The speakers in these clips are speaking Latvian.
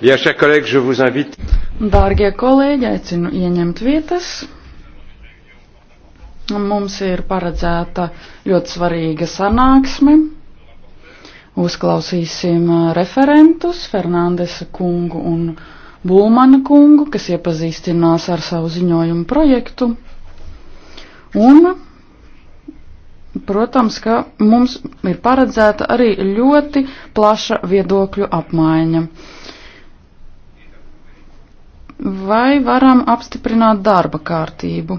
Bien, chers collègues, je vous invite. Dārgie kolēģi, aicinu ieņemt vietas. Mums ir paredzēta ļoti svarīga sanāksme. Uzklausīsim referentus Fernandesa kungu un Bulmana kungu, kas iepazīstinās ar savu ziņojumu projektu. Un Protams, ka mums ir paredzēta arī ļoti plaša viedokļu apmaiņa. Vai varam apstiprināt darba kārtību?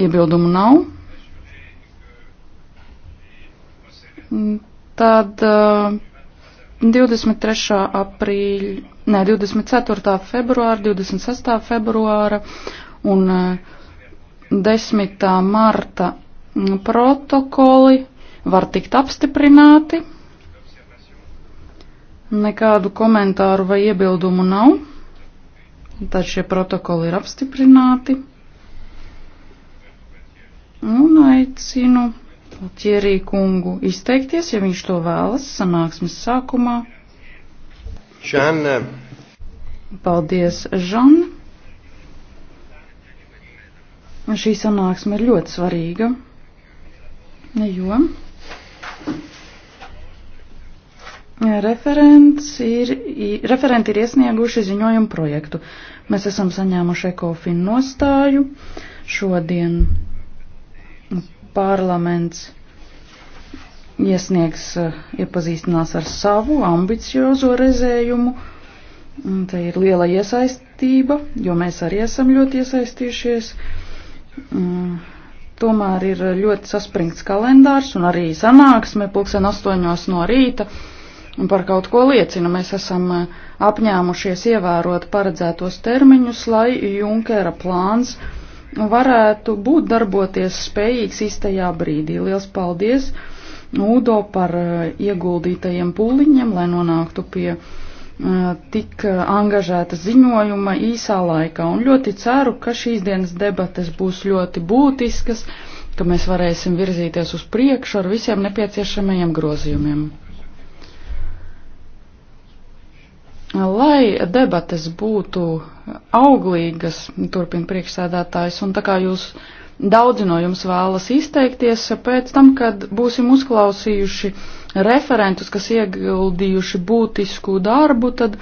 Iebildumu nav. Tad 23. aprīļa, nē, 24. februāra, 26. februāra un 10. Uh, marta Mm, protokoli var tikt apstiprināti. Nekādu komentāru vai iebildumu nav. Tad šie protokoli ir apstiprināti. Un aicinu ķierī kungu izteikties, ja viņš to vēlas, sanāksmes sākumā. Žan. Paldies, Žan. Šī sanāksme ir ļoti svarīga. Nu jo referents ir, referenti ir iesnieguši ziņojumu projektu. Mēs esam saņēmuši ekofinu nostāju. Šodien parlaments iesniegs, eh, iepazīstinās ar savu ambiciozo rezējumu. Tā ir liela iesaistība, jo mēs arī esam ļoti iesaistījušies. Mm. Tomēr ir ļoti saspringts kalendārs un arī sanāksme pulksten astoņos no rīta. Un par kaut ko liecina, mēs esam eh, apņēmušies ievērot paredzētos termiņus, lai Junkera plāns varētu būt darboties spējīgs īstajā brīdī. Liels paldies Udo par eh, ieguldītajiem pūliņiem, lai nonāktu pie tik angažēta ziņojuma īsā laikā, un ļoti ceru, ka šīs dienas debates būs ļoti būtiskas, ka mēs varēsim virzīties uz priekšu ar visiem nepieciešamajiem grozījumiem. Lai debates būtu auglīgas, turpina priekšsēdētājs, un tā kā jūs uh, Daudzi no jums vēlas izteikties pēc tam, kad būsim uzklausījuši referentus, kas ieguldījuši būtisku darbu, tad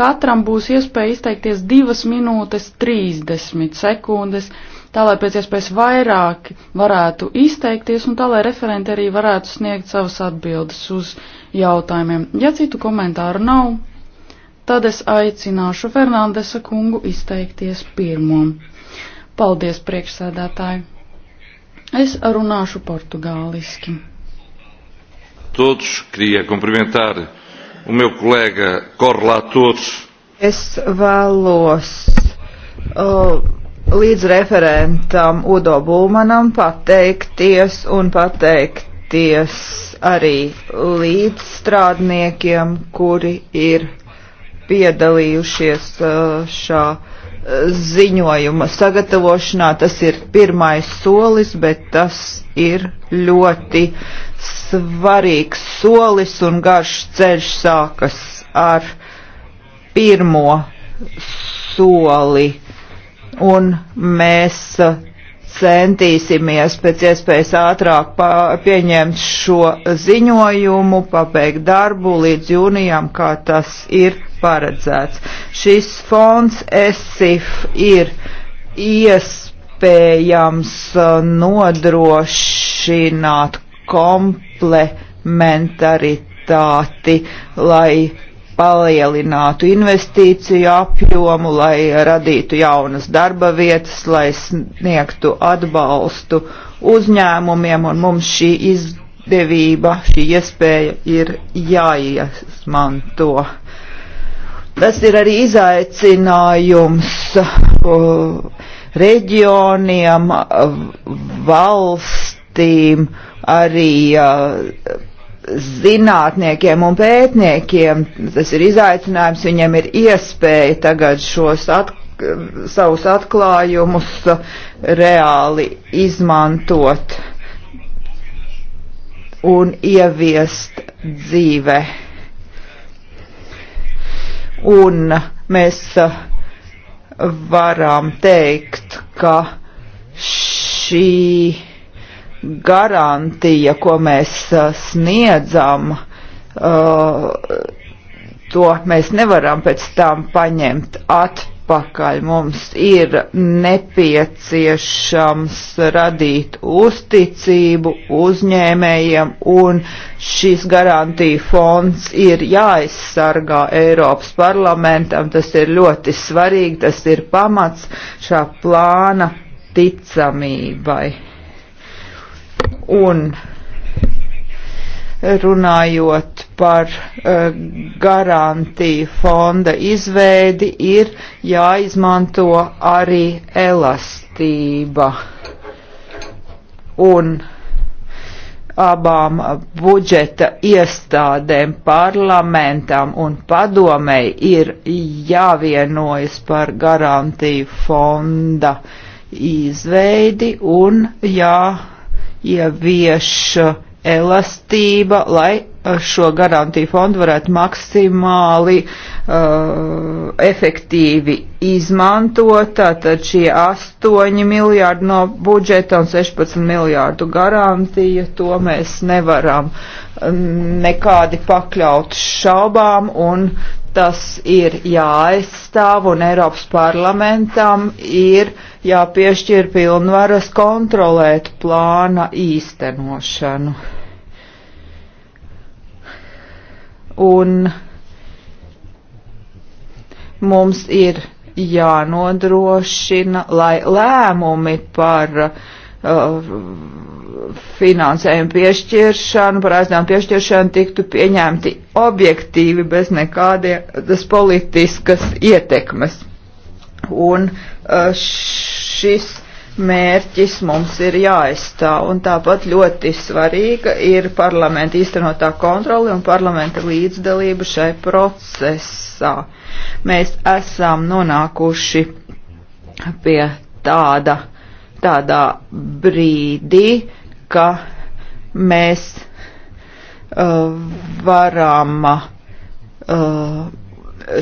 katram būs iespēja izteikties 2 minūtes 30 sekundes, tā lai pēc iespējas vairāk varētu izteikties un tā lai referenti arī varētu sniegt savas atbildes uz jautājumiem. Ja citu komentāru nav, tad es aicināšu Fernandesa kungu izteikties pirmam. Paldies, priekšsēdētāji! Es runāšu portugāliski. Todos queria cumprimentar o meu colega correlator. Es vēlos uh, līdz referentam Udo Būmanam pateikties un pateikties arī līdzstrādniekiem, kuri ir piedalījušies uh, šā ziņojuma sagatavošanā. Tas ir pirmais solis, bet tas ir ļoti svarīgs solis un garš ceļš sākas ar pirmo soli. Un mēs centīsimies pēc iespējas ātrāk pieņemt šo ziņojumu, pabeigt darbu līdz jūnijam, kā tas ir paredzēts. Šis fonds ESIF ir iespējams uh, nodrošināt komplementaritāti, lai palielinātu investīciju apjomu, lai radītu jaunas darba vietas, lai sniegtu atbalstu uzņēmumiem, un mums šī izdevība, šī iespēja ir jāiesmanto. Tas ir arī izaicinājums uh, reģioniem, valstīm, arī uh, zinātniekiem un pētniekiem. Tas ir izaicinājums, viņiem ir iespēja tagad šos atklāt savus atklājumus uh, reāli izmantot un ieviest dzīvē un mēs eh, varam teikt, ka šī garantija, ko mēs eh, sniedzam, eh, to mēs nevaram pēc tam paņemt atpakaļ atpakaļ. Mums ir nepieciešams radīt uzticību uzņēmējiem, un šis garantija fonds ir jāaizsargā Eiropas parlamentam. Tas ir ļoti svarīgi, tas ir pamats šā plāna ticamībai. Un runājot par uh, garantiju fonda izveidi, ir jāizmanto arī elastība. Un abām budžeta iestādēm, parlamentam un padomei ir jāvienojas par garantiju fonda izveidi un jāievieš ja elastība, lai eh, šo garantiju fondu varētu maksimāli uh, efektīvi izmantot. Tātad šie 8 miljārdi no budžeta un 16 miljārdu garantija, to mēs nevaram mm, nekādi pakļaut šaubām un tas ir jāaizstāv un Eiropas parlamentam ir jāpiešķir pilnvaras kontrolēt plāna īstenošanu. Un mums ir jānodrošina, lai lēmumi par uh, Uh, finansējumu piešķiršanu, par aizdevumu piešķiršanu tiktu pieņemti objektīvi bez nekādas politiskas ietekmes. Un uh, šis mērķis mums ir jāaizstāv, un tāpat ļoti svarīga ir parlamenta īstenotā kontroli un parlamenta līdzdalība šai procesā. Mēs esam nonākuši pie tāda tādā brīdī, ka mēs uh, varam uh,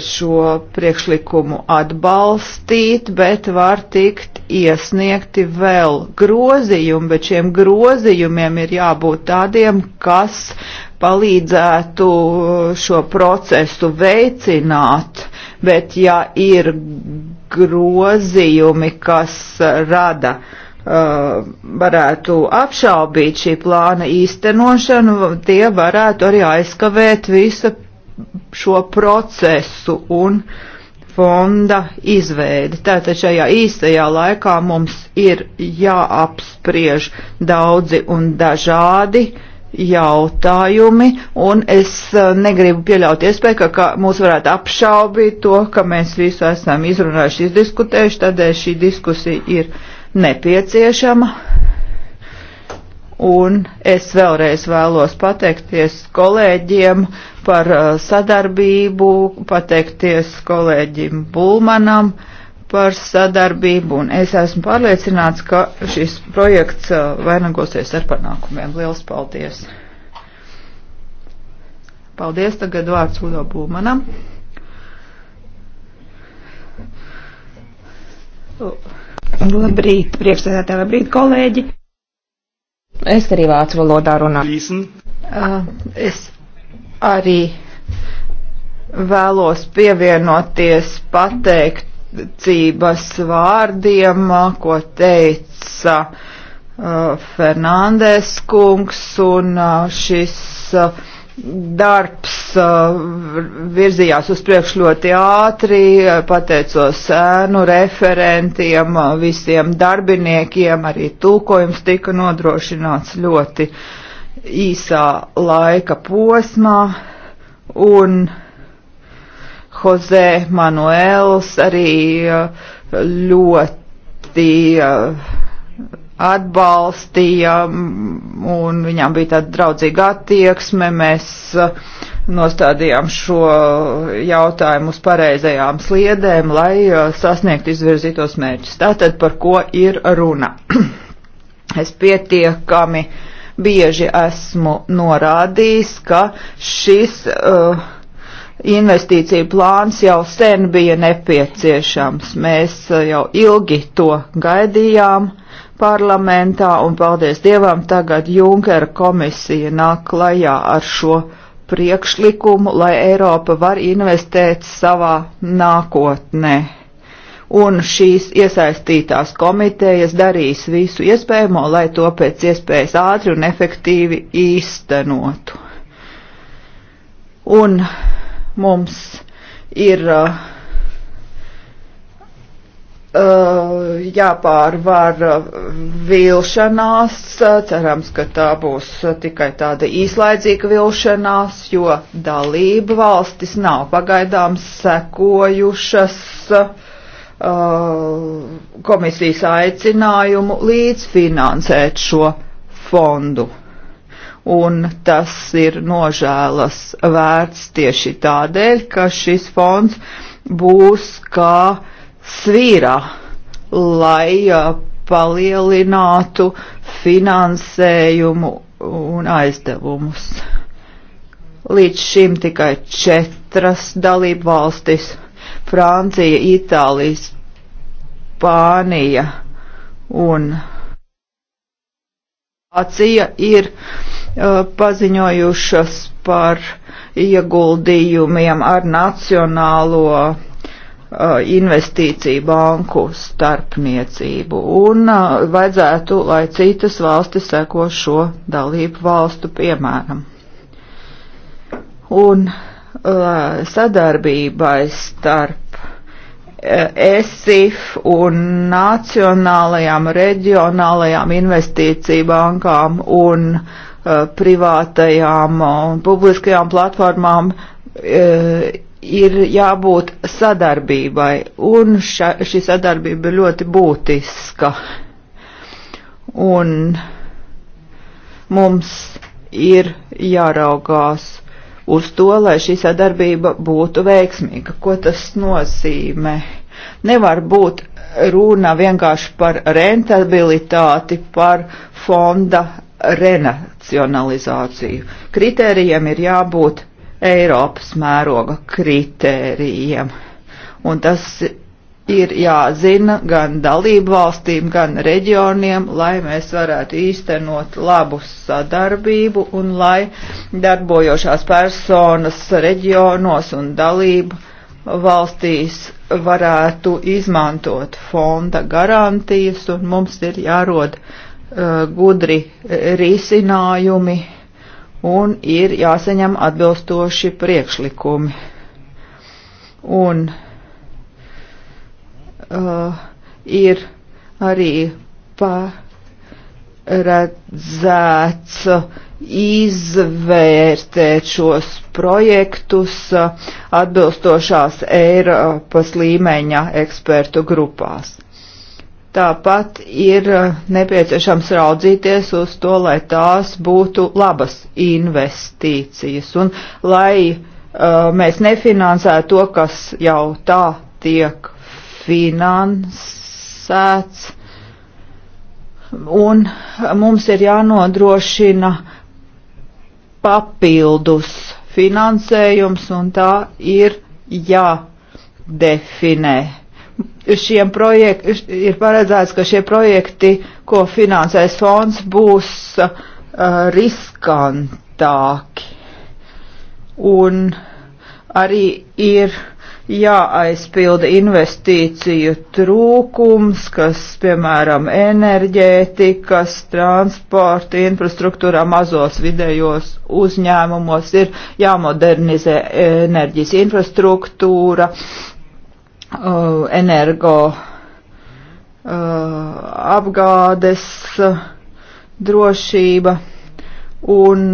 šo priekšlikumu atbalstīt, bet var tikt iesniegti vēl grozījumi, bet šiem grozījumiem ir jābūt tādiem, kas palīdzētu uh, šo procesu veicināt, bet ja ir grozījumi, kas uh, rada uh, varētu apšaubīt šī plāna īstenošanu, tie varētu arī aizkavēt visu šo procesu un fonda izveidi. Tātad šajā īstajā laikā mums ir jāapspriež daudzi un dažādi uh, jautājumi, un es eh, negribu pieļaut iespēju, ka, ka mūs varētu apšaubīt to, ka mēs visu esam izrunājuši, izdiskutējuši, tādēļ šī diskusija ir nepieciešama. Un es vēlreiz vēlos pateikties kolēģiem par eh, sadarbību, pateikties kolēģim Bulmanam, uh, par sadarbību, un es esmu pārliecināts, ka šis projekts uh, vainagosies ar panākumiem. Liels paldies! Paldies, tagad vārds Udo Būmanam. Labrīt, priekšsēdētāji, labrīt, kolēģi. Es arī vācu valodā runāju. Uh, es arī vēlos pievienoties pateikt pateicības vārdiem, ko teica uh, Fernandes kungs, un uh, šis uh, darbs virzījās uz priekšu ļoti ātri, pateicos sēnu referentiem, visiem darbiniekiem, arī tūkojums tika nodrošināts ļoti īsā laika posmā, un uh, Jose Manuels arī uh, ļoti uh, atbalstīja un viņām bija tāda draudzīga attieksme. Mēs uh, nostādījām šo jautājumu uz pareizajām sliedēm, lai sasniegtu izvirzītos mērķus. Tātad par ko ir runa? es pietiekami bieži esmu norādījis, ka šis uh, investīciju plāns jau sen bija nepieciešams. Mēs eh, jau ilgi to gaidījām parlamentā, un paldies Dievam, tagad Junkera komisija nāk klajā ar šo priekšlikumu, lai Eiropa var investēt savā nākotnē. Un šīs iesaistītās komitejas darīs visu iespējamo, lai to pēc iespējas ātri un efektīvi īstenotu. Un mums ir uh, uh jāpārvar uh, vilšanās, uh, cerams, ka tā būs tikai tāda īslaidzīga vilšanās, jo dalība valstis nav pagaidām sekojušas uh, komisijas aicinājumu līdzfinansēt šo fondu un tas ir nožēlas vērts tieši tādēļ, ka šis fonds būs kā svīra, lai palielinātu finansējumu un aizdevumus. Līdz šim tikai četras dalību valstis - Francija, Itālija, Spānija un Vācija ir uh, paziņojušas par ieguldījumiem ar Nacionālo uh, investīciju banku starpniecību un uh, vajadzētu, lai citas valstis seko šo dalību valstu piemēram. Un uh, sadarbībai starp ESIF un nacionālajām reģionālajām investīciju bankām un uh, privātajām un publiskajām platformām uh, ir jābūt sadarbībai, un ša, šī sadarbība ir ļoti būtiska. Un mums ir jāraugās uz to, lai šī sadarbība būtu veiksmīga. Ko tas nozīmē? Nevar būt runa vienkārši par rentabilitāti, par fonda renacionalizāciju. Kritērijiem ir jābūt Eiropas mēroga kritērijiem. Un tas ir jāzina gan dalību valstīm, gan reģioniem, lai mēs varētu īstenot labu sadarbību un lai darbojošās personas reģionos un dalību valstīs varētu izmantot fonda garantijas un mums ir jārod uh, gudri risinājumi un ir jāsaņem atbilstoši priekšlikumi. Un uh, uh, ir arī paredzēts izvērtēt šos projektus atbilstošās Eiropas līmeņa ekspertu grupās. Tāpat ir nepieciešams raudzīties uz to, lai tās būtu labas investīcijas un lai uh, mēs nefinansētu to, kas jau tā tiek finansēts, un mums ir jānodrošina papildus finansējums, un tā ir jādefinē. Šiem projekt, ir paredzēts, ka šie projekti, ko finansēs fonds, būs uh, riskantāki. Un arī ir jāaizpilda investīciju trūkums, kas, piemēram, enerģētikas, transporta, infrastruktūrā mazos vidējos uzņēmumos ir jāmodernizē enerģijas infrastruktūra, uh, energo uh, apgādes uh, drošība un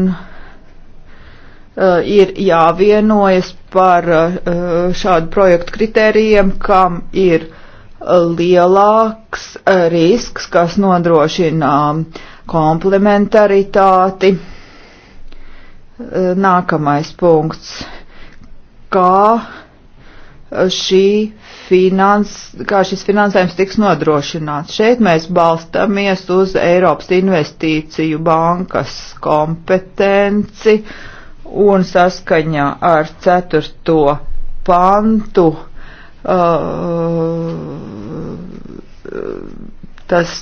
Eh, ir jāvienojas par eh, šādu projektu kritērijiem, kam ir lielāks eh, risks, kas nodrošina komplementaritāti. Nākamais punkts. Kā, šī finans, kā šis finansējums tiks nodrošināts? Šeit mēs balstamies uz Eiropas investīciju bankas kompetenci. Uh, un saskaņā ar 4. pantu uh, tas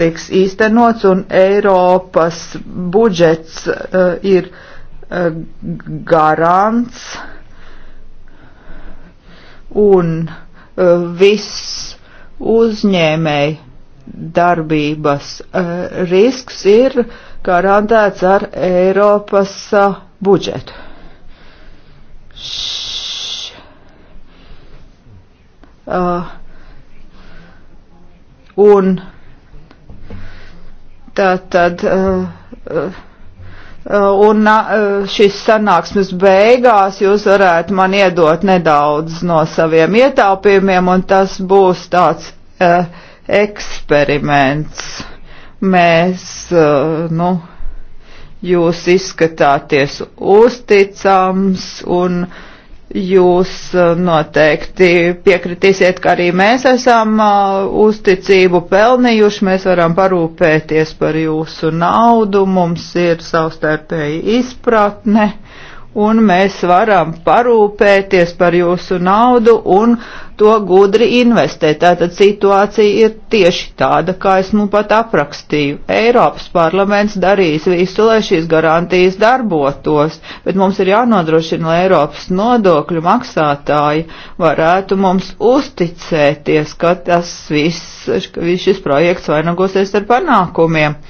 tiks īstenots un Eiropas budžets uh, ir uh, garants un uh, viss uzņēmēji darbības uh, risks ir garantēts ar Eiropas uh, budžetu. Š... Uh, un tā tad. Uh, uh, Un šīs sanāksmes beigās jūs varētu man iedot nedaudz no saviem ietaupījumiem, un tas būs tāds uh, eksperiments. Mēs, uh, nu, uh, jūs izskatāties uzticams un jūs uh, noteikti piekritīsiet, ka arī mēs esam uh, uzticību pelnījuši, mēs varam parūpēties par jūsu naudu, mums ir savstarpēji izpratne un mēs varam parūpēties par jūsu naudu un uh, to gudri investē. Tātad situācija ir tieši tāda, kā es nu pat aprakstīju. Eiropas parlaments darīs visu, lai šīs garantijas darbotos, bet mums ir jānodrošina, lai Eiropas nodokļu maksātāji varētu mums uzticēties, ka tas viss, ka viss šis projekts vainagosies ar panākumiem.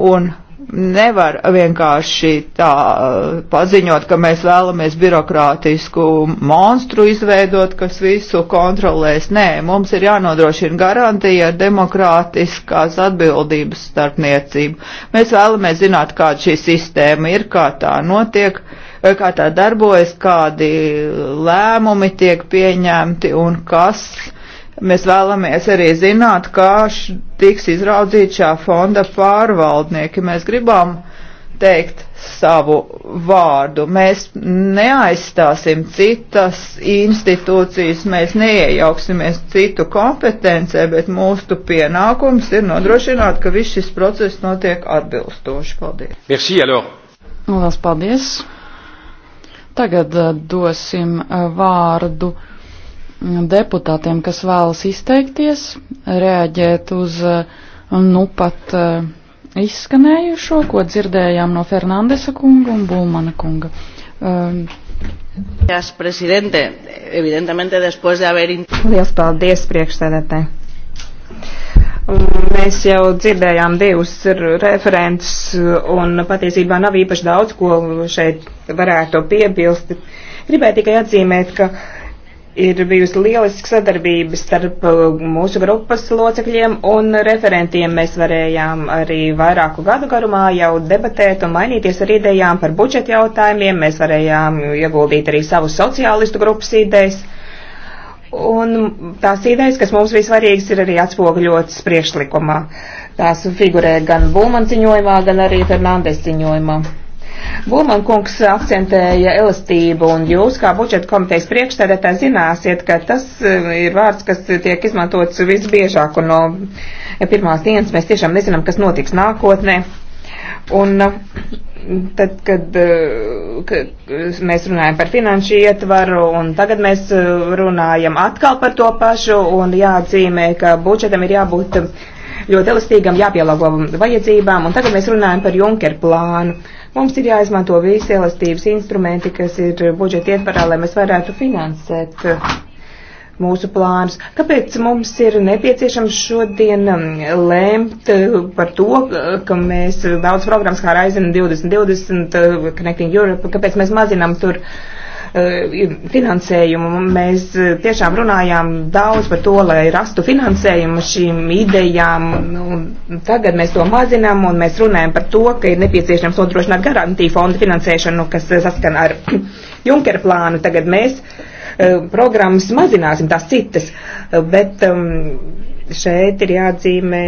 Un nevar vienkārši tā eh, paziņot, ka mēs vēlamies birokrātisku monstru izveidot, kas visu kontrolēs. Nē, mums ir jānodrošina garantija ar demokrātiskās atbildības starpniecību. Mēs vēlamies zināt, kāda šī sistēma ir, kā tā notiek, eh, kā tā darbojas, kādi lēmumi tiek pieņemti un kas Mēs vēlamies arī zināt, kā š, tiks izraudzīt šā fonda pārvaldnieki. Mēs gribam teikt savu vārdu. Mēs neaizstāsim citas institūcijas, mēs neiejauksimies citu kompetencē, bet mūsu pienākums ir nodrošināt, ka viss šis process notiek atbilstoši. Paldies! Merci, Lielas paldies! Tagad eh, dosim eh, vārdu deputātiem, kas vēlas izteikties, reaģēt uz eh, nu pat eh, izskanējušo, ko dzirdējām no Fernandesa kunga un Bulmana kunga. Um, Gracias, presidente. Evidentemente, después de haber. Lielas paldies, priekšsēdētāji. Mēs jau dzirdējām divus referents, un patiesībā nav īpaši daudz, ko šeit varētu piebilst. Gribēju tikai atzīmēt, ka uh, ir bijusi lieliska sadarbība starp uh, mūsu grupas locekļiem un referentiem. Mēs varējām arī vairāku gadu garumā jau debatēt un mainīties ar idejām par budžeta jautājumiem. Mēs varējām ieguldīt arī savus sociālistu grupas idejas. Un tās idejas, kas mums bija svarīgas, ir arī atspoguļotas priekšlikumā. Tās figurē gan Būman ziņojumā, gan arī Fernandes ziņojumā. Gulman kungs akcentēja elastību, un jūs, kā budžeta komitejas priekšstādētā, zināsiet, ka tas eh, ir vārds, kas tiek izmantots visbiežāk, un no pirmās dienas mēs tiešām nezinām, kas notiks nākotnē. Un eh, tad, kad, eh, kad mēs runājam par finanšu ietvaru, un tagad mēs runājam atkal par to pašu, un jāatzīmē, ka budžetam ir jābūt ļoti elastīgam, jāpielāgo vajadzībām, un tagad mēs runājam par Junker plānu. Mums ir jāizmanto visi elastības instrumenti, kas ir budžeta ietvarā, lai mēs varētu finansēt uh, mūsu plānus. Kāpēc mums ir nepieciešams šodien um, lēmt uh, par to, uh, ka mēs daudz programmas kā Raizina 2020, Connecting Europe, kāpēc mēs mazinām tur uh, Eh, finansējumu. Mēs eh, tiešām runājām daudz par to, lai rastu finansējumu šīm idejām. Un tagad mēs to mazinām un mēs runājam par to, ka ir nepieciešams nodrošināt garantiju fonda finansēšanu, kas eh, saskan ar Junkera plānu. Tagad mēs programmas mazināsim tās citas, bet um, šeit ir jāatzīmē,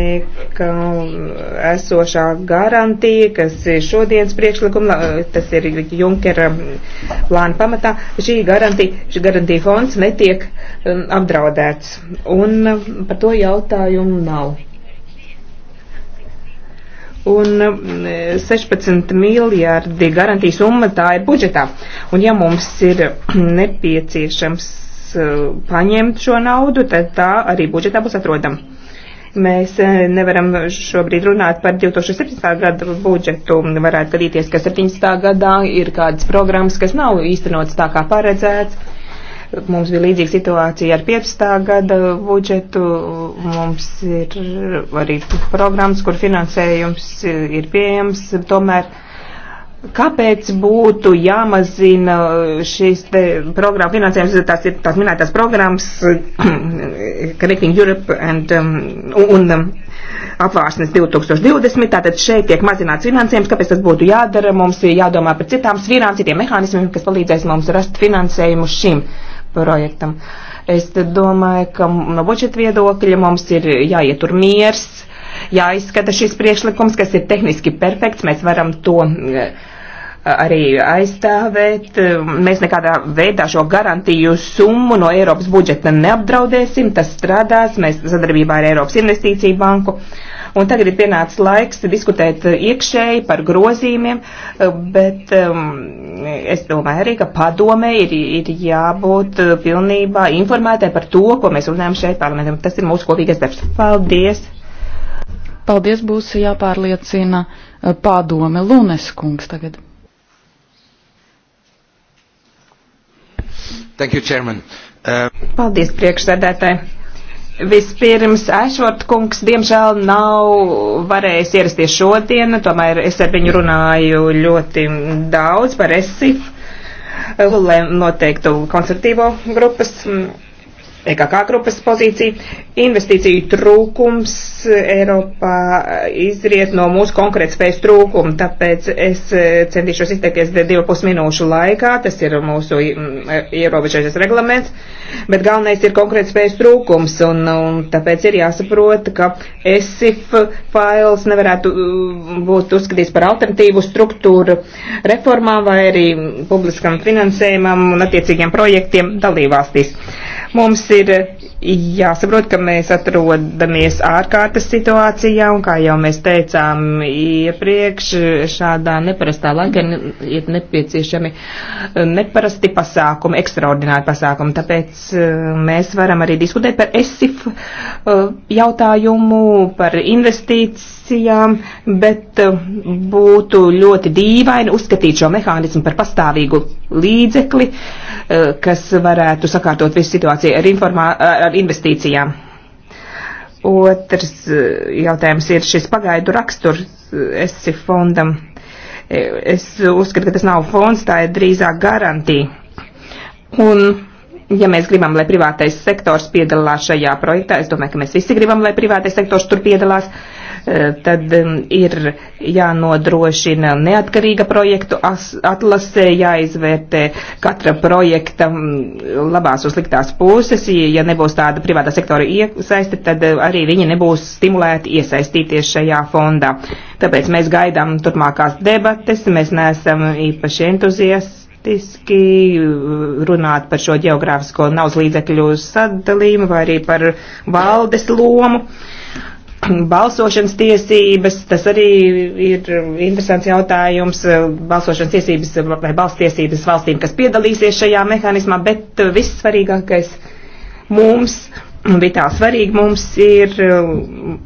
ka esošā garantija, kas ir šodienas priekšlikuma, tas ir Junkera plāna pamatā, šī garantija, šī garantija fonds netiek um, apdraudēts. Un um, par to jautājumu nav. Un 16 um, miljārdi garantijas summa tā ir budžetā. Un ja mums ir nepieciešams Eh, paņemt šo naudu, tad tā arī budžetā būs atrodama. Mēs eh, nevaram šobrīd runāt par 2017. gada budžetu. Varētu gadīties, ka 17. gadā ir kādas programmas, kas nav īstenotas tā kā paredzēts. Mums bija līdzīga situācija ar 15. gada budžetu. Mums ir arī programmas, kur finansējums ir pieejams. Tomēr Kāpēc būtu jāmazina šīs programmas finansējums, tās ir tās minētās programmas Connecting Europe and, um, un um, apvārsnes 2020, tātad šeit tiek mazināts finansējums, kāpēc tas būtu jādara, mums ir jādomā par citām sfērām, citiem mehānismiem, kas palīdzēs mums rast finansējumu šim projektam. Es domāju, ka no budžeta viedokļa mums ir jāietur miers, jāizskata šis priekšlikums, kas ir tehniski perfekts, mēs varam to uh, arī aizstāvēt. Mēs nekādā veidā šo garantiju summu no Eiropas budžeta neapdraudēsim, tas strādās, mēs sadarbībā ar Eiropas investīciju banku. Un tagad ir pienācis laiks diskutēt iekšēji par grozījumiem, bet um, es domāju arī, ka padome ir, ir jābūt pilnībā informētai par to, ko mēs runājam šeit parlamentam. Tas ir mūsu kopīgais darbs. Paldies! Paldies būs jāpārliecina padome Lunes kungs tagad. Thank you, Chairman. Uh... Paldies, priekšsēdētāji. Vispirms Ašvort kungs diemžēl nav varējis ierasties šodien, tomēr es ar viņu runāju ļoti daudz par ESIF, noteiktu koncertīvo grupas EKK grupas pozīciju. Investīciju trūkums Eiropā izriet no mūsu konkrēta spējas trūkuma, tāpēc es e, centīšos izteikties divu pus minūšu laikā, tas ir mūsu e, ierobežotais reglaments, bet galvenais ir konkrēta spējas trūkums, un, un tāpēc ir jāsaprot, ka ESIF fails nevarētu būt uzskatīts par alternatīvu struktūru reformām vai arī publiskam finansējumam un attiecīgiem projektiem dalībvalstīs. Mums ir jāsaprot, ka mēs atrodamies ārkārtas situācijā, un kā jau mēs teicām iepriekš, šādā neparastā laikā ir nepieciešami eh, neparasti pasākumi, ekstraordināri pasākumi. Tāpēc eh, mēs varam arī diskutēt par ESIF eh, jautājumu, par investīcijām, bet būtu ļoti dīvaini uzskatīt šo mehānismu par pastāvīgu līdzekli, kas varētu sakārtot visu situāciju ar informāciju investīcijām. Otrs eh, jautājums ir šis pagaidu raksturs eh, ESI fondam. Eh, es uzskatu, ka tas nav fonds, tā ir drīzāk garantija. Un, ja mēs gribam, lai privātais sektors piedalās šajā projektā, es domāju, ka mēs visi gribam, lai privātais sektors tur piedalās, uh, Eh, tad ir jānodrošina neatkarīga projektu atlase, jāizvērtē katra projekta labās un sliktās puses. Ja nebūs tāda privātā sektora iesaiste, tad eh, arī viņi nebūs stimulēti iesaistīties šajā fondā. Tāpēc mēs gaidām turpmākās debates, mēs neesam īpaši entuziasti politiski eh, runāt par šo geogrāfisko naudas līdzekļu sadalījumu vai arī par valdes lomu. Uh, balsošanas tiesības, tas arī ir interesants jautājums, eh, balsošanas tiesības vai balss tiesības valstīm, kas piedalīsies šajā mehānismā, bet eh, vissvarīgākais mums, vitāli svarīgi mums ir, eh,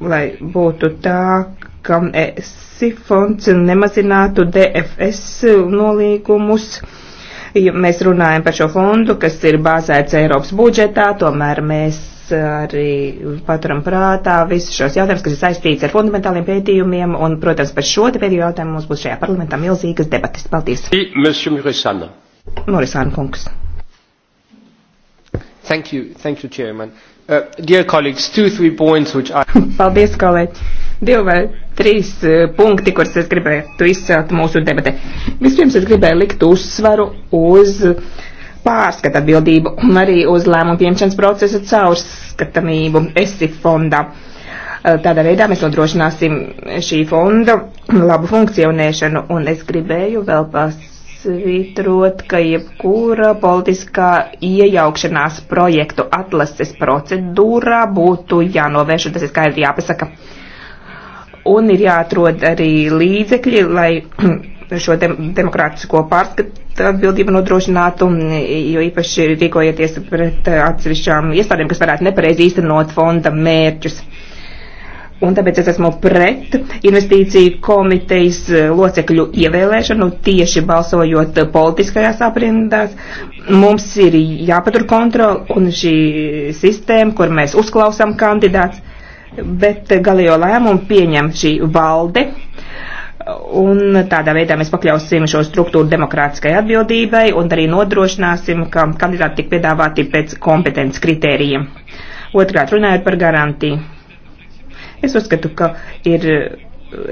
lai būtu tā, ka SIFONS nemazinātu DFS nolīgumus. Ja mēs runājam par šo fondu, kas ir bāzēts Eiropas budžetā, tomēr mēs arī paturam prātā visus šos jautājumus, kas ir saistīts ar fundamentāliem pētījumiem, un, protams, par šo te pēdējo jautājumu mums būs šajā parlamentā milzīgas debatas. Paldies. Morisāna kungs. Thank you, thank you, Chairman. Uh, dear colleagues, two, three points which I... Paldies, kolēģi. Divi vai trīs uh, punkti, kurus es gribētu izcelt mūsu debatē. Vispirms es gribēju likt uzsvaru uz uh, pārskata atbildību un arī uz lēmumu pieņemšanas procesa caurskatamību ESI fondā. Tādā veidā mēs nodrošināsim šī fonda labu funkcionēšanu, un es gribēju vēl pasvitrot, ka jebkura politiskā iejaukšanās projektu atlases procedūrā būtu jānovērš, un tas ir skaidri jāpasaka. Un ir jāatrod arī līdzekļi, lai šo dem demokrātisko pārskatu atbildību nodrošinātu, jo īpaši rīkojieties pret atsevišķām iestādēm, kas varētu nepareizi īstenot fonda mērķus. Un tāpēc es esmu pret investīciju komitejas locekļu ievēlēšanu tieši balsojot politiskajās aprindās. Mums ir jāpatur kontroli un šī sistēma, kur mēs uzklausām kandidāts, bet galējo lēmumu pieņem šī valde, Un tādā veidā mēs pakļausim šo struktūru demokrātiskai atbildībai un arī nodrošināsim, ka kandidāti tik piedāvāti pēc kompetences kritērijiem. Otrkārt, runājot par garantiju. Es uzskatu, ka ir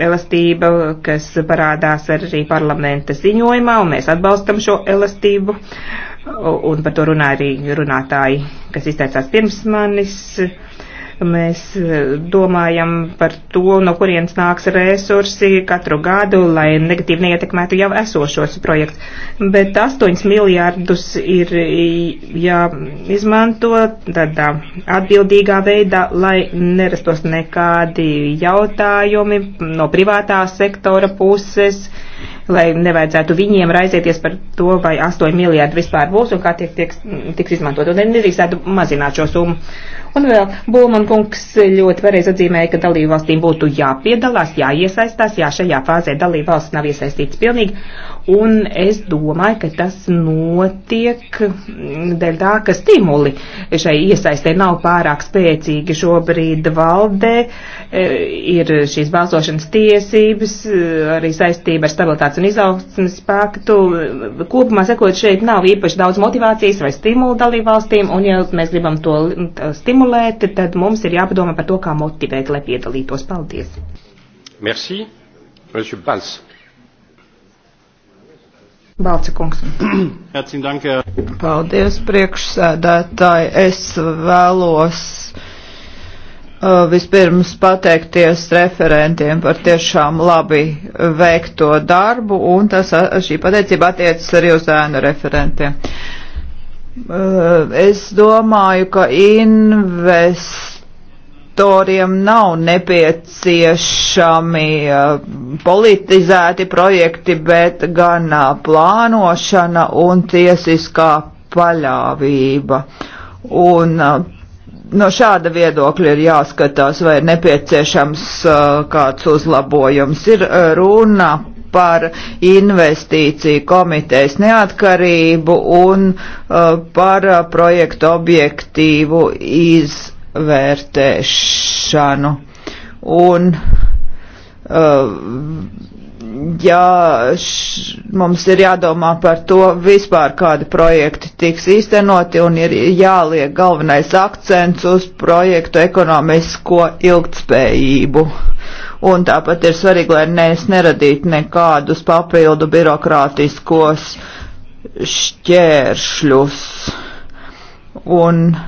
elastība, kas parādās arī parlamenta ziņojumā, un mēs atbalstam šo elastību. Un par to runā arī runātāji, kas izteicās pirms manis. Uh, Mēs eh, domājam par to, no kurienes nāks resursi katru gadu, lai negatīvi neietekmētu jau esošos projektus. Bet 8 miljārdus ir jāizmanto tādā atbildīgā veidā, lai nerastos nekādi jautājumi no privātā sektora puses. Uh, lai nevajadzētu viņiem raizēties par to, vai 8 miljardi vispār būs un kā tiek, tiek, tiks izmantot. Un nedrīkstētu mazināt šo summu. Un vēl Bulman kungs ļoti pareizi atzīmēja, ka dalību valstīm būtu jāpiedalās, jāiesaistās, jā, šajā fāzē dalību valsts nav iesaistīts pilnīgi. Un es domāju, ka tas notiek dēļ tā, ka stimuli šai iesaistē nav pārāk spēcīgi. Šobrīd valdē e, ir šīs balsošanas tiesības, e, arī saistība ar stabilitātes un izaugsmes paktu. Kopumā sekot, šeit nav īpaši daudz motivācijas vai stimulu dalībvalstīm, un ja mēs gribam to stimulēt, tad mums ir jāpadomā par to, kā motivēt, lai piedalītos. Paldies! Merci, Monsieur Pals. Balci kungs. Paldies, priekšsēdētāji. Es vēlos uh, vispirms pateikties referentiem par tiešām labi veikto darbu, un tas, šī pateicība attiecas arī uz ēnu referentiem. Uh, es domāju, ka invest sektoriem nav nepieciešami eh, politizēti projekti, bet gan eh, plānošana un tiesiskā paļāvība. Un eh, no šāda viedokļa ir jāskatās, vai ir nepieciešams kāds uzlabojums. Ir runa par investīciju komitejas neatkarību un par projektu objektīvu izdevumu vērtēšanu. Un, uh, ja š, mums ir jādomā par to vispār, kādi projekti tiks īstenoti, un ir jāliek galvenais akcents uz projektu ekonomisko ilgtspējību. Un tāpat ir svarīgi, lai ne, es neradītu nekādus papildu birokrātiskos šķēršļus. Un, uh,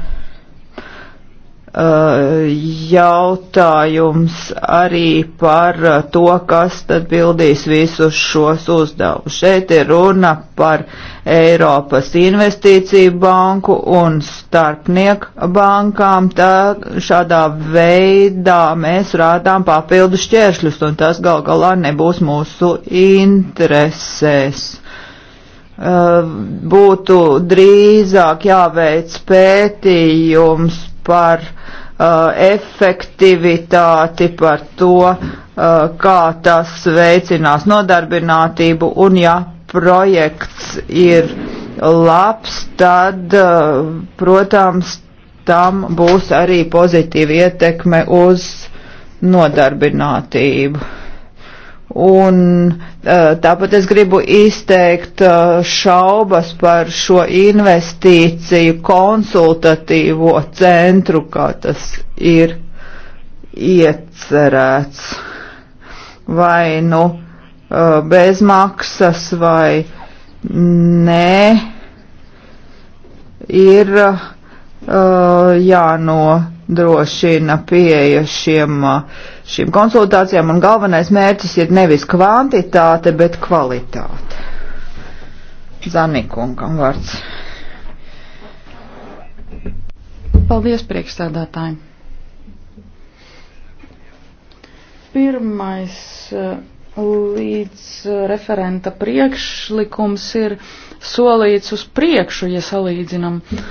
Eh, jautājums arī par to, kas tad pildīs visus šos uzdevumus. Šeit ir runa par Eiropas investīciju banku un starpnieku bankām. Tā šādā veidā mēs rādām papildu šķēršļus, un tas gal galā nebūs mūsu interesēs eh, būtu drīzāk jāveic pētījums par uh, efektivitāti, par to, uh, kā tas veicinās nodarbinātību un ja projekts ir labs, tad, uh, protams, tam būs arī pozitīva ietekme uz nodarbinātību. Un eh, tāpat es gribu izteikt eh, šaubas par šo investīciju konsultatīvo centru, kā tas ir iecerēts. Vai nu eh, bezmaksas vai nē, ir uh, Uh, jānodrošina pieeja šiem, uh, šiem konsultācijām, un galvenais mērķis ir nevis kvantitāte, bet kvalitāte. Zanikunkam vārds. Paldies priekšstādātājiem. Pirmais uh, līdz referenta priekšlikums ir solīts uz priekšu, ja salīdzinam. Uh,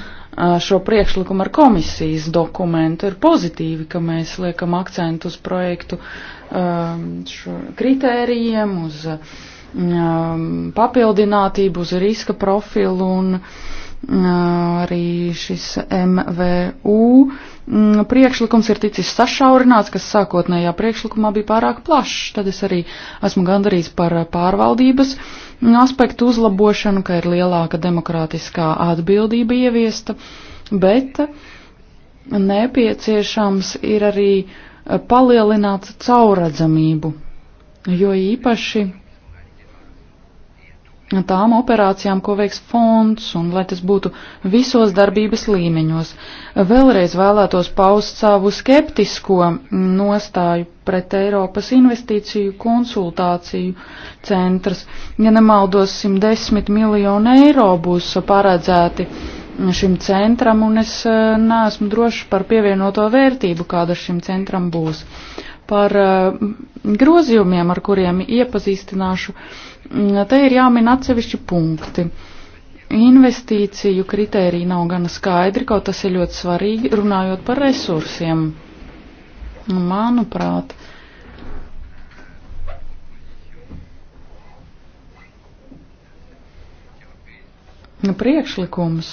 šo priekšlikumu ar komisijas dokumentu. Ir pozitīvi, ka mēs liekam akcentu uz projektu kritērijiem, uz papildinātību, uz riska profilu un arī šis MVU mm, priekšlikums ir ticis sašaurināts, kas sākotnējā priekšlikumā bija pārāk plašs. Tad es arī esmu gandarīts par pārvaldības aspektu uzlabošanu, ka ir lielāka demokrātiskā atbildība ieviesta, bet nepieciešams ir arī palielināt cauradzamību, jo īpaši tām operācijām, ko veiks fonds, un lai tas būtu visos darbības līmeņos. Vēlreiz vēlētos paust savu skeptisko nostāju pret Eiropas investīciju konsultāciju centrs. Ja nemaldos, 110 miljonu eiro būs paredzēti šim centram, un es eh, neesmu droši par pievienoto vērtību, kāda šim centram būs. Par eh, grozījumiem, ar kuriem iepazīstināšu, uh, Te ir jāmin atsevišķi punkti. Investīciju kritērija nav gana skaidri, kaut tas ir ļoti svarīgi, runājot par resursiem. Manuprāt, nu, priekšlikums,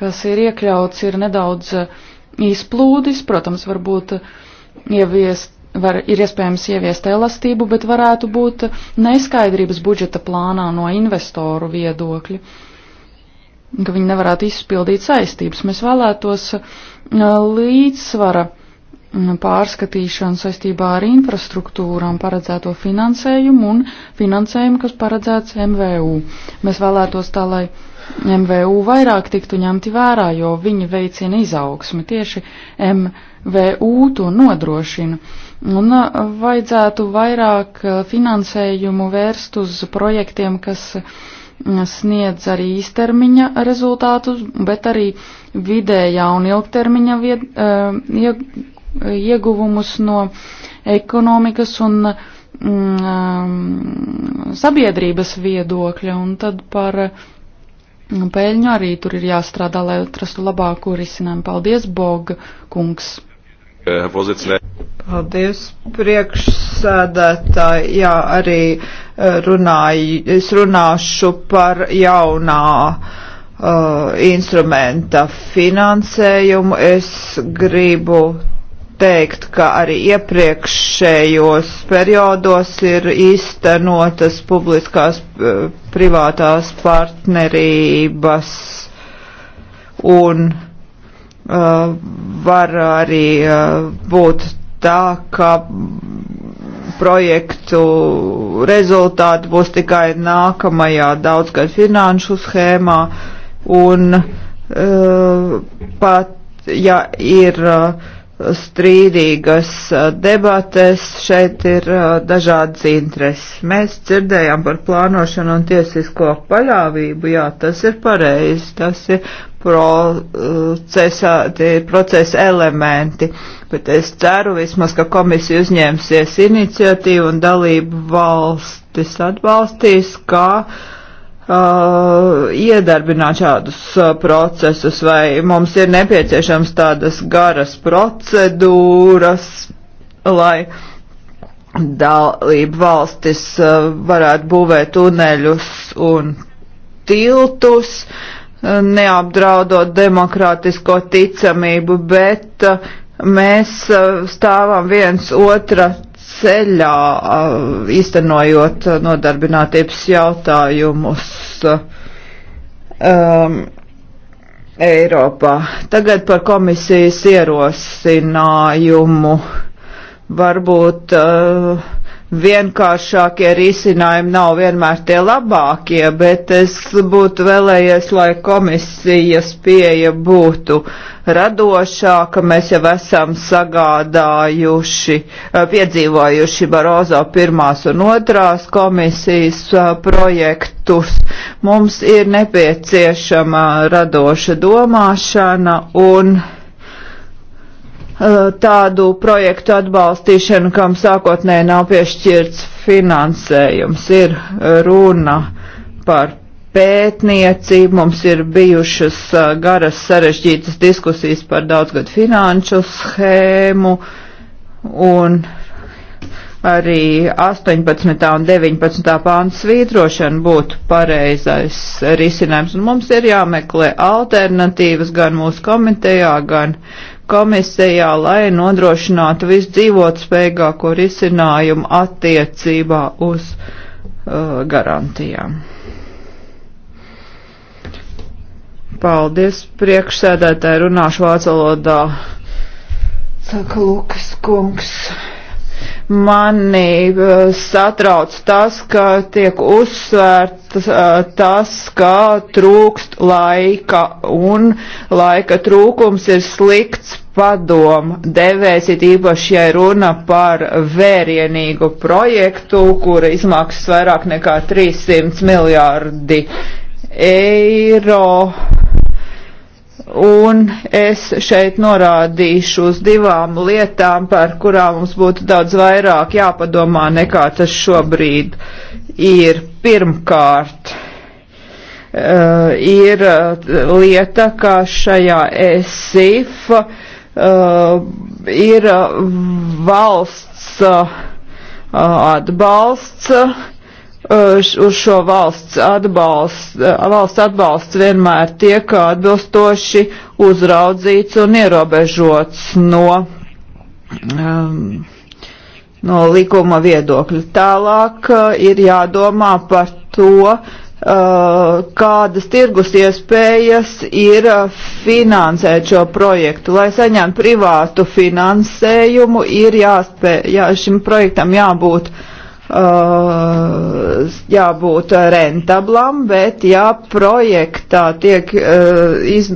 kas ir iekļauts, ir nedaudz e, izplūdis, protams, varbūt ieviest var, ir iespējams ieviest elastību, bet varētu būt neskaidrības budžeta plānā no investoru viedokļa, ka viņi nevarētu izpildīt saistības. Mēs vēlētos uh, līdzsvara mm, pārskatīšanu saistībā ar infrastruktūrām paredzēto finansējumu un finansējumu, kas paredzēts MVU. Mēs vēlētos tā, lai MVU vairāk tiktu ņemti vērā, jo viņi veicina izaugsmi. Tieši MVU to nodrošina. Un uh, vajadzētu vairāk uh, finansējumu vērst uz projektiem, kas mm, sniedz arī īstermiņa rezultātus, bet arī vidējā un ilgtermiņa vied, uh, ieguvumus no ekonomikas un mm, um, sabiedrības viedokļa. Un tad par mm, pēļņu arī tur ir jāstrādā, lai atrastu labāku risinājumu. Paldies, Boga kungs! Eh, Herr Vorsitzender. Paldies, priekšsēdētāji. Jā, arī eh, runāju, es runāšu par jaunā uh, instrumenta finansējumu. Es gribu teikt, ka arī iepriekšējos periodos ir īstenotas publiskās privātās partnerības un Eh, var arī eh, būt tā, ka projektu rezultāti būs tikai nākamajā daudzgad finanšu schēmā un eh, pat ja ir uh, strīdīgas debates, šeit ir dažādas intereses. Mēs dzirdējām par plānošanu un tiesisko paļāvību, jā, tas ir pareizi, tas ir procesa, procesa elementi, bet es ceru vismaz, ka komisija uzņēmsies iniciatīvu un dalību valstis atbalstīs, kā uh, Uh, iedarbināt šādus uh, procesus, vai mums ir nepieciešams tādas garas procedūras, lai dalību valstis uh, varētu būvēt tuneļus un tiltus, uh, neapdraudot demokrātisko ticamību, bet uh, mēs uh, stāvam viens otra ceļā, īstenojot nodarbinātības jautājumus um, Eiropā. Tagad par komisijas ierosinājumu varbūt uh, vienkāršākie risinājumi nav vienmēr tie labākie, bet es būtu vēlējies, lai komisijas pieeja būtu radošāka. Mēs jau esam sagādājuši, eh, piedzīvojuši Barozo pirmās un otrās komisijas eh, projektus. Mums ir nepieciešama radoša domāšana un tādu projektu atbalstīšanu, kam sākotnēji nav piešķirts finansējums. Ir runa par pētniecību, mums ir bijušas garas sarežģītas diskusijas par daudzgad finanšu schēmu un arī 18. un 19. pāns svītrošana būtu pareizais risinājums. Un mums ir jāmeklē alternatīvas gan mūsu komitejā, gan uh, komisijā, lai nodrošinātu visdzīvotspējīgāko risinājumu attiecībā uz uh, garantijām. Paldies, priekšsēdētāji, runāšu vācu valodā. Saka Lukas kungs. Mani uh, satrauc tas, ka tiek uzsvērts uh, tas, ka trūkst laika un laika trūkums ir slikts padomu devējs, it īpaši, ja runa par vērienīgu projektu, kura izmaksas vairāk nekā 300 miljārdi eiro. Un es šeit norādīšu uz divām lietām, par kurām mums būtu daudz vairāk jāpadomā nekā tas šobrīd ir. Pirmkārt, uh, ir eh, lieta, kā šajā ESIF uh, eh, ir valsts uh, atbalsts. Uh, Eh, uz šo valsts atbalsts, eh, valsts atbalsts vienmēr tiek atbilstoši uzraudzīts un ierobežots no, um, no likuma viedokļa. Tālāk eh, ir jādomā par to, uh, kādas tirgus iespējas ir finansēt šo projektu. Lai saņemtu privātu finansējumu, ir jāspēj, jā, šim projektam jābūt uh, Uh, jābūt rentablam, bet ja projektā tiek uh, iz,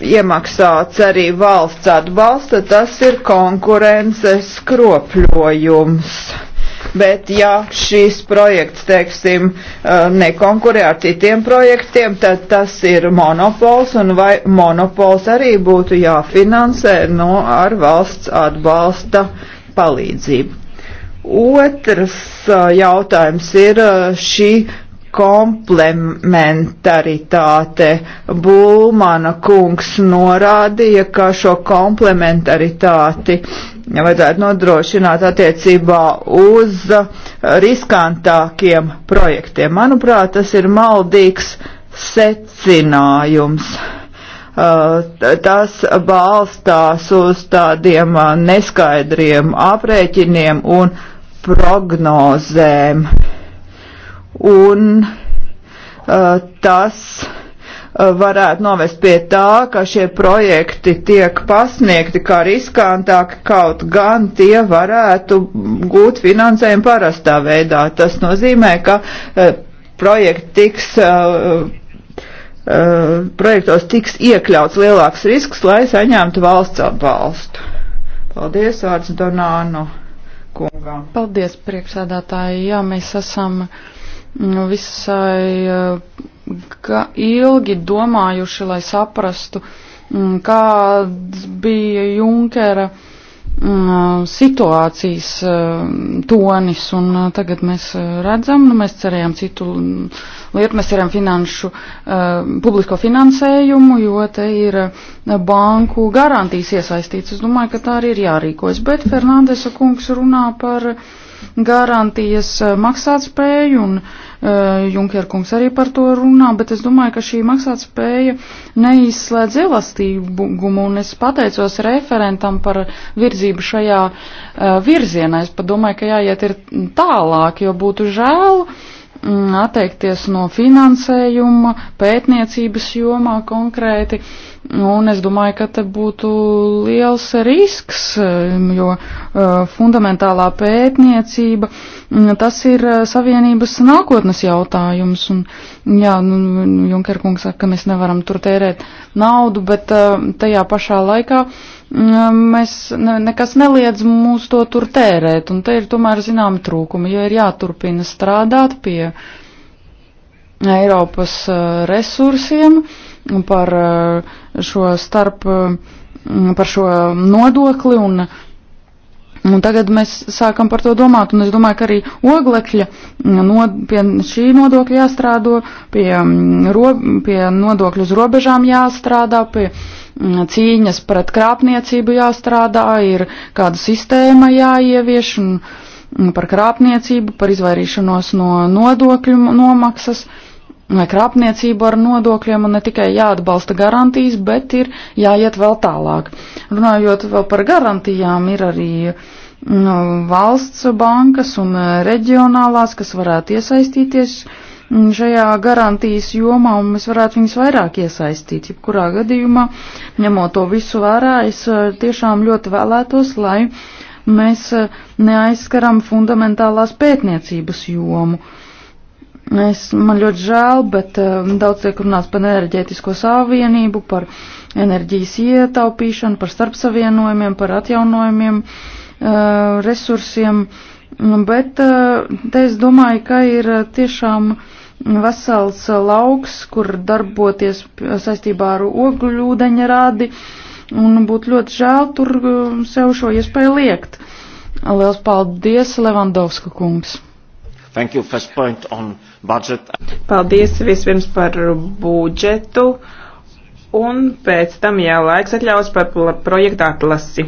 iemaksāts arī valsts atbalsta, tas ir konkurences kropļojums. Bet ja šīs projekts, teiksim, uh, nekonkurē ar citiem projektiem, tad tas ir monopols, un vai monopols arī būtu jāfinansē no ar valsts atbalsta palīdzību. Otrs jautājums ir šī komplementaritāte. Bulmana kungs norādīja, ka šo komplementaritāti vajadzētu nodrošināt attiecībā uz riskantākiem projektiem. Manuprāt, tas ir maldīgs secinājums. Tas balstās uz tādiem neskaidriem aprēķiniem un prognozēm. Un uh, tas uh, varētu novest pie tā, ka šie projekti tiek pasniegti kā riskantāki, kaut gan tie varētu gūt finansējumu parastā veidā. Tas nozīmē, ka uh, projekti tiks. Uh, uh, projektos tiks iekļauts lielāks risks, lai saņemtu valsts atbalstu. Paldies, vārds Donānu kungam. Paldies, priekšsēdētāji. Jā, mēs esam mm, visai eh, ilgi domājuši, lai saprastu, mm, kāds bija Junkera Mm, uh, situācijas um, tonis, un uh, tagad mēs uh, redzam, nu, mēs cerējām citu lietu, mēs cerējām finanšu, publisko finansējumu, jo te ir banku garantijas iesaistīts. Es domāju, ka tā arī ir jārīkojas, bet Fernandesa kungs runā par uh, garantijas eh, maksātspēju, un uh, Junker kungs arī par to runā, bet es domāju, ka šī maksātspēja neizslēdz elastīgumu, un es pateicos referentam par virzību šajā uh, virzienā. Es pat domāju, ka jāiet ir tālāk, jo būtu žēl mm, atteikties no finansējuma, pētniecības jomā konkrēti. Uh, Nu, un es domāju, ka te būtu liels risks, eh, jo eh, fundamentālā pētniecība mm, tas ir eh, savienības nākotnes jautājums. Un, jā, nu, nu, Junker kungs saka, ka mēs nevaram tur tērēt naudu, bet tajā pašā laikā mm, mēs ne, nekas neliedz mūs to tur tērēt. Un te ir tomēr zināmi trūkumi, jo ir jāturpina strādāt pie Eiropas resursiem. Uh, par eh, šo starp, mm, par šo nodokli un Un tagad mēs sākam par to domāt, un es domāju, ka arī oglekļa no, pie šī nodokļa jāstrādā, pie, mm, ro, pie nodokļu uz robežām jāstrādā, pie mm, cīņas pret krāpniecību jāstrādā, ir kāda sistēma jāievieš un, un par krāpniecību, par izvairīšanos no nodokļu nomaksas. No krāpniecību ar nodokļiem un ne tikai jāatbalsta garantijas, bet ir jāiet vēl tālāk. Runājot vēl par garantijām, ir arī nu, valsts bankas un reģionālās, kas varētu iesaistīties mm, šajā garantijas jomā, un mēs varētu viņus vairāk iesaistīt. Jebkurā gadījumā, ņemot to visu vērā, es eh, tiešām ļoti vēlētos, lai mēs eh, neaizskaram fundamentālās pētniecības jomu. Uh, Es, man ļoti žēl, bet uh, daudz tiek runāts par enerģētisko savienību, par enerģijas ietaupīšanu, par starpsavienojumiem, par atjaunojumiem, uh, resursiem, nu, bet uh, te es domāju, ka ir uh, tiešām vesels uh, lauks, kur darboties saistībā ar ogļūdeņa rādi, un būtu ļoti žēl tur um, sev šo iespēju liekt. Liels paldies, Levandovska kungs! Thank you. First point on budget. Paldies vispirms par budžetu un pēc tam, ja laiks atļaus, par projektu atlasi.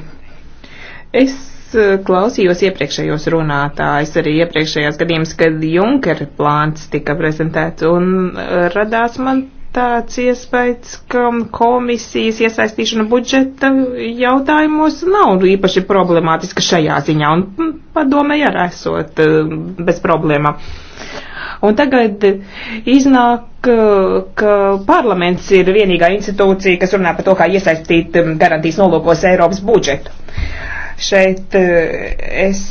Es eh, klausījos iepriekšējos runātājus, arī iepriekšējās gadījums, kad Junker plāns tika prezentēts, un eh, radās man tāds iespējas, ka komisijas iesaistīšana budžeta jautājumos nav īpaši problemātiska šajā ziņā, un padomēji arī esot eh, bez problēmām. Un tagad iznāk, eh, ka parlaments ir vienīgā institūcija, kas runā par to, kā iesaistīt eh, garantijas nolūkos Eiropas budžetu. Šeit es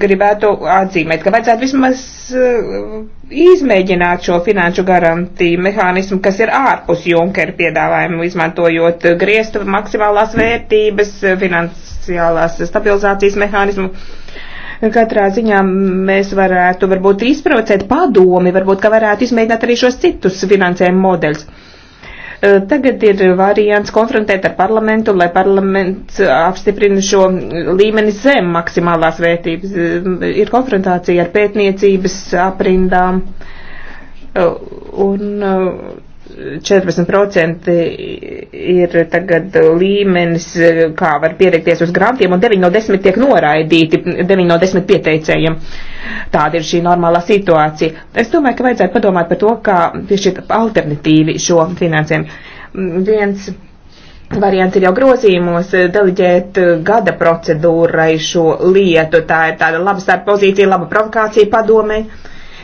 gribētu atzīmēt, ka vajadzētu vismaz eh, izmēģināt šo finanšu garantiju mehānismu, kas ir ārpus Junkera piedāvājumu, izmantojot griestu maksimālās vērtības, finansiālās stabilizācijas mehānismu. Katrā ziņā mēs varētu varbūt izprovocēt padomi, varbūt, ka varētu izmēģināt arī šos citus finansējumu modeļus. Eh, tagad ir variants konfrontēt ar parlamentu, lai parlaments apstiprina šo līmeni zem maksimālās vērtības. Eh, ir konfrontācija ar pētniecības aprindām. Eh, un 14% ir tagad līmenis, kā var pieteikties uz grantiem, un 9 no 10 tiek noraidīti, 9 no 10 pieteicējiem. Tāda ir šī normālā situācija. Es domāju, ka vajadzētu padomāt par to, kā piešķirt alternatīvi šo finansējumu. Viens variants ir jau grozījumos deliģēt gada procedūrai šo lietu. Tā ir tāda laba starppozīcija, laba provokācija padomē.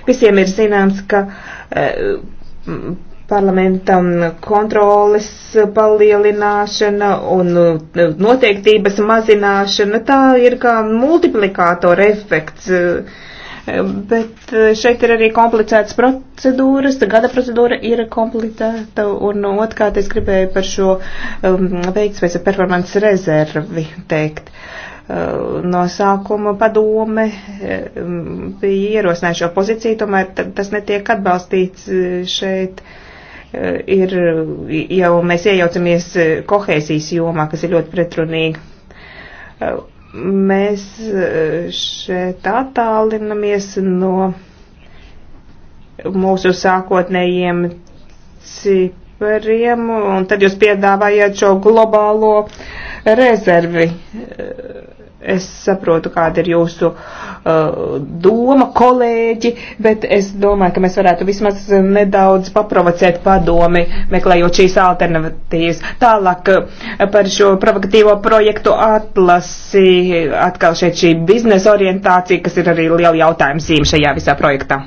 Visiem ir zināms, ka. Uh, parlamentam kontroles palielināšana un nu, noteiktības mazināšana, tā ir kā multiplikātora efekts. Bet šeit ir arī komplicētas procedūras, gada procedūra ir komplicēta, un otrkārt es gribēju par šo um, veiksmēs performance rezervi teikt. Uh, no sākuma padome um, bija ierosinājušo pozīciju, tomēr tas netiek atbalstīts uh, šeit. Uh, Eh, ir eh, jau mēs iejaucamies eh, kohēzijas jomā, kas ir ļoti pretrunīga. Mēs šeit attālinamies no mūsu sākotnējiem cipariem, un tad jūs piedāvājat šo globālo rezervi Es saprotu, kāda ir jūsu uh, doma, kolēģi, bet es domāju, ka mēs varētu vismaz nedaudz paprovocēt padomi, meklējot šīs alternatīvas. Tālāk uh, par šo provokatīvo projektu atlasi, atkal šeit šī biznesa orientācija, kas ir arī liela jautājuma zīme šajā visā projektā.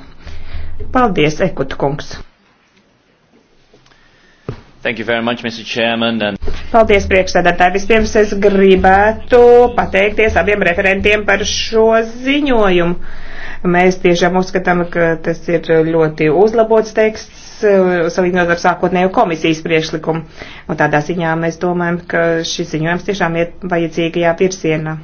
Paldies, Ekut kungs! Much, And... Paldies, priekšsēdētāji. Vispirms es gribētu pateikties abiem referentiem par šo ziņojumu. Mēs tiešām uzskatām, ka tas ir ļoti uzlabots teksts, salīdzinot ar sākotnēju komisijas priekšlikumu. Un tādā ziņā mēs domājam, ka šis ziņojums tiešām iet vajadzīgajā virsienā.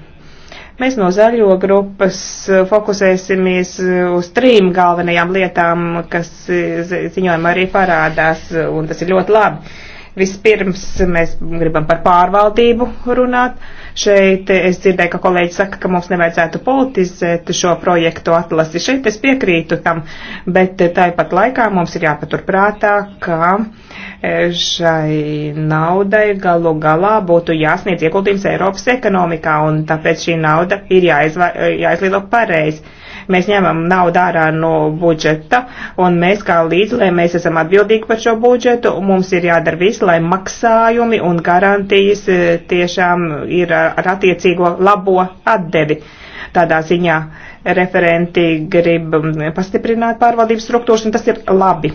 Mēs no zaļo grupas e, fokusēsimies e, uz trim galvenajām lietām, kas e, ziņojumā arī parādās, un tas ir ļoti labi. Vispirms mēs gribam par pārvaldību runāt. Šeit es dzirdēju, ka kolēģi saka, ka mums nevajadzētu politizēt šo projektu atlasi. Šeit es piekrītu tam, bet tāpat laikā mums ir jāpaturprātā, ka e, šai naudai galu galā būtu jāsniedz ieguldījums Eiropas ekonomikā, un tāpēc šī nauda ir jāizlīdo pareizi Mēs ņemam naudu ārā no budžeta, un mēs kā līdzlē mēs esam atbildīgi par šo budžetu, un mums ir jādara viss, lai maksājumi un garantijas e, tiešām ir ar attiecīgo labo atdevi. Tādā ziņā referenti grib pastiprināt pārvaldības struktūras, un tas ir labi.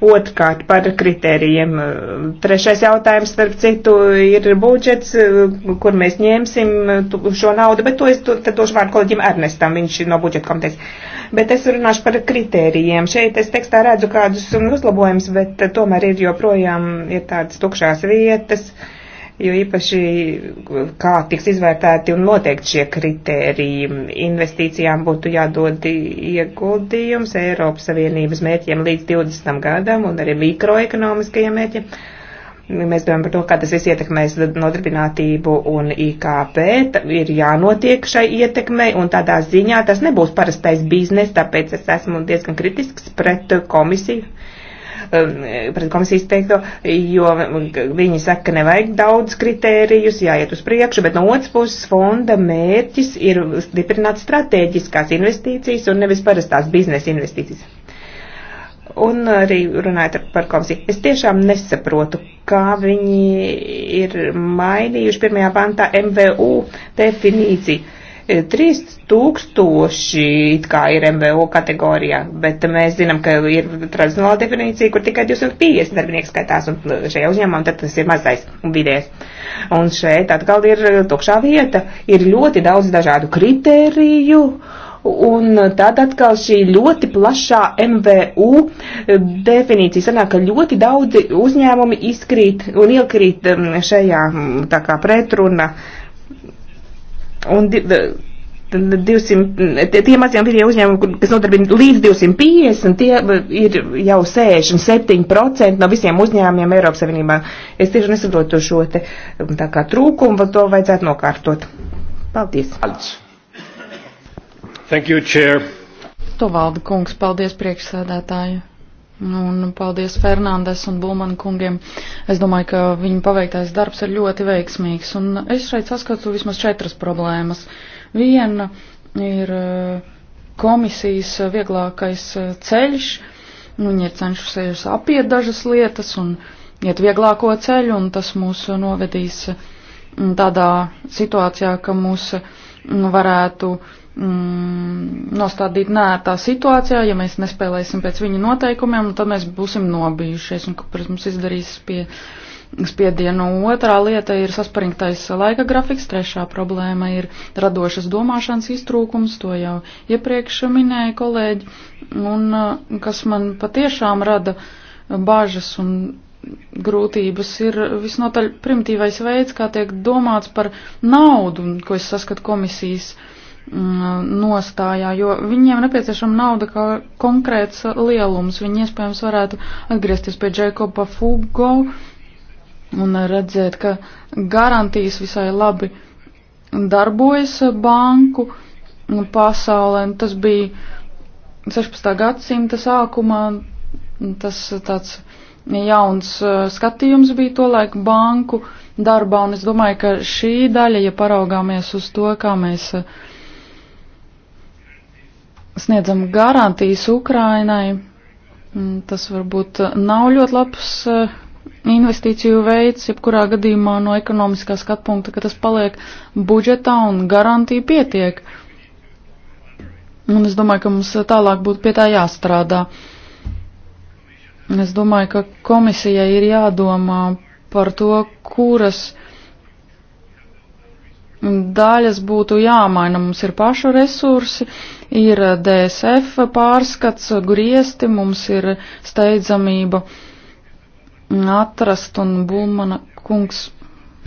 Otkārt par kritērijiem. Eh, trešais jautājums, starp citu, ir budžets, eh, kur mēs ņemsim eh, šo naudu, bet to es to, tad došu vārdu kolēģim Ernestam, viņš no budžeta komitejas. Bet es runāšu par kritērijiem. Šeit es tekstā redzu kādus uzlabojumus, bet tomēr ir joprojām ir tādas tukšās vietas. Uh, jo īpaši kā tiks izvērtēti un noteikti šie kritēriji. Investīcijām būtu jādod ieguldījums Eiropas Savienības mērķiem līdz 20. gadam un arī mikroekonomiskajiem mērķiem. Mēs domājam par to, kā tas viss ietekmēs nodarbinātību un IKP. Ir jānotiek šai ietekmei, un tādā ziņā tas nebūs parastais biznes, tāpēc es esmu diezgan kritisks pret komisiju Eh, pret komisijas teikto, jo viņi saka, ka nevajag daudz kritērijus, jāiet uz priekšu, bet no otras puses fonda mērķis ir stiprināt strateģiskās investīcijas un nevis parastās biznesa investīcijas. Un arī runājot par komisiju, es tiešām nesaprotu, kā viņi ir mainījuši pirmajā pantā MVU definīciju 3000 it kā ir MVO kategorijā, bet mēs zinām, ka ir tradicionāla definīcija, kur tikai 250 darbinieki skaitās, un šajā uzņēmumā tad tas ir mazais un vidējs. Un šeit atkal ir tukšā vieta, ir ļoti daudz dažādu kritēriju, Un tad atkal šī ļoti plašā MVU definīcija sanāk, ka ļoti daudzi uzņēmumi izkrīt un iekrīt um, šajā tā kā pretruna uh, Un 200, tie, tie mazie un vidēji uzņēmumi, kas nodarbina līdz 250, tie ir jau 67% no visiem uzņēmumiem Eiropas Savienībā. Es tieši nesaprotu šo te um, tā kā trūkumu, bet to vajadzētu nokārtot. Paldies. Thank you, Chair. To valda kungs, paldies priekšsādātāju. Nu, un paldies Fernandes un Bulman kungiem. Es domāju, ka viņu paveiktais darbs ir ļoti veiksmīgs. Un es šeit saskatu vismaz četras problēmas. Viena ir eh, komisijas vieglākais eh, ceļš. Viņi ir cenšusies apiet dažas lietas un iet vieglāko ceļu, un tas mūs novedīs mm, tādā situācijā, ka mūs mm, varētu uh, mm, nostādīt nērtā situācijā, ja mēs nespēlēsim pēc viņa noteikumiem, tad mēs būsim nobijušies un kāpēc mums izdarīs pie, spiedienu. Otrā lieta ir saspringtais laika grafiks, trešā problēma ir radošas domāšanas iztrūkums, to jau iepriekš minēja kolēģi, un uh, kas man patiešām rada bažas un grūtības ir visnotaļ primitīvais veids, kā tiek domāts par naudu, ko es saskatu komisijas uh, Mm, nostājā, jo viņiem nepieciešama nauda kā konkrēts lielums. Viņi iespējams varētu atgriezties pie Džekoba Fugo un redzēt, ka garantijas visai labi darbojas banku pasaulē. Tas bija 16. gadsimta sākumā, tas tāds jauns uh, skatījums bija to laiku banku darbā, un es domāju, ka šī daļa, ja paraugāmies uz to, kā mēs uh, sniedzam garantijas Ukrainai. Mm, tas varbūt nav ļoti labs eh, investīciju veids, jebkurā gadījumā no ekonomiskā skatu punkta, ka tas paliek budžetā un garantija pietiek. Un es domāju, ka mums tālāk būtu pie tā jāstrādā. Es domāju, ka komisijai ir jādomā par to, kuras daļas būtu jāmaina. Mums ir pašu resursi, ir DSF pārskats, griesti, mums ir steidzamība atrast un Bulmana kungs.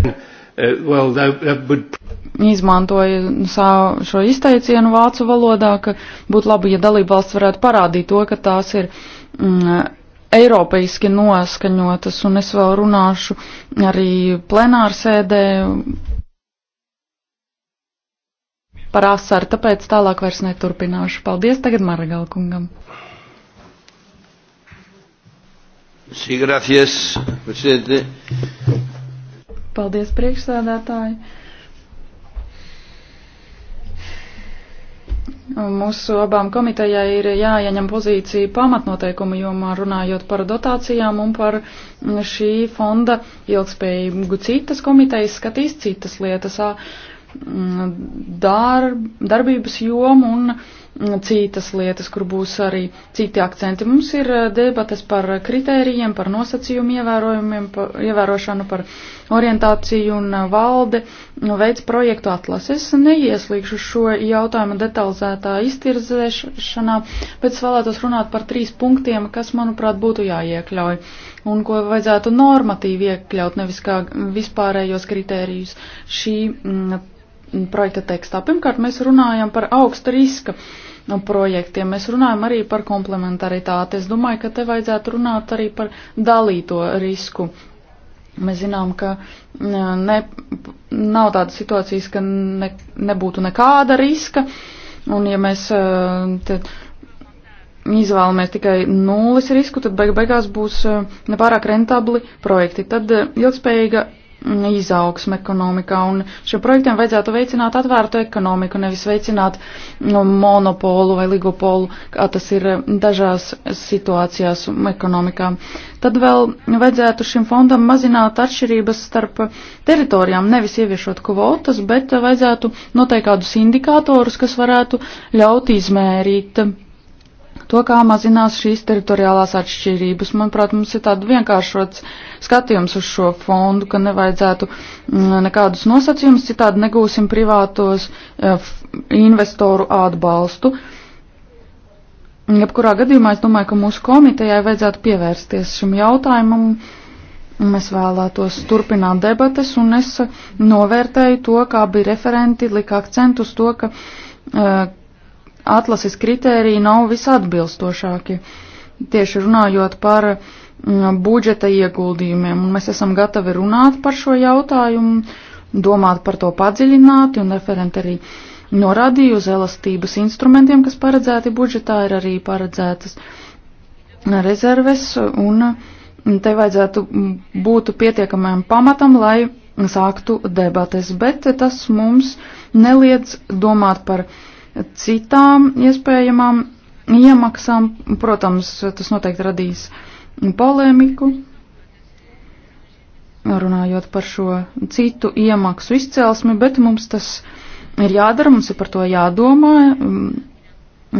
Uh, well, that, that would... Izmantoja savu, šo izteicienu vācu valodā, ka būtu labi, ja dalībvalsts varētu parādīt to, ka tās ir mm, eiropeiski noskaņotas, un es vēl runāšu arī plenārsēdē par asaru, tāpēc tālāk vairs neturpināšu. Paldies tagad Maragal kungam. Sí, gracias, presidente. Paldies, priekšsēdētāji. Mūsu abām komitejai ir jāieņem pozīcija pamatnoteikumu jomā runājot par dotācijām un par šī fonda ilgspējību. Citas komitejas skatīs citas lietas. Mm, darb, darbības jomu un mm, citas lietas, kur būs arī citi akcenti. Mums ir eh, debates par kritērijiem, par nosacījumu ievērojumiem, par ievērošanu, par orientāciju un eh, valde veids projektu atlases. Neieslīgšu šo jautājumu detalizētā iztirzēšanā, bet es vēlētos runāt par trīs punktiem, kas, manuprāt, būtu jāiekļauj un ko vajadzētu normatīvi iekļaut, nevis kā vispārējos kritērijus. Šī m, mm, projekta tekstā. Pirmkārt, mēs runājam par augsta riska um, projektiem. Mēs runājam arī par komplementaritāti. Es domāju, ka te vajadzētu runāt arī par dalīto risku. Mēs zinām, ka mm, ne, nav tādas situācijas, ka ne, nebūtu nekāda riska. Un ja mēs uh, izvēlamies tikai nulles risku, tad beig beigās būs uh, nepārāk rentabli projekti. Tad uh, ilgspējīga Mm, izaugsmu ekonomikā, un šiem projektiem vajadzētu veicināt atvērtu ekonomiku, nevis veicināt mm, monopolu vai ligopolu, kā tas ir dažās situācijās ekonomikā. Tad vēl vajadzētu šim fondam mazināt atšķirības starp teritorijām, nevis ieviešot kvotas, bet vajadzētu noteikt kādus indikātorus, kas varētu ļaut izmērīt to, kā mazinās šīs teritoriālās atšķirības. Manuprāt, mums ir tāds vienkāršots skatījums uz šo fondu, ka nevajadzētu mm, nekādus nosacījumus, citādi negūsim privātos e, investoru atbalstu. Jebkurā gadījumā es domāju, ka mūsu komitejai vajadzētu pievērsties šim jautājumam. Mēs vēlētos turpināt debates, un es novērtēju to, kā bija referenti, lika akcentu uz to, ka uh, atlases kritēriji nav visatbilstošāki. Tieši runājot par mm, budžeta ieguldījumiem, un mēs esam gatavi runāt par šo jautājumu, domāt par to padziļināti, un referenti arī norādīja uz elastības instrumentiem, kas paredzēti budžetā, ir arī paredzētas rezerves, un te vajadzētu būt pietiekamajam pamatam, lai sāktu debates, bet tas mums neliedz domāt par citām iespējamām iemaksām. Protams, tas noteikti radīs polēmiku, runājot par šo citu iemaksu izcelsmi, bet mums tas ir jādara, mums ir par to jādomā mm,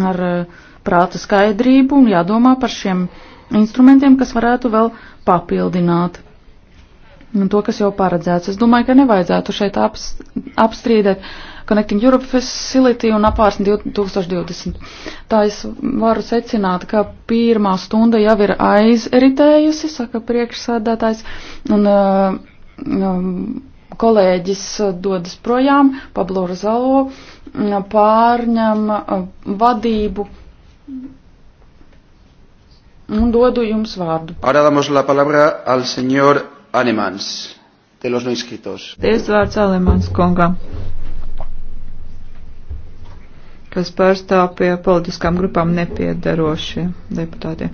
ar eh, prāta skaidrību un jādomā par šiem instrumentiem, kas varētu vēl papildināt to, kas jau paredzēts. Es domāju, ka nevajadzētu šeit apstrīdēt Connecting Europe Facility un apārsni 2020. Tā es varu secināt, ka pirmā stunda jau ir aizritējusi, saka priekšsēdētājs, un uh, um, kolēģis uh, dodas projām, Pablo Rozalo mm, pārņem uh, vadību un dodu jums vārdu. Ahora damos la palabra al señor Anemans de los no inscritos. Tiesvārds Alemans kungam kas pārstāv pie politiskām grupām nepiedarošie deputātiem.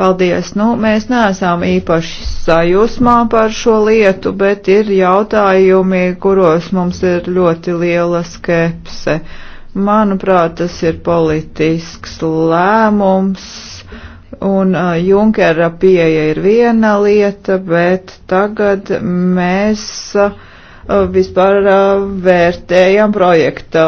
Valdies, nu, mēs neesam īpaši sajūsmā par šo lietu, bet ir jautājumi, kuros mums ir ļoti liela skepse. Manuprāt, tas ir politisks lēmums, un uh, Junkera pieeja ir viena lieta, bet tagad mēs. Uh, Eh, vispār eh, vērtējam projekta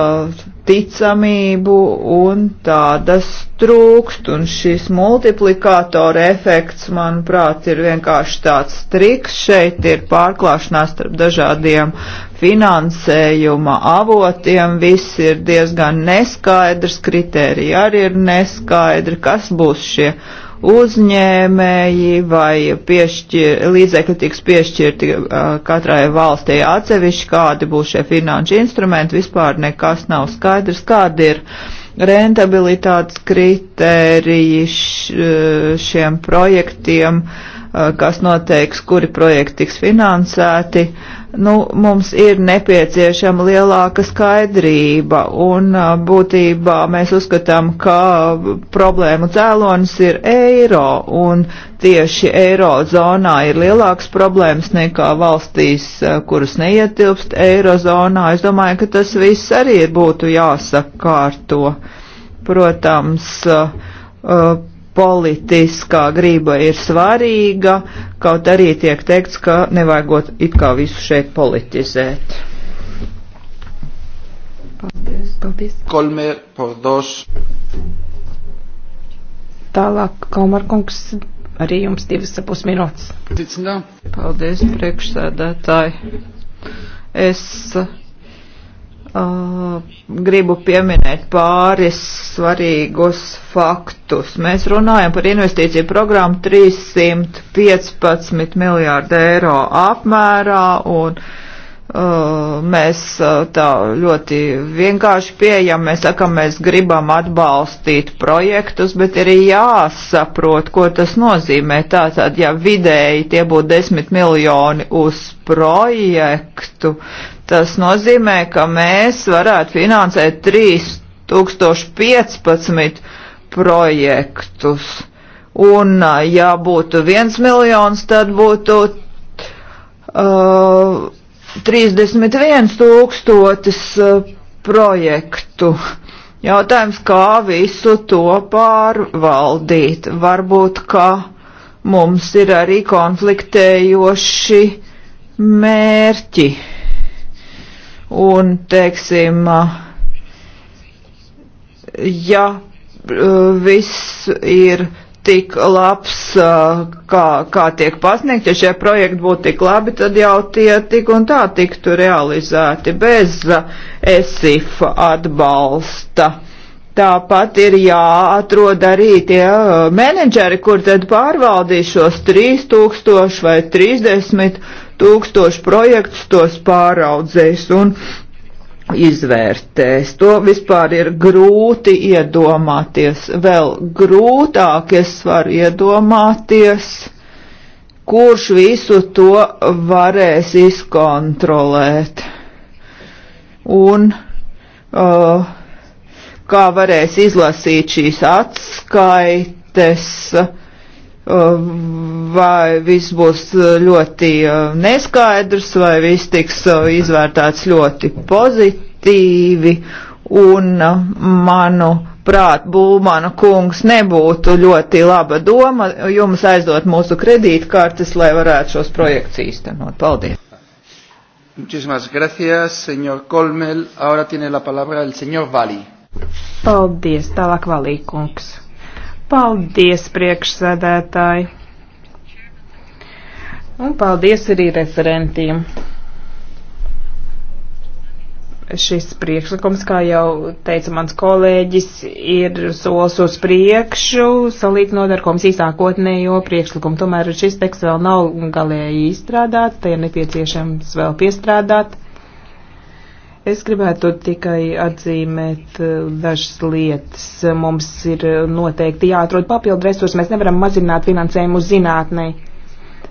ticamību un tādas trūkst, un šis multiplikātora efekts, manuprāt, ir vienkārši tāds triks, šeit ir pārklāšanās starp dažādiem finansējuma avotiem, viss ir diezgan neskaidrs, kritērija arī ir neskaidri, kas būs šie uh, uzņēmēji vai piešķir, līdzekļi tiks piešķirti katrai valstī atsevišķi, kādi būs šie finanšu instrumenti, vispār nekas nav skaidrs, kādi ir rentabilitātes kritēriji šiem projektiem, kas noteiks, kuri projekti tiks finansēti. Uh, nu, mums ir nepieciešama lielāka skaidrība, un būtībā mēs uzskatām, ka problēmu cēlonis ir eiro, un tieši eirozonā ir lielāks problēmas nekā valstīs, kuras neietilpst eirozonā. Es domāju, ka tas viss arī būtu jāsakārto. Protams, uh, uh, politiskā grība ir svarīga, kaut arī tiek teikts, ka nevajagot it kā visu šeit politizēt. Paldies. Paldies. Kolmer, pordos. Tālāk, Kalmarkungs, arī jums divas sapus minūtes. Paldies, priekšsēdētāji. Es Uh, gribu pieminēt pāris svarīgus faktus. Mēs runājam par investīciju programmu 315 miljārdu eiro apmērā un uh, mēs uh, tā ļoti vienkārši pieejam, mēs sakam, mēs gribam atbalstīt projektus, bet ir jāsaprot, ko tas nozīmē. Tātad, ja vidēji tie būtu 10 miljoni uz projektu, Tas nozīmē, ka mēs varētu finansēt 3015 projektus. Un ja būtu viens miljons, tad būtu uh, 31 tūkstotis uh, projektu. Jautājums, kā visu to pārvaldīt. Varbūt, ka mums ir arī konfliktējoši mērķi un, teiksim, ja uh, viss ir tik labs, uh, kā, kā tiek pasniegt, ja šie projekti būtu tik labi, tad jau tie tik un tā tiktu realizēti bez ESIF uh, atbalsta. Tāpat ir jāatrod arī tie menedžeri, kur tad pārvaldīs šos 3000 vai 30 tūkstošu projektus, tos pāraudzēs un izvērtēs. To vispār ir grūti iedomāties. Vēl grūtāk es varu iedomāties, kurš visu to varēs izkontrolēt. Un uh, kā varēs izlasīt šīs atskaites. Uh, Uh, vai viss būs uh, ļoti uh, neskaidrs, vai viss tiks izvērtēts ļoti pozitīvi, un manu prāt, Būmana kungs nebūtu ļoti laba doma jums aizdot mūsu kredītkartes, lai varētu šos projekts īstenot. Paldies! Muchísimas gracias, señor Colmel. Ahora tiene la palabra el señor Vali. Paldies, tālāk Valī kungs. Paldies, priekšsēdētāji! Un paldies arī referentiem. Šis priekšlikums, kā jau teica mans kolēģis, ir solis uz priekšu, salīdzinot ar komisijas sākotnējo priekšlikumu. Tomēr šis teksts vēl nav galēji izstrādāts, tai ir nepieciešams vēl piestrādāt. Es gribētu tikai atzīmēt eh, dažas lietas. Mums ir noteikti jāatrod papildu resursi. Mēs nevaram mazināt finansējumu zinātnē.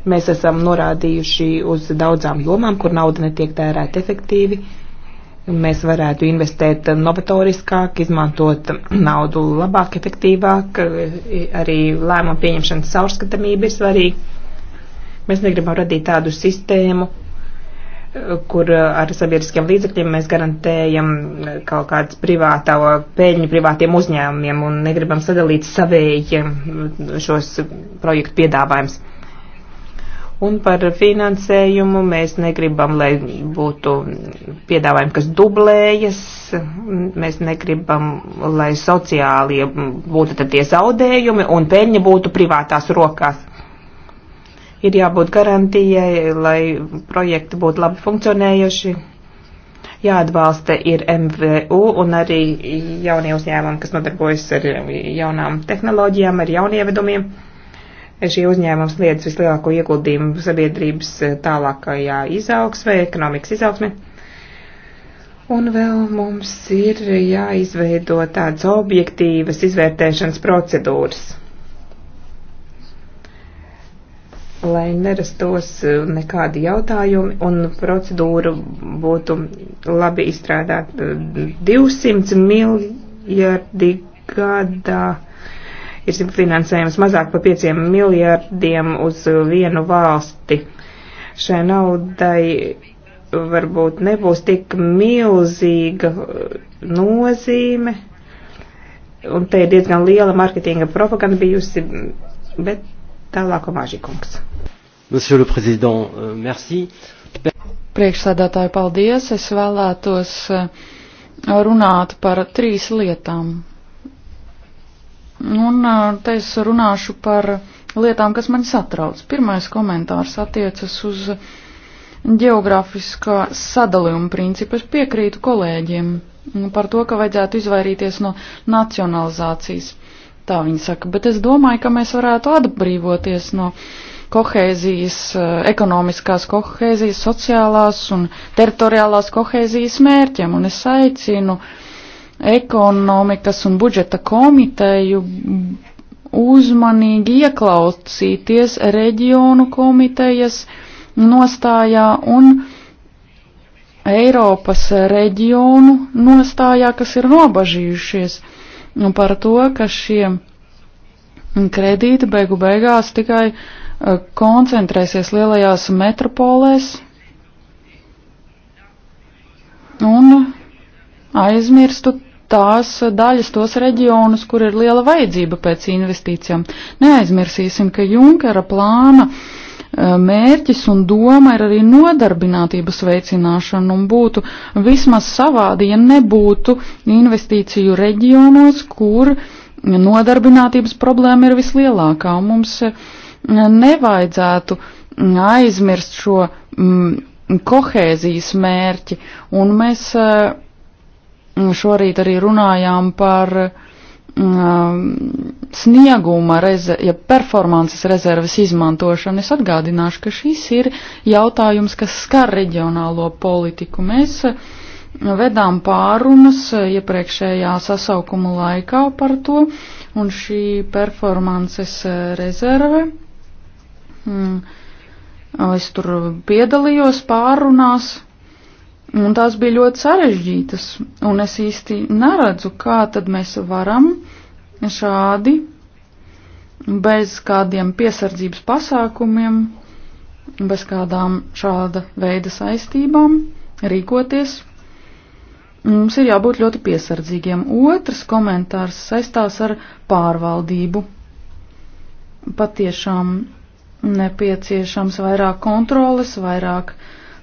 Mēs esam norādījuši uz daudzām jomām, kur nauda netiek tērēta efektīvi. Mēs varētu investēt novatoriskāk, izmantot naudu labāk, efektīvāk. Arī lēmumu pieņemšanas saurskatamība ir svarīga. Mēs negribam radīt tādu sistēmu, kur eh, ar sabiedriskiem līdzekļiem mēs garantējam eh, kaut kādas privātā peļņu privātiem uzņēmumiem un negribam sadalīt savējiem eh, šos projektu piedāvājums. Un par finansējumu mēs negribam, lai būtu piedāvājumi, kas dublējas. Mēs negribam, lai sociālie būtu tad tie zaudējumi un peļņa būtu privātās rokās ir jābūt garantijai, lai projekti būtu labi funkcionējuši. Jāatbalsta ir MVU un arī jaunie uzņēmumi, kas nodarbojas ar jaunām tehnoloģijām, ar jaunievedumiem. Šie uzņēmumi sniedz vislielāko ieguldījumu sabiedrības tālākajā izaugsmē, ekonomikas izaugsmē. Un vēl mums ir jāizveido tādas objektīvas izvērtēšanas procedūras lai nerastos uh, nekādi jautājumi un procedūra būtu labi izstrādāta. 200 miljardi gadā ir finansējums mazāk par 5 miljardiem uz vienu valsti. Šai naudai varbūt nebūs tik milzīga uh, nozīme, un te ir diezgan liela marketinga propaganda bijusi, bet tālāk mažikungs. Monsieur le Président, euh, merci. Priekšsēdētāji, paldies. Es vēlētos uh, runāt par trīs lietām. Un uh, te es runāšu par lietām, kas man satrauc. Pirmais komentārs attiecas uz geogrāfiskā sadalījuma principu. Es piekrītu kolēģiem par to, ka vajadzētu izvairīties no nacionalizācijas. Tā viņi saka, bet es domāju, ka mēs varētu atbrīvoties no uh, kohēzijas, eh, ekonomiskās kohēzijas, sociālās un teritoriālās kohēzijas mērķiem, un es aicinu ekonomikas un budžeta komiteju uzmanīgi ieklausīties reģionu komitejas nostājā un Eiropas reģionu nostājā, kas ir nobažījušies par to, ka šie kredīti beigu beigās tikai uh, koncentrēsies lielajās metropolēs un aizmirstu tās daļas, tos reģionus, kur ir liela vajadzība pēc investīcijām. Neaizmirsīsim, ka Junkera plāna e, mērķis un doma ir arī nodarbinātības veicināšana un būtu vismaz savādi, ja nebūtu investīciju reģionos, kur nodarbinātības problēma ir vislielākā. Mums uh, nevajadzētu aizmirst šo mm, kohēzijas mērķi, un mēs eh, šorīt arī runājām par mm, snieguma, reze, ja performances rezerves izmantošanu. Es atgādināšu, ka šis ir jautājums, kas skar reģionālo politiku. Mēs eh, vedām pārunas eh, iepriekšējā sasaukuma laikā par to, un šī performances rezerve Mm. Es tur piedalījos pārunās, un tās bija ļoti sarežģītas, un es īsti neredzu, kā tad mēs varam šādi, bez kādiem piesardzības pasākumiem, bez kādām šāda veida saistībām rīkoties. Mums ir jābūt ļoti piesardzīgiem. Otrs komentārs saistās ar pārvaldību. Patiešām nepieciešams vairāk kontroles, vairāk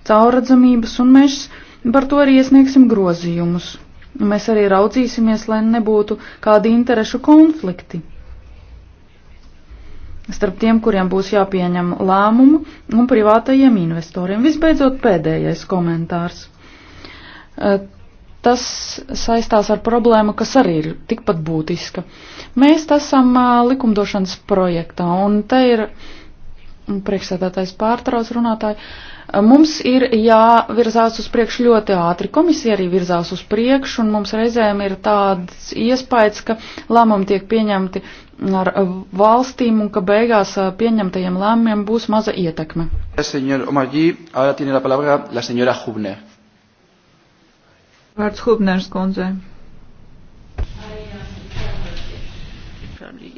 cauradzamības, un mēs par to arī iesniegsim grozījumus. Mēs arī raudzīsimies, lai nebūtu kādi interešu konflikti starp tiem, kuriem būs jāpieņem lēmumu, un privātajiem investoriem. Visbeidzot, pēdējais komentārs. E, tas saistās ar problēmu, kas arī ir tikpat būtiska. Mēs esam e, likumdošanas projektā, un te ir uh, Priekšsēdētājs pārtrauc runātāju. Mums ir jāvirzās uz priekšu ļoti ātri. Komisija arī virzās uz priekšu, un mums reizēm ir tāds iespējas, ka lēmumi tiek pieņemti ar valstīm, un ka beigās pieņemtajiem lēmumiem būs maza ietekme. Vārds Hubners kundzei.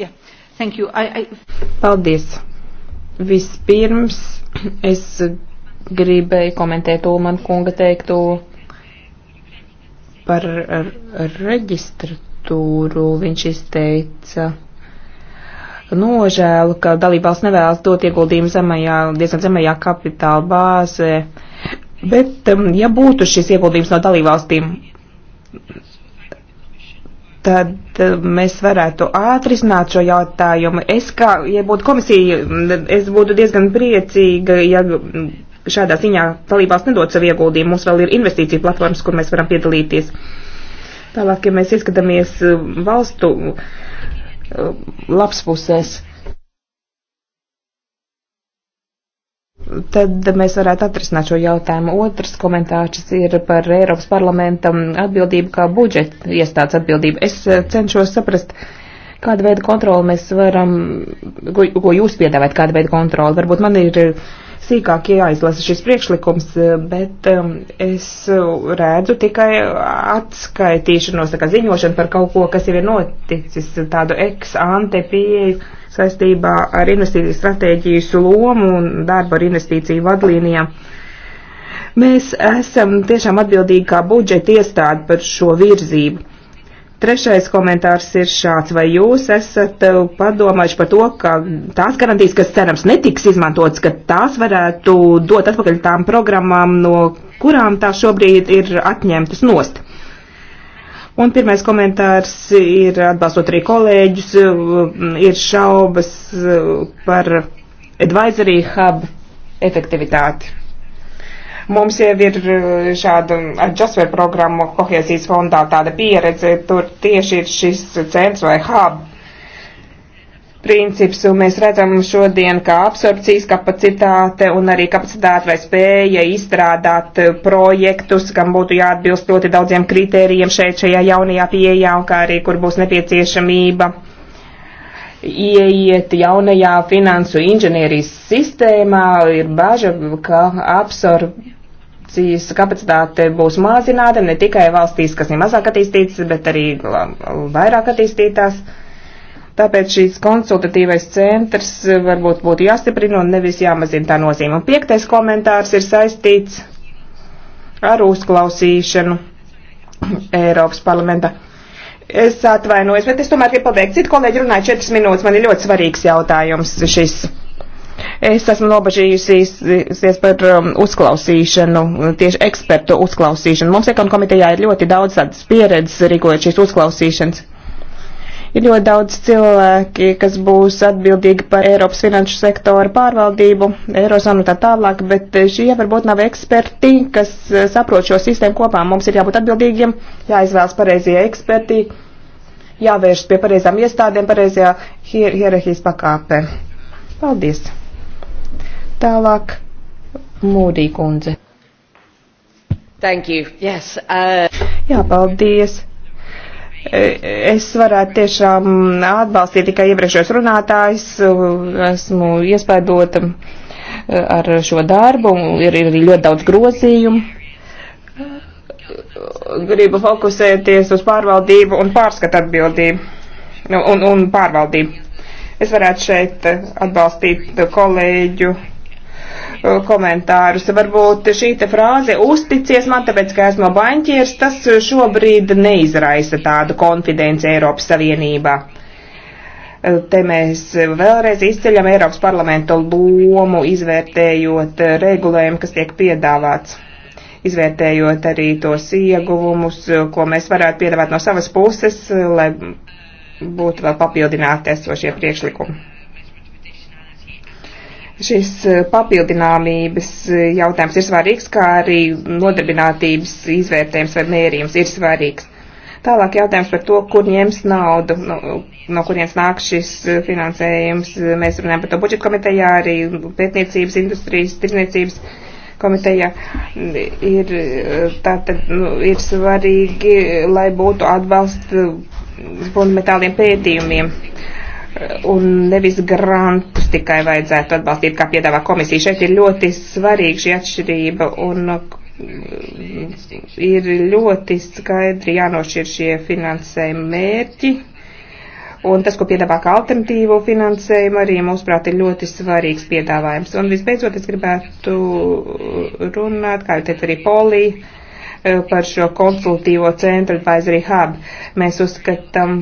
Yeah. I, I... Paldies. Vispirms es gribēju komentēt Ulman kunga teikto par reģistratūru. Viņš izteica nožēlu, ka dalībvalsts nevēlas dot ieguldījumu zemajā, diezgan zemajā kapitāla bāzē. Bet, um, ja būtu šis ieguldījums no dalībvalstīm, tad eh, mēs varētu ātrisināt šo jautājumu. Es kā, ja būtu komisija, es būtu diezgan priecīga, ja šādā ziņā dalībās nedod savu ieguldījumu. Mums vēl ir investīcija platformas, kur mēs varam piedalīties. Tālāk, ja mēs ieskatāmies eh, valstu eh, labspusēs. Tad mēs varētu atrisināt šo jautājumu. Otrs komentārs ir par Eiropas parlamenta atbildību kā budžeta iestādes atbildību. Es eh, cenšos saprast, kāda veida kontroli mēs varam, ko, ko jūs piedāvājat, kāda veida kontroli. Varbūt man ir sīkāk jāizlasa šis priekšlikums, bet um, es redzu tikai atskaitīšanos, tā kā ziņošanu par kaut ko, kas jau ir noticis, tādu ex ante pieeju saistībā ar investīciju stratēģijas lomu un darbu ar investīciju vadlīnijām. Mēs esam tiešām atbildīgi kā budžeta iestādi par šo virzību. Trešais komentārs ir šāds, vai jūs esat eh, padomājuši par to, ka tās garantijas, kas cerams netiks izmantotas, ka tās varētu dot atpakaļ tām programmām, no kurām tā šobrīd ir atņemtas nost? Un pirmais komentārs ir, atbalstot arī kolēģus, ir šaubas par advisory hub efektivitāti. Mums jau ir šāda adjustment programma kohēzijas fondā tāda pieredze, tur tieši ir šis centrs vai hub, princips, un mēs redzam šodien, kā absorpcijas kapacitāte un arī kapacitāte vai spēja izstrādāt eh, projektus, kam būtu jāatbilst ļoti daudziem kritērijiem šeit šajā jaunajā pieejā, un kā arī, kur būs nepieciešamība ieiet jaunajā finansu inženierijas sistēmā, ir baža, ka absorpcija produkcijas kapacitāte būs mazināta ne tikai valstīs, kas ir mazāk attīstītas, bet arī vairāk attīstītās. Uh, Tāpēc šīs konsultatīvais centrs eh, varbūt būtu jāstiprina un nevis jāmazina tā nozīme. Un piektais komentārs ir saistīts ar uzklausīšanu Eiropas parlamenta. Es atvainojos, bet es tomēr gribu pateikt, citu kolēģi runāja 4 minūtes, man ir ļoti svarīgs jautājums šis. Es esmu nobažījusies par um, uzklausīšanu, tieši ekspertu uzklausīšanu. Mums ekonomikomitejā ir ļoti daudz tādas pieredzes rīkojot šīs uzklausīšanas. Ir ļoti daudz cilvēki, kas būs atbildīgi par Eiropas finanšu sektoru pārvaldību, Eirozonu un tā tālāk, bet šie varbūt nav eksperti, kas eh, saprot šo sistēmu kopā. Mums ir jābūt atbildīgiem, jāizvēlas pareizie eksperti, jāvēršas pie pareizām iestādēm, pareizajā hier hierarhijas pakāpē. Paldies! Tālāk Mūrī kundze. Thank you. Yes. Uh... Jā, paldies. Es varētu tiešām atbalstīt tikai iepriekšējos runātājs. Esmu iespēdota eh, ar šo darbu. Ir, ir ļoti daudz grozījumu. Gribu fokusēties uz pārvaldību un pārskatu atbildību. Nu, un, un pārvaldību. Es varētu šeit atbalstīt kolēģu Uh, komentārus. Varbūt šī te frāze uzticies man, tāpēc, ka esmu baņķieris, tas uh, šobrīd neizraisa tādu konfidenci Eiropas Savienībā. Uh, te mēs vēlreiz izceļam Eiropas parlamenta lomu, izvērtējot regulējumu, kas tiek piedāvāts, izvērtējot arī tos ieguvumus, ko mēs varētu piedāvāt no savas puses, lai būtu vēl papildināti esošie priekšlikumi. Šis eh, papildināmības eh, jautājums ir svarīgs, kā arī nodarbinātības izvērtējums vai mērījums ir svarīgs. Tālāk jautājums par to, kur ņems naudu, no, no kurienes nāk šis eh, finansējums. Mēs runājam par to budžeta komitejā, arī pētniecības, industrijas, tirzniecības komiteja ir, tātad, nu, ir svarīgi, lai būtu atbalsts fundamentāliem pētījumiem. Uh, un nevis grantus tikai vajadzētu atbalstīt, kā piedāvā komisija. Šeit ir ļoti svarīga šī atšķirība un mm, ir ļoti skaidri jānošķir šie finansējuma mērķi. Un tas, ko piedāvā kā alternatīvo finansējumu, arī mūsuprāt ir ļoti svarīgs piedāvājums. Un visbeidzot, es gribētu runāt, kā jau teica arī Polija Eh, par šo konsultīvo centru Advisory Hub. Mēs uzskatām,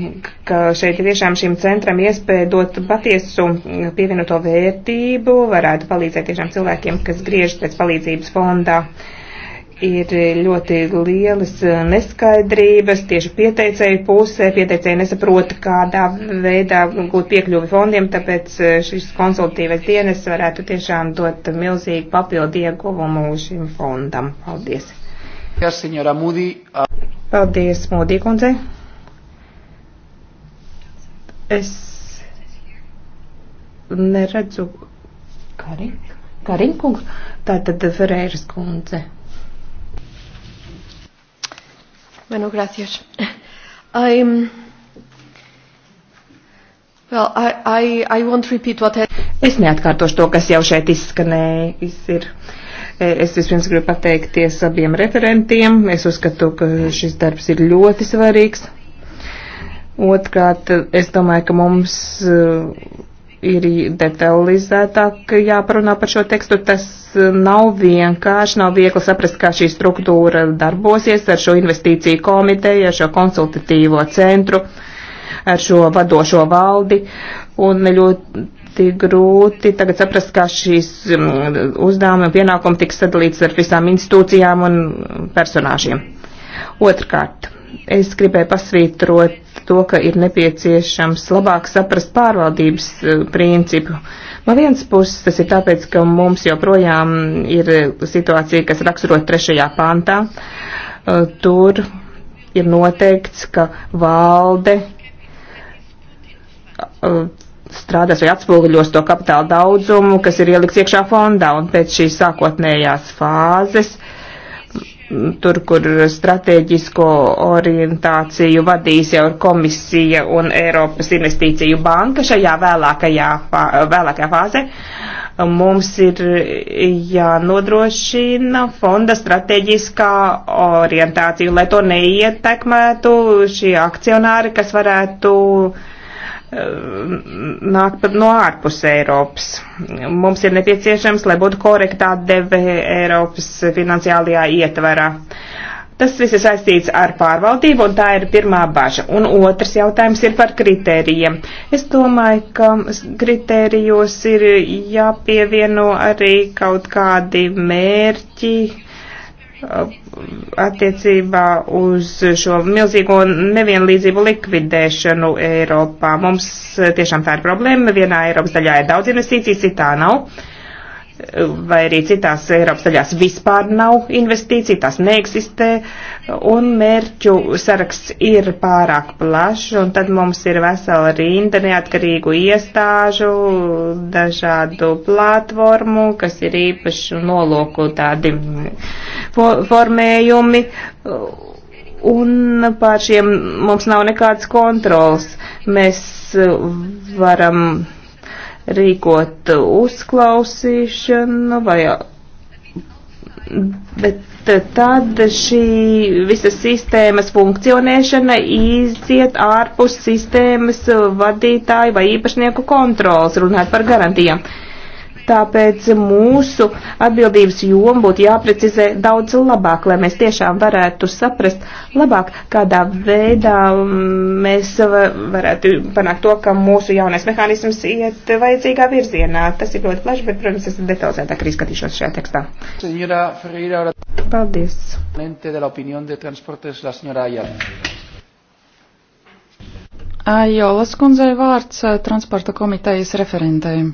ka šeit tiešām šim centram iespēja dot patiesu mm, pievienoto vērtību, varētu palīdzēt tiešām cilvēkiem, kas griež pēc palīdzības fondā. Ir ļoti lielas eh, neskaidrības tieši pieteicēju pusē. Pieteicēji nesaprota, kādā veidā gūt piekļuvi fondiem, tāpēc eh, šis konsultīvais dienas varētu tiešām dot milzīgu papildu ieguvumu šim fondam. Paldies! Ah, Paldies, Mūdī kundze. Es neredzu Karinkungu. Karin Tātad Ferēras kundze. Bueno, gracias. I'm... Well, I, I, I won't repeat what I... Es neatkārtošu to, kas jau šeit izskanējis ir. Uh, Es vispirms gribu pateikties abiem referentiem. Es uzskatu, ka šis darbs ir ļoti svarīgs. Otrkārt, es domāju, ka mums uh, ir detalizētāk jāparunā par šo tekstu. Tas uh, nav vienkārši, nav viegli saprast, kā šī struktūra darbosies ar šo investīciju komiteju, ar šo konsultatīvo centru, ar šo vadošo valdi. Un ļoti ļoti grūti tagad saprast, kā šīs mm, uzdevumi un pienākumi tiks sadalīts ar visām institūcijām un personāžiem. Otrkārt, es gribēju pasvītrot to, ka ir nepieciešams labāk saprast pārvaldības eh, principu. No vienas puses tas ir tāpēc, ka mums joprojām ir situācija, kas raksturot trešajā pantā. Eh, tur ir noteikts, ka valde eh, strādās vai atspoguļos to kapitāla daudzumu, kas ir ielikts iekšā fondā, un pēc šīs sākotnējās fāzes, tur, kur strateģisko orientāciju vadīs jau komisija un Eiropas investīciju banka šajā vēlākajā, vēlākajā fāzē, mums ir jānodrošina fonda strateģiskā orientācija, lai to neietekmētu šie akcionāri, kas varētu uh, nāk pat no ārpus Eiropas. Mums ir nepieciešams, lai būtu korekta atdeve Eiropas finansiālajā ietverā. Tas viss ir saistīts ar pārvaldību, un tā ir pirmā baža. Un otrs jautājums ir par kritērijiem. Es domāju, ka kritērijos ir jāpievieno arī kaut kādi mērķi, Uh, attiecībā uz šo milzīgo nevienlīdzību likvidēšanu Eiropā. Mums uh, tiešām tā ir problēma. Vienā Eiropas daļā ir daudz investīcijas, citā nav vai arī citās Eiropas daļās vispār nav investīcija, tās neeksistē, un mērķu saraksts ir pārāk plašs, un tad mums ir vesela rinda neatkarīgu iestāžu, dažādu platformu, kas ir īpaši nolūku tādi formējumi, un pār šiem mums nav nekādas kontrols. Mēs varam rīkot uzklausīšanu vai. Bet tad šī visa sistēmas funkcionēšana iziet ārpus sistēmas vadītāju vai īpašnieku kontrols, runāt par garantijām. Uh, Tāpēc mūsu atbildības joma būtu jāprecizē daudz labāk, lai mēs tiešām varētu saprast labāk, kādā veidā mm, mēs varētu panākt to, ka mūsu jaunais mehānisms iet vajadzīgā virzienā. Tas ir ļoti plaši, bet, protams, es detalizētāk arī skatīšos šajā tekstā. Paldies. Ajolas kundzei vārds eh, transporta komitejas referentēm.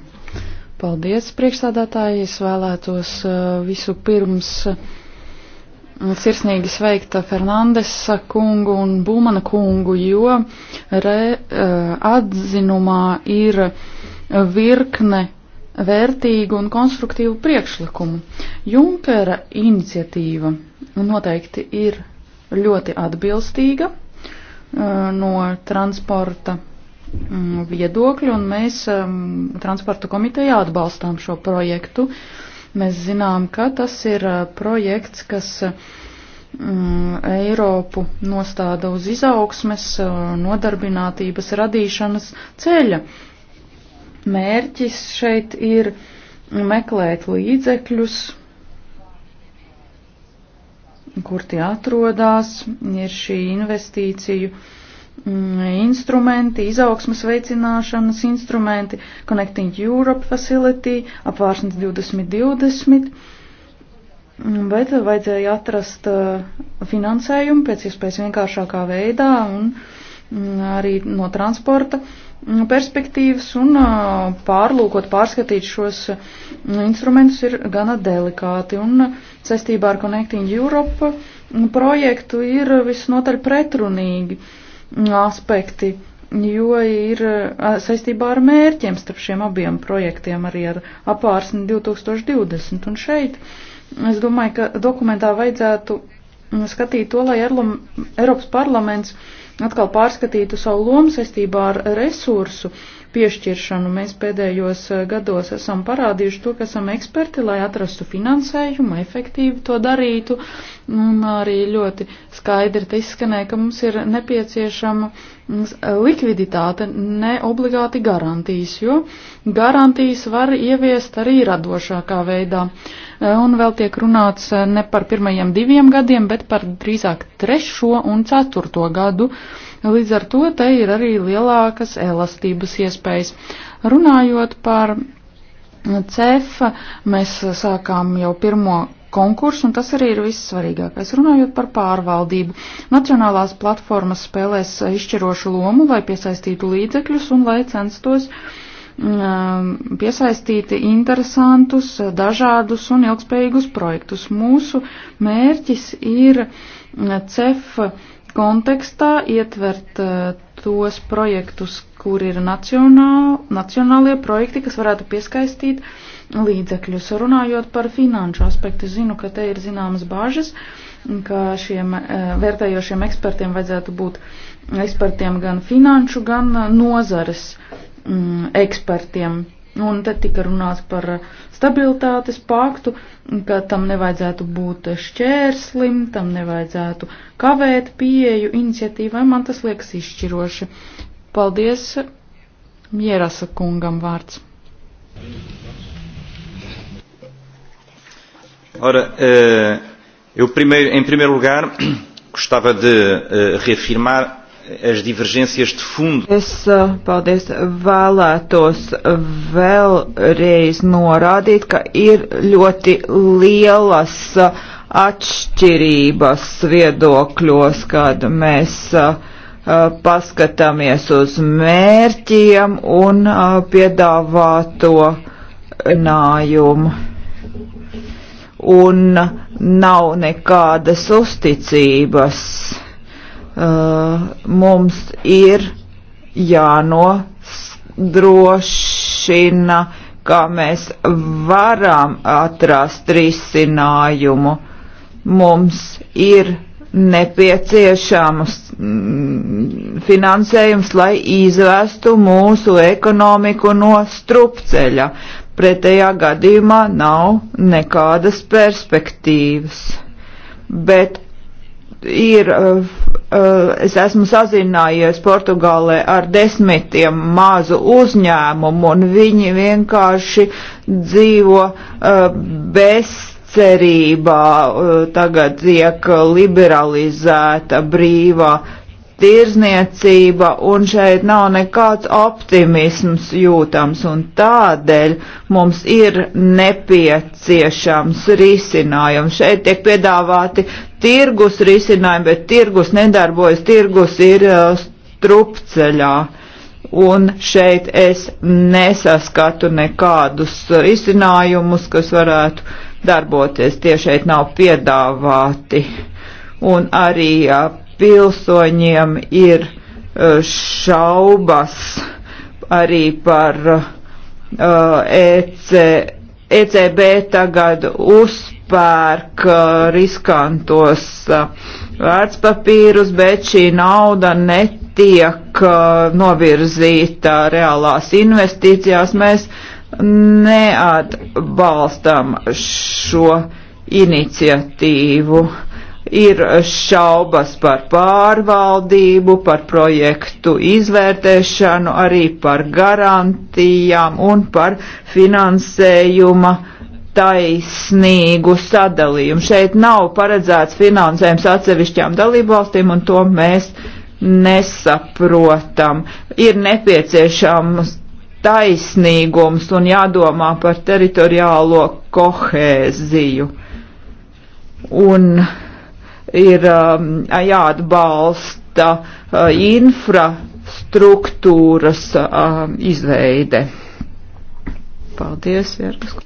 Paldies, priekšsādātāji. Es vēlētos uh, visu pirms uh, sirsnīgi sveikt Fernandesa kungu un Būmana kungu, jo re, uh, atzinumā ir virkne vērtīgu un konstruktīvu priekšlikumu. Junkera iniciatīva noteikti ir ļoti atbilstīga no transporta Mm, viedokļi, un mēs um, transporta komitejā atbalstām šo projektu. Mēs zinām, ka tas ir uh, projekts, kas mm, Eiropu nostāda uz izaugsmes, uh, nodarbinātības radīšanas ceļa. Mērķis šeit ir meklēt līdzekļus, kur tie atrodas, ir šī investīciju Mm, instrumenti, izaugsmas veicināšanas instrumenti, Connecting Europe Facility, apvārsnes 2020, mm, bet vajadzēja atrast uh, finansējumu pēc iespējas vienkāršākā veidā un mm, arī no transporta perspektīvas un uh, pārlūkot, pārskatīt šos instrumentus ir gana delikāti. Un uh, saistībā ar Connecting Europe projektu ir visnotaļ pretrunīgi. Uh, aspekti, jo ir saistībā ar mērķiem starp šiem abiem projektiem, arī ar apārsni 2020. Un šeit es domāju, ka dokumentā vajadzētu skatīt to, lai Erlam, Eiropas parlaments atkal pārskatītu savu lomu saistībā ar resursu piešķiršanu. Mēs pēdējos eh, gados esam parādījuši to, ka esam eksperti, lai atrastu finansējumu, efektīvi to darītu, un arī ļoti skaidri te izskanēja, ka mums ir nepieciešama mm, eh, likviditāte, ne obligāti garantijas, jo garantijas var ieviest arī radošākā veidā. Eh, un vēl tiek runāts ne par pirmajiem diviem gadiem, bet par drīzāk trešo un ceturto gadu Līdz ar to te ir arī lielākas elastības iespējas. Runājot par CEF, mēs sākām jau pirmo konkursu, un tas arī ir vissvarīgākais. Runājot par pārvaldību, nacionālās platformas spēlēs izšķirošu lomu, lai piesaistītu līdzekļus un lai censtos um, piesaistīt interesantus, dažādus un ilgspējīgus projektus. Mūsu mērķis ir CEF uh, kontekstā ietvert eh, tos projektus, kur ir nacionā, nacionālie projekti, kas varētu pieskaistīt līdzekļus. Runājot par finanšu aspektu, zinu, ka te ir zināmas bāžas, ka šiem eh, vērtējošiem ekspertiem vajadzētu būt ekspertiem gan finanšu, gan eh, nozares mm, ekspertiem. Un tad tika runāts par stabilitātes paktu, ka tam nevajadzētu būt šķērslim, tam nevajadzētu kavēt pieeju iniciatīvai. Man tas liekas izšķiroši. Paldies Mierasa kungam vārds. Ora, eh, eu primeiro, em primeiro lugar, gostava de eh, reafirmar as divergências de fundo. Es eh, paldies, vēlētos vēlreiz norādīt, ka ir ļoti lielas eh, atšķirības viedokļos, kad mēs eh, paskatāmies uz mērķiem un piedāvāto nājumu. Un nav nekādas uzticības uh, mums ir jānodrošina, ka mēs varam atrast risinājumu. Mums ir nepieciešams mm, finansējums, lai izvestu mūsu ekonomiku no strupceļa. Pretējā gadījumā nav nekādas perspektīvas. Bet ir, uh, uh, es esmu sazinājies Portugālē ar desmitiem mazu uzņēmumu, un viņi vienkārši dzīvo uh, bezcerībā, tagad tiek liberalizēta brīvā tirzniecība, un šeit nav nekāds optimisms jūtams, un tādēļ mums ir nepieciešams risinājums. Šeit tiek piedāvāti tirgus risinājumi, bet tirgus nedarbojas, tirgus ir uh, strupceļā. Un šeit es nesaskatu nekādus risinājumus, kas varētu darboties. Tie šeit nav piedāvāti. Un arī uh, pilsoņiem ir e, šaubas arī par EC, e ECB tagad uzpērk e, riskantos vērtspapīrus, bet šī nauda netiek novirzīta reālās investīcijās. Mēs neatbalstam šo iniciatīvu ir šaubas par pārvaldību, par projektu izvērtēšanu, arī par garantijām un par finansējuma taisnīgu sadalījumu. Šeit nav paredzēts finansējums atsevišķām dalībvalstīm, un to mēs nesaprotam. Ir nepieciešams taisnīgums un jādomā par teritoriālo kohēziju. Un uh, ir um, jāatbalsta uh, infrastruktūras uh, izveide. Paldies, Jērgas.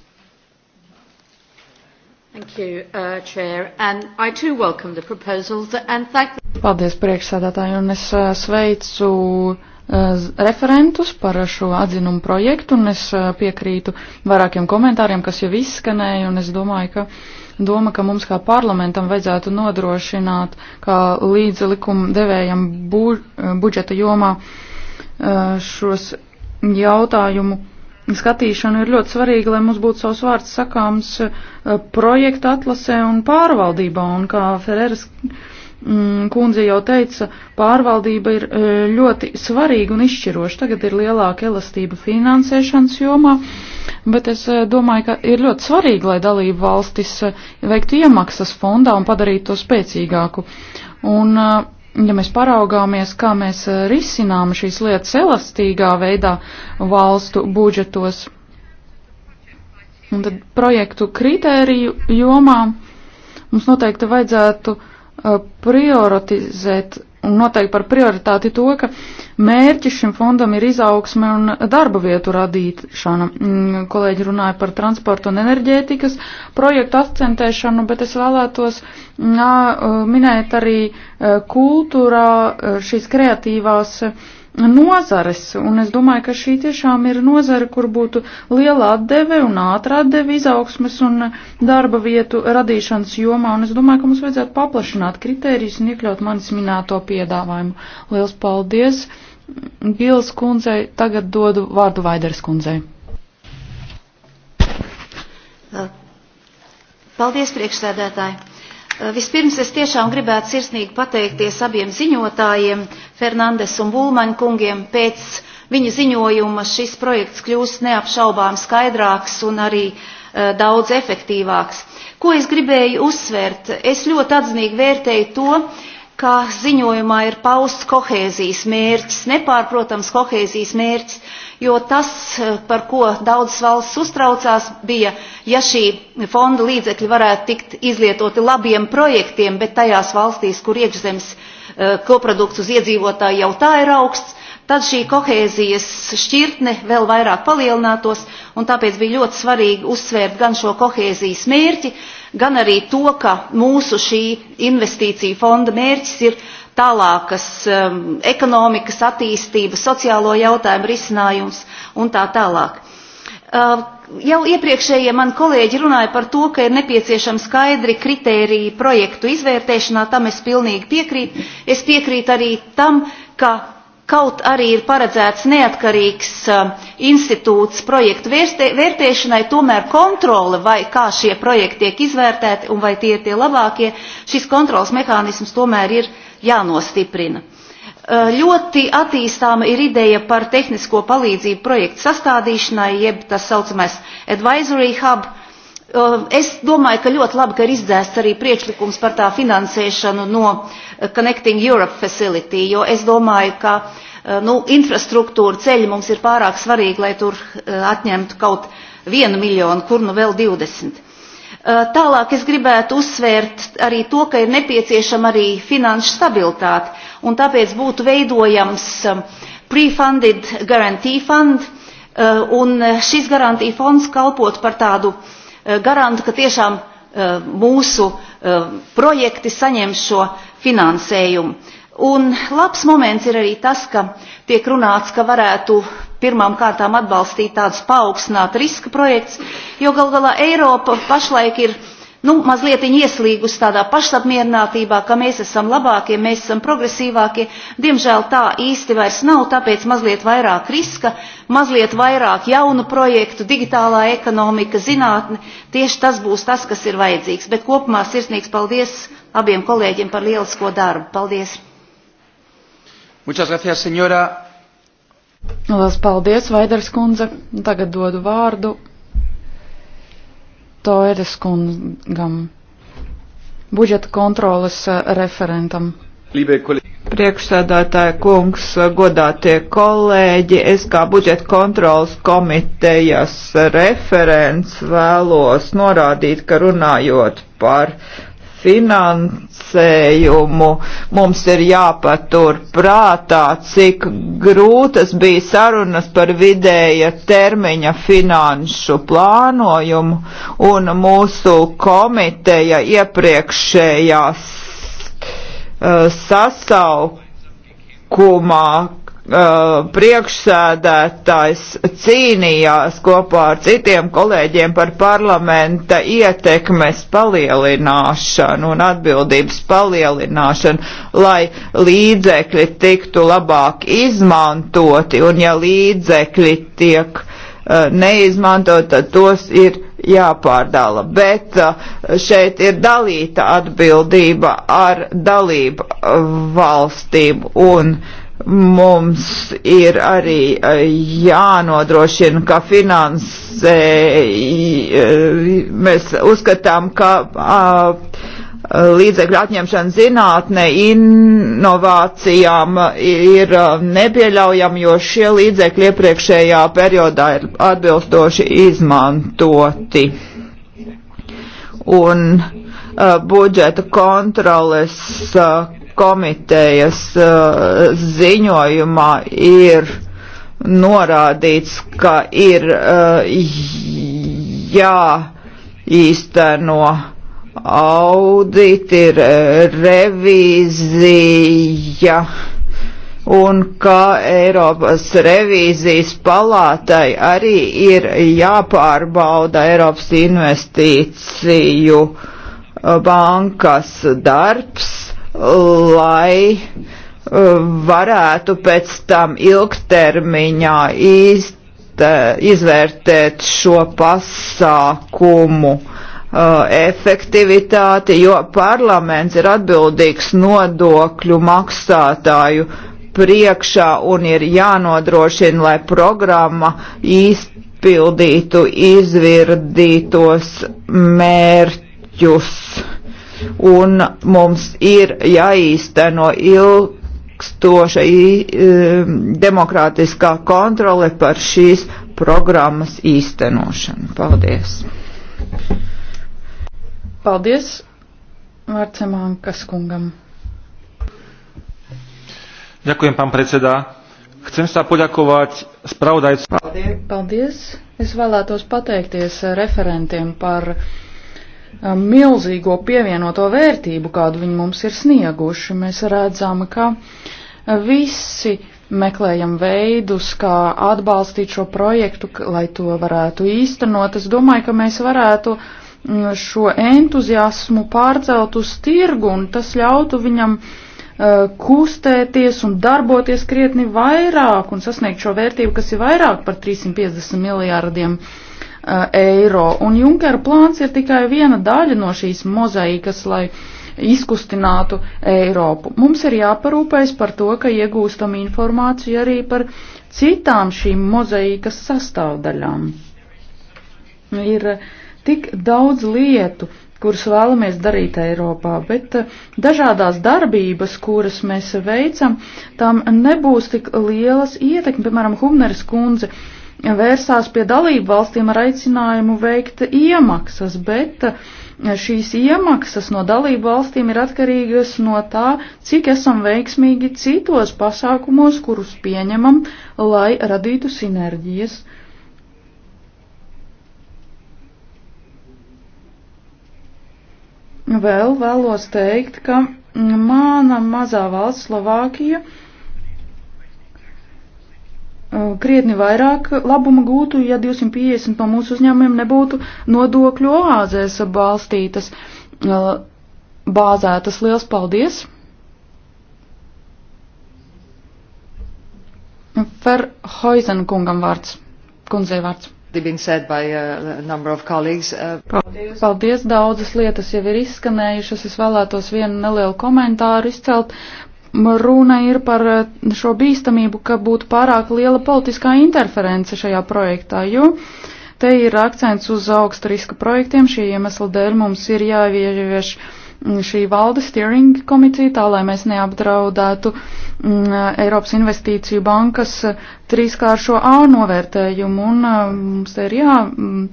Thank you, uh, Chair, and I too welcome the proposals and thank. Paldies, priekšsēdētāji, un es uh, sveicu uh, referentus par šo atzinumu projektu, un es eh, piekrītu vairākiem komentāriem, kas jau izskanēja, un es domāju, ka doma, ka mums kā parlamentam vajadzētu nodrošināt, kā līdz likuma devējam bu, eh, budžeta jomā eh, šos jautājumu skatīšanu ir ļoti svarīgi, lai mums būtu savs vārds sakāms projekta atlasē un pārvaldībā, un kā Ferēras Mm, kundze jau teica, pārvaldība ir e, ļoti svarīga un izšķiroša. Tagad ir lielāka elastība finansēšanas jomā, bet es e, domāju, ka ir ļoti svarīgi, lai dalību valstis e, veiktu iemaksas fondā un padarītu to spēcīgāku. Un, ja mēs paraugāmies, kā mēs risinām šīs lietas elastīgā veidā valstu budžetos, un tad projektu kritēriju jomā mums noteikti vajadzētu uh, Uh, prioritizēt un noteikti par prioritāti to, ka mērķis šim fondam ir izaugsme un darba vietu radīšana. Mm, kolēģi runāja par transportu un enerģētikas projektu akcentēšanu, bet es vēlētos nā, mm, uh, minēt arī uh, kultūrā šīs kreatīvās uh, nozares, un es domāju, ka šī tiešām ir nozare, kur būtu liela atdeve un ātra atdeve izaugsmes un darba vietu radīšanas jomā, un es domāju, ka mums vajadzētu paplašināt kritērijus un iekļaut manis minēto piedāvājumu. Liels paldies! Gils kundzei tagad dodu vārdu Vaiders kundzei. Paldies, priekšsēdētāji! Eh, vispirms es tiešām gribētu sirsnīgi pateikties abiem ziņotājiem, Fernandes un Bulmaņa kungiem. Pēc viņa ziņojuma šis projekts kļūst neapšaubām skaidrāks un arī uh, daudz efektīvāks. Ko es gribēju uzsvērt? Es ļoti atzinīgi vērtēju to, ka ziņojumā ir pausts kohēzijas mērķis, nepārprotams kohēzijas mērķis, jo tas, eh, par ko daudz valsts uztraucās, bija, ja šī fonda līdzekļi varētu tikt izlietoti labiem projektiem, bet tajās valstīs, kur iekšzemes eh, koprodukts uz iedzīvotāju jau tā ir augsts, tad šī kohēzijas šķirtne vēl vairāk palielinātos, un tāpēc bija ļoti svarīgi uzsvērt gan šo kohēzijas mērķi, gan arī to, ka mūsu šī investīcija fonda mērķis ir tālākas um, ekonomikas attīstības, sociālo jautājumu risinājums un tā tālāk. Uh, jau iepriekšējie mani kolēģi runāja par to, ka ir nepieciešama skaidri kritērija projektu izvērtēšanā, tam es pilnīgi piekrītu. Es piekrītu arī tam, ka kaut arī ir paredzēts neatkarīgs uh, institūts projektu vērstē, vērtēšanai, tomēr kontrole vai kā šie projekti tiek izvērtēti un vai tie ir tie labākie, šis kontrols mehānisms tomēr ir jānostiprina. Eh, ļoti attīstāma ir ideja par tehnisko palīdzību projektu sastādīšanai, jeb tas saucamais advisory hub. Eh, es domāju, ka ļoti labi, ka ir izdzēsts arī priekšlikums par tā finansēšanu no eh, Connecting Europe Facility, jo es domāju, ka uh, nu, infrastruktūra, ceļi mums ir pārāk svarīgi, lai tur atņemtu kaut vienu miljonu, kur nu vēl 20. Tālāk es gribētu uzsvērt arī to, ka ir nepieciešama arī finanšu stabilitāte, un tāpēc būtu veidojams pre-funded guarantee fund, un šis garantija fonds kalpot par tādu garantu, ka tiešām mūsu projekti saņem šo finansējumu. Un labs moments ir arī tas, ka tiek runāts, ka varētu pirmām kārtām atbalstīt tādus paaugstināt riska projekts, jo gal galā Eiropa pašlaik ir nu, mazliet ieslīgus tādā pašapmierinātībā, ka mēs esam labākie, mēs esam progresīvākie. Diemžēl tā īsti vairs nav, tāpēc mazliet vairāk riska, mazliet vairāk jaunu projektu, digitālā ekonomika, zinātne. Tieši tas būs tas, kas ir vajadzīgs. Bet kopumā sirsnīgs paldies abiem kolēģiem par lielisko darbu. Paldies! Muchas gracias, señora. Lielas paldies, Vaidars kundze. Tagad dodu vārdu Toeres kungam, budžeta kontroles eh, referentam. Priekšsēdētāja kungs, godātie kolēģi, es kā budžeta kontrolas komitejas referents vēlos norādīt, ka runājot par finansējumu. Mums ir jāpatur prātā, cik grūtas bija sarunas par vidēja termiņa finanšu plānojumu, un mūsu komiteja iepriekšējās uh, eh, sasaukumā Eh, priekšsēdētājs cīnījās kopā ar citiem kolēģiem par parlamenta ietekmes palielināšanu un atbildības palielināšanu, lai līdzekļi tiktu labāk izmantoti, un ja līdzekļi tiek eh, neizmantot, tad tos ir jāpārdala. Bet eh, šeit ir dalīta atbildība ar dalību valstīm un uh, Mums ir arī eh, jānodrošina, ka finansē, eh, mēs uzskatām, ka eh, līdzekļu atņemšana zinātne inovācijām ir nepieļaujama, jo šie līdzekļi iepriekšējā periodā ir atbilstoši izmantoti. Un budžeta kontroles komitejas uh, ziņojumā ir norādīts, ka ir uh, jāīsteno auditi, revīzija un ka Eiropas revīzijas palātai arī ir jāpārbauda Eiropas investīciju uh, bankas darbs lai uh, varētu pēc tam ilgtermiņā īst, izvērtēt šo pasākumu uh, efektivitāti, jo parlaments ir atbildīgs nodokļu maksātāju priekšā un ir jānodrošina, lai programma īstenībā pildītu izvirdītos mērķus un mums ir jāīsteno ilgi ilgstoša e, demokrātiskā kontrole par šīs programmas īstenošanu. Paldies! Paldies Vārcemankas kungam! Ďakujem, pán predsedá. Chcem sa poďakovať spravodajcu. Paldies. Paldies. Es vēlētos pateikties referentiem par Um, milzīgo pievienoto vērtību, kādu viņi mums ir snieguši. Mēs redzam, ka uh, visi meklējam veidus, kā atbalstīt šo projektu, lai to varētu īstenot. Es domāju, ka mēs varētu mm, šo entuziasmu pārcelt uz tirgu, un tas ļautu viņam uh, kustēties un darboties krietni vairāk un sasniegt šo vērtību, kas ir vairāk par 350 miljārdiem eiro Uh, eiro. Un Junkera plāns ir tikai viena daļa no šīs mozaikas, lai izkustinātu Eiropu. Mums ir jāparūpējas par to, ka iegūstam informāciju arī par citām šīm mozaikas sastāvdaļām. Ir uh, tik daudz lietu, kuras vēlamies darīt Eiropā, bet uh, dažādās darbības, kuras mēs veicam, tam nebūs tik lielas ietekmi, piemēram, Humneres kundze vērsās pie dalību valstīm ar aicinājumu veikt iemaksas, bet eh, šīs iemaksas no dalību valstīm ir atkarīgas no tā, cik esam veiksmīgi citos pasākumos, kurus pieņemam, lai radītu sinerģijas. Vēl vēlos teikt, ka mana mazā valsts Slovākija Eh, krietni vairāk labuma gūtu, ja 250 no mūsu uzņēmumiem nebūtu nodokļu oāzēs balstītas, eh, bāzētas. Liels paldies! Fer Hoizen kungam vārds, kundzei vārds. By, uh, uh, Paldies. Paldies, daudzas lietas jau ir izskanējušas. Es vēlētos vienu nelielu komentāru izcelt Runa ir par eh, šo bīstamību, ka būtu pārāk liela politiskā interference šajā projektā, jo te ir akcents uz augsta riska projektiem. Šī iemesla dēļ mums ir jāievieš mm, šī valdes steering komicija, tā lai mēs neapdraudētu mm, Eiropas investīciju bankas trīskāršo A novērtējumu. Un mm, mums te ir jā. Mm,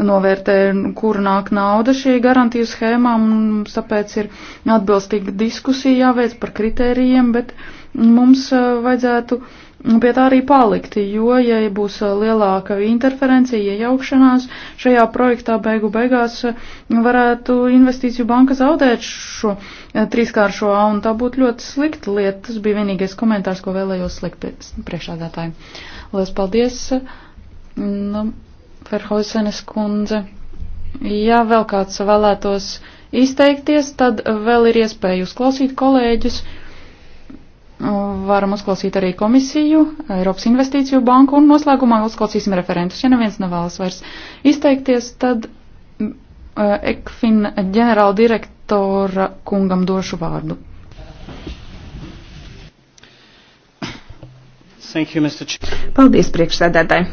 novērtē, kur nāk nauda šī garantiju schēmām, un mums tāpēc ir atbilstīga diskusija jāveic par kritērijiem, bet mums eh, vajadzētu pie tā arī palikt, jo, ja būs eh, lielāka interferencija, iejaukšanās šajā projektā beigu beigās, eh, varētu investīciju banka zaudēt šo trīskāršo A, un tā būtu ļoti slikta lieta. Tas bija vienīgais komentārs, ko vēlējos slikt priekšādātājiem. Lielas paldies! Nu, Ferhoisenes kundze. Ja vēl kāds vēlētos izteikties, tad vēl ir iespēja uzklausīt kolēģus. Varam uzklausīt arī komisiju, Eiropas investīciju banku un noslēgumā uzklausīsim referentus. Ja neviens nevēlas vairs izteikties, tad eh, Ekfin ģenerāla direktora kungam došu vārdu. Thank you, Paldies priekšsēdētāji.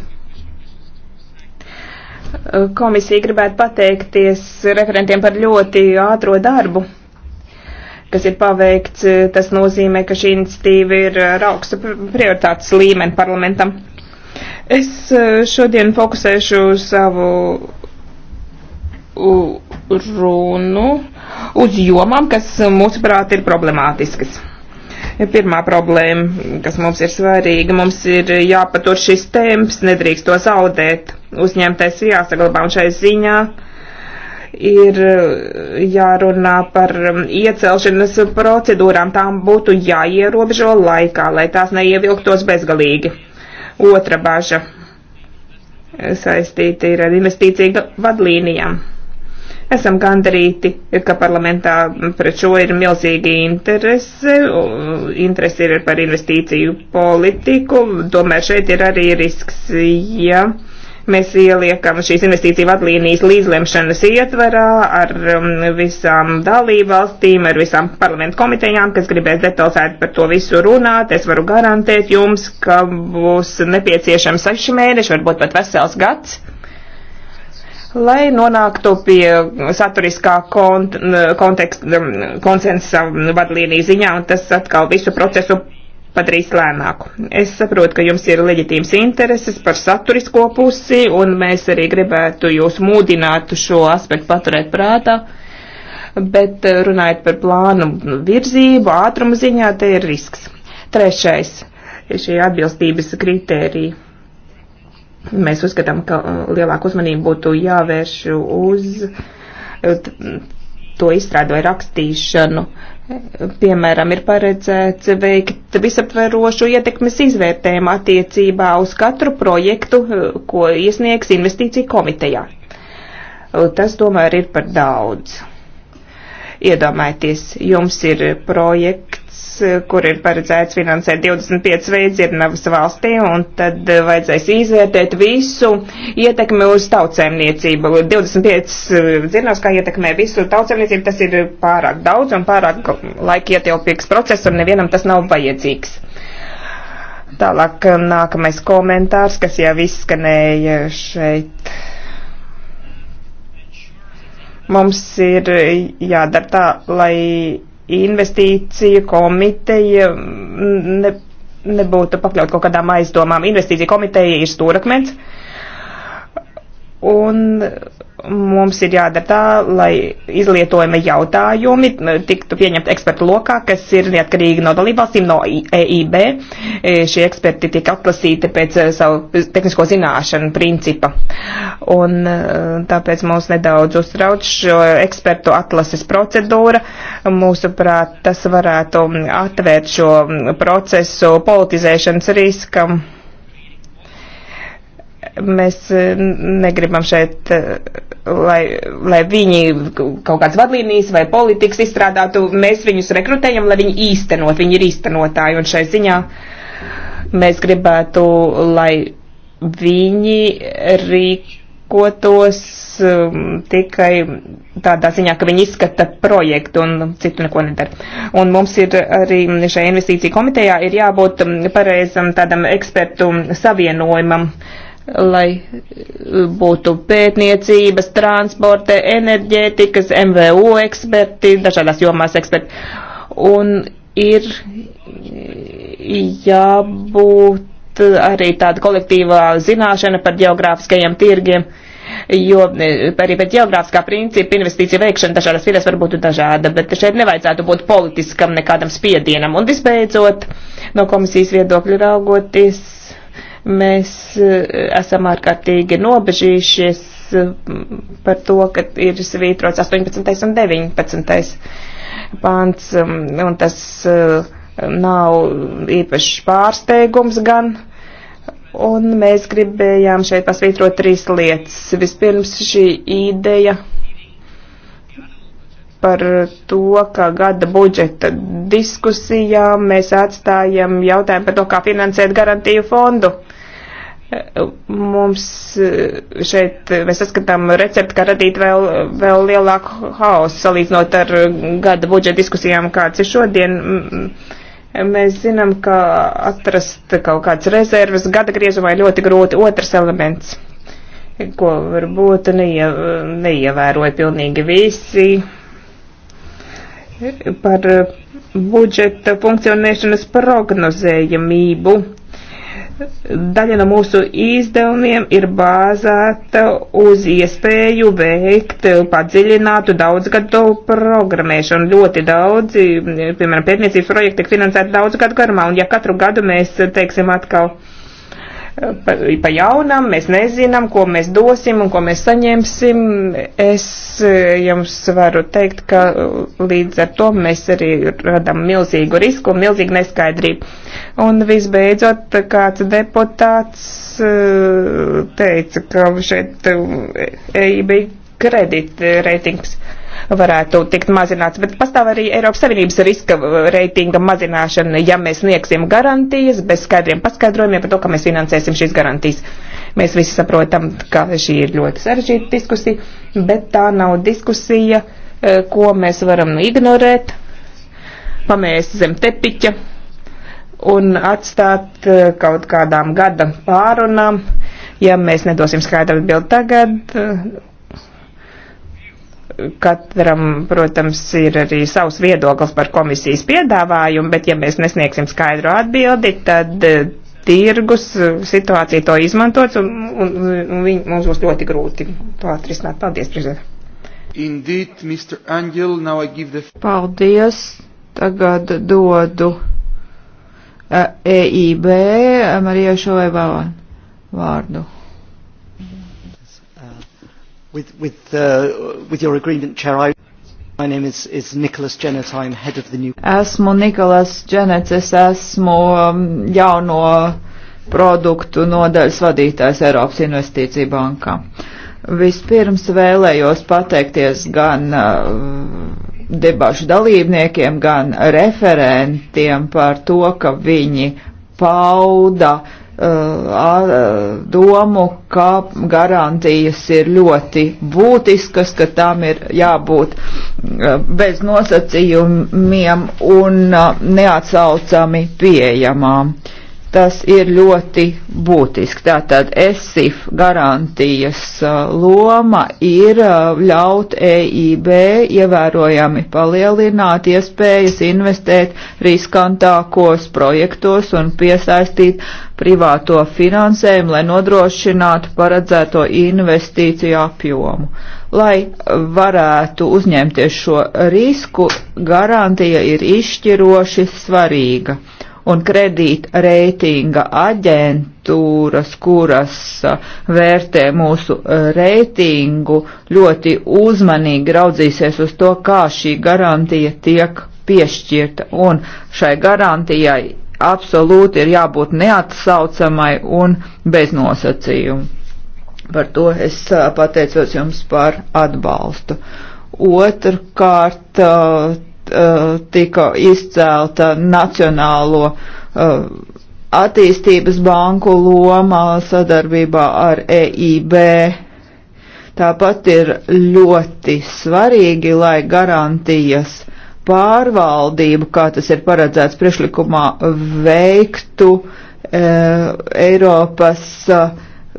Komisija gribētu pateikties referentiem par ļoti ātro darbu, kas ir paveikts. Tas nozīmē, ka šī iniciatīva ir ar augstu prioritātes līmeni parlamentam. Es eh, šodien fokusēšu savu runu uz jomām, kas mūsuprāt ir problemātiskas. Pirmā problēma, kas mums ir svarīga, mums ir jāpatur šis temps, nedrīkst to zaudēt. Uzņemtais jāsaglabā un šai ziņā ir uh, jārunā par um, iecelšanas procedūrām. Tām būtu jāierobežo laikā, lai tās neievilktos bezgalīgi. Otra baža uh, saistīta ir ar investīciju vadlīnijām Esam gandarīti, ka parlamentā pret šo ir milzīga interese, interese ir par investīciju politiku, tomēr šeit ir arī risks, ja mēs ieliekam šīs investīciju vadlīnijas līdzlemšanas ietvarā ar um, visām dalībvalstīm, ar visām parlamentu komitejām, kas gribēs detalizēt par to visu runāt. Es varu garantēt jums, ka būs nepieciešams seši mēneši, varbūt pat vesels gads lai nonāktu pie saturiskā kont konteksta, mm, konsensa vadlīnija ziņā, un tas atkal visu procesu padarīs lēnāku. Es saprotu, ka jums ir leģitīms intereses par saturisko pusi, un mēs arī gribētu jūs mūdināt šo aspektu paturēt prātā, bet eh, runājot par plānu virzību, ātrumu ziņā, te ir risks. Trešais - šī atbilstības kritērija Mēs uzskatām, ka uh, lielāku uzmanību būtu jāvērš uz uh, to izstrādu vai rakstīšanu. Piemēram, ir paredzēts veikt visaptverošu ietekmes izvērtējumu attiecībā uz katru projektu, uh, ko iesniegs investīcija komitejā. Tas tomēr ir par daudz. Iedomājieties, jums ir projekts kur ir paredzēts finansēt 25 veidzirnavas valstī, un tad eh, vajadzēs izvērtēt visu ietekmi uz tautsēmniecību. 25 dzirnavas, eh, kā ietekmē visu tautsēmniecību, tas ir pārāk daudz un pārāk laika ietilpīgs process, un nevienam tas nav vajadzīgs. Tālāk eh, nākamais komentārs, kas jau izskanēja šeit mums ir jādara tā, lai investīcija komiteja mm, ne, nebūtu pakļaut kaut kādām aizdomām. Investīcija komiteja ir stūrakmens. Uh, un mums ir jādara tā, lai izlietojuma jautājumi tiktu pieņemti ekspertu lokā, kas ir neatkarīgi no dalībvalstīm, no EIB. E, šie eksperti tiek atlasīti pēc e, savu tehnisko zināšanu principa. Un e, tāpēc mums nedaudz uztrauc šo ekspertu atlases procedūra. Mūsuprāt, tas varētu atvērt šo procesu politizēšanas riskam Mēs e, negribam šeit, e, lai, lai viņi kaut kādas vadlīnijas vai politikas izstrādātu. Mēs viņus rekrutējam, lai viņi īstenot. Viņi ir īstenotāji un šai ziņā mēs gribētu, lai viņi rīkotos um, tikai tādā ziņā, ka viņi izskata projektu un citu neko nedara. Un mums ir arī šajā investīcija komitejā ir jābūt pareizam tādam ekspertu savienojumam. Uh, lai eh, būtu pētniecības, transporta, enerģētikas, MVU eksperti, dažādās jomās eksperti. Un ir jābūt arī tāda kolektīvā zināšana par geogrāfiskajiem tirgiem, jo eh, arī pēc geogrāfiskā principa investīcija veikšana dažādās vietās var būt dažāda, bet šeit nevajadzētu būt politiskam nekādam spiedienam. Un visbeidzot, no komisijas viedokļa raugoties, Mēs eh, esam ārkārtīgi nobežījušies mm, par to, ka ir svītrots 18. un 19. pāns, mm, un tas eh, nav īpašs pārsteigums gan. Un mēs gribējām šeit pasvītrot trīs lietas. Vispirms šī ideja par to, ka gada budžeta diskusijā mēs atstājam jautājumu par to, kā finansēt garantiju fondu. Mums šeit mēs saskatām recepti, kā radīt vēl, vēl lielāku haosu salīdzinot ar gada budžeta diskusijām, kāds ir šodien. Mēs zinām, ka atrast kaut kādas rezerves gada griezumā ir ļoti grūti. Otrs elements, ko varbūt neie, neievēroja pilnīgi visi, par eh, budžeta funkcionēšanas prognozējamību. Daļa no mūsu izdevumiem ir bāzēta uz iespēju veikt padziļinātu daudzgadu programmēšanu. Ļoti daudzi, piemēram, pētniecības projekti tiek finansēti daudz gadu garumā, un ja katru gadu mēs, teiksim, atkal uh, pa, pa jaunam, mēs nezinām, ko mēs dosim un ko mēs saņemsim. Es eh, jums varu teikt, ka eh, līdz ar to mēs arī radam milzīgu risku un milzīgu neskaidrību. Un visbeidzot, kāds deputāts eh, teica, ka šeit EIB e kreditreitings. Uh, varētu tikt mazināts. Bet pastāv arī Eiropas Savienības riska reitinga mazināšana, ja mēs sniegsim garantijas bez skaidriem paskaidrojumiem par to, ka mēs finansēsim šīs garantijas. Mēs visi saprotam, ka šī ir ļoti sarežģīta diskusija, bet tā nav diskusija, eh, ko mēs varam ignorēt, pamēst zem tepiķa un atstāt eh, kaut kādām gada pārunām. Ja mēs nedosim skaidru atbildi tagad, eh, Katram, protams, ir arī savs viedoklis par komisijas piedāvājumu, bet ja mēs nesniegsim skaidru atbildi, tad e, tirgus e, situācija to izmantots un, un, un viņ, mums būs ļoti grūti to atrisināt. Paldies, prezident. Indeed, Mr. Angel, now I give the... Paldies, tagad dodu EIB e Marijai Šovai vārdu. With, with, uh, with your agreement, Chair, I... My name is, is Nicholas Jennett. I'm head of the new... Esmu Nikolas Jennets, es esmu um, jauno produktu nodaļas vadītājs Eiropas Investīcija bankā. Vispirms vēlējos pateikties gan uh, debašu dalībniekiem, gan referentiem par to, ka viņi pauda uh, Uh, domu, ka garantijas ir ļoti būtiskas, ka tām ir jābūt uh, bez nosacījumiem un uh, neatsaucami pieejamām. Uh, Tas ir ļoti būtiski. Tātad ESIF garantijas uh, loma ir uh, ļaut EIB ievērojami palielināt iespējas investēt riskantākos projektos un piesaistīt privāto finansējumu, lai nodrošinātu paredzēto investīciju apjomu. Lai varētu uzņemties šo risku, garantija ir izšķiroši svarīga un kredīta reitinga aģentūras, kuras vērtē mūsu reitingu, ļoti uzmanīgi raudzīsies uz to, kā šī garantija tiek piešķirta. Un šai garantijai absolūti ir jābūt neatsaucamai un beznosacījumu. Par to es pateicos jums par atbalstu. Otrkārt, Uh, tika izcelta Nacionālo uh, attīstības banku loma sadarbībā ar EIB. Tāpat ir ļoti svarīgi, lai garantijas pārvaldību, kā tas ir paredzēts priekšlikumā, veiktu e, Eiropas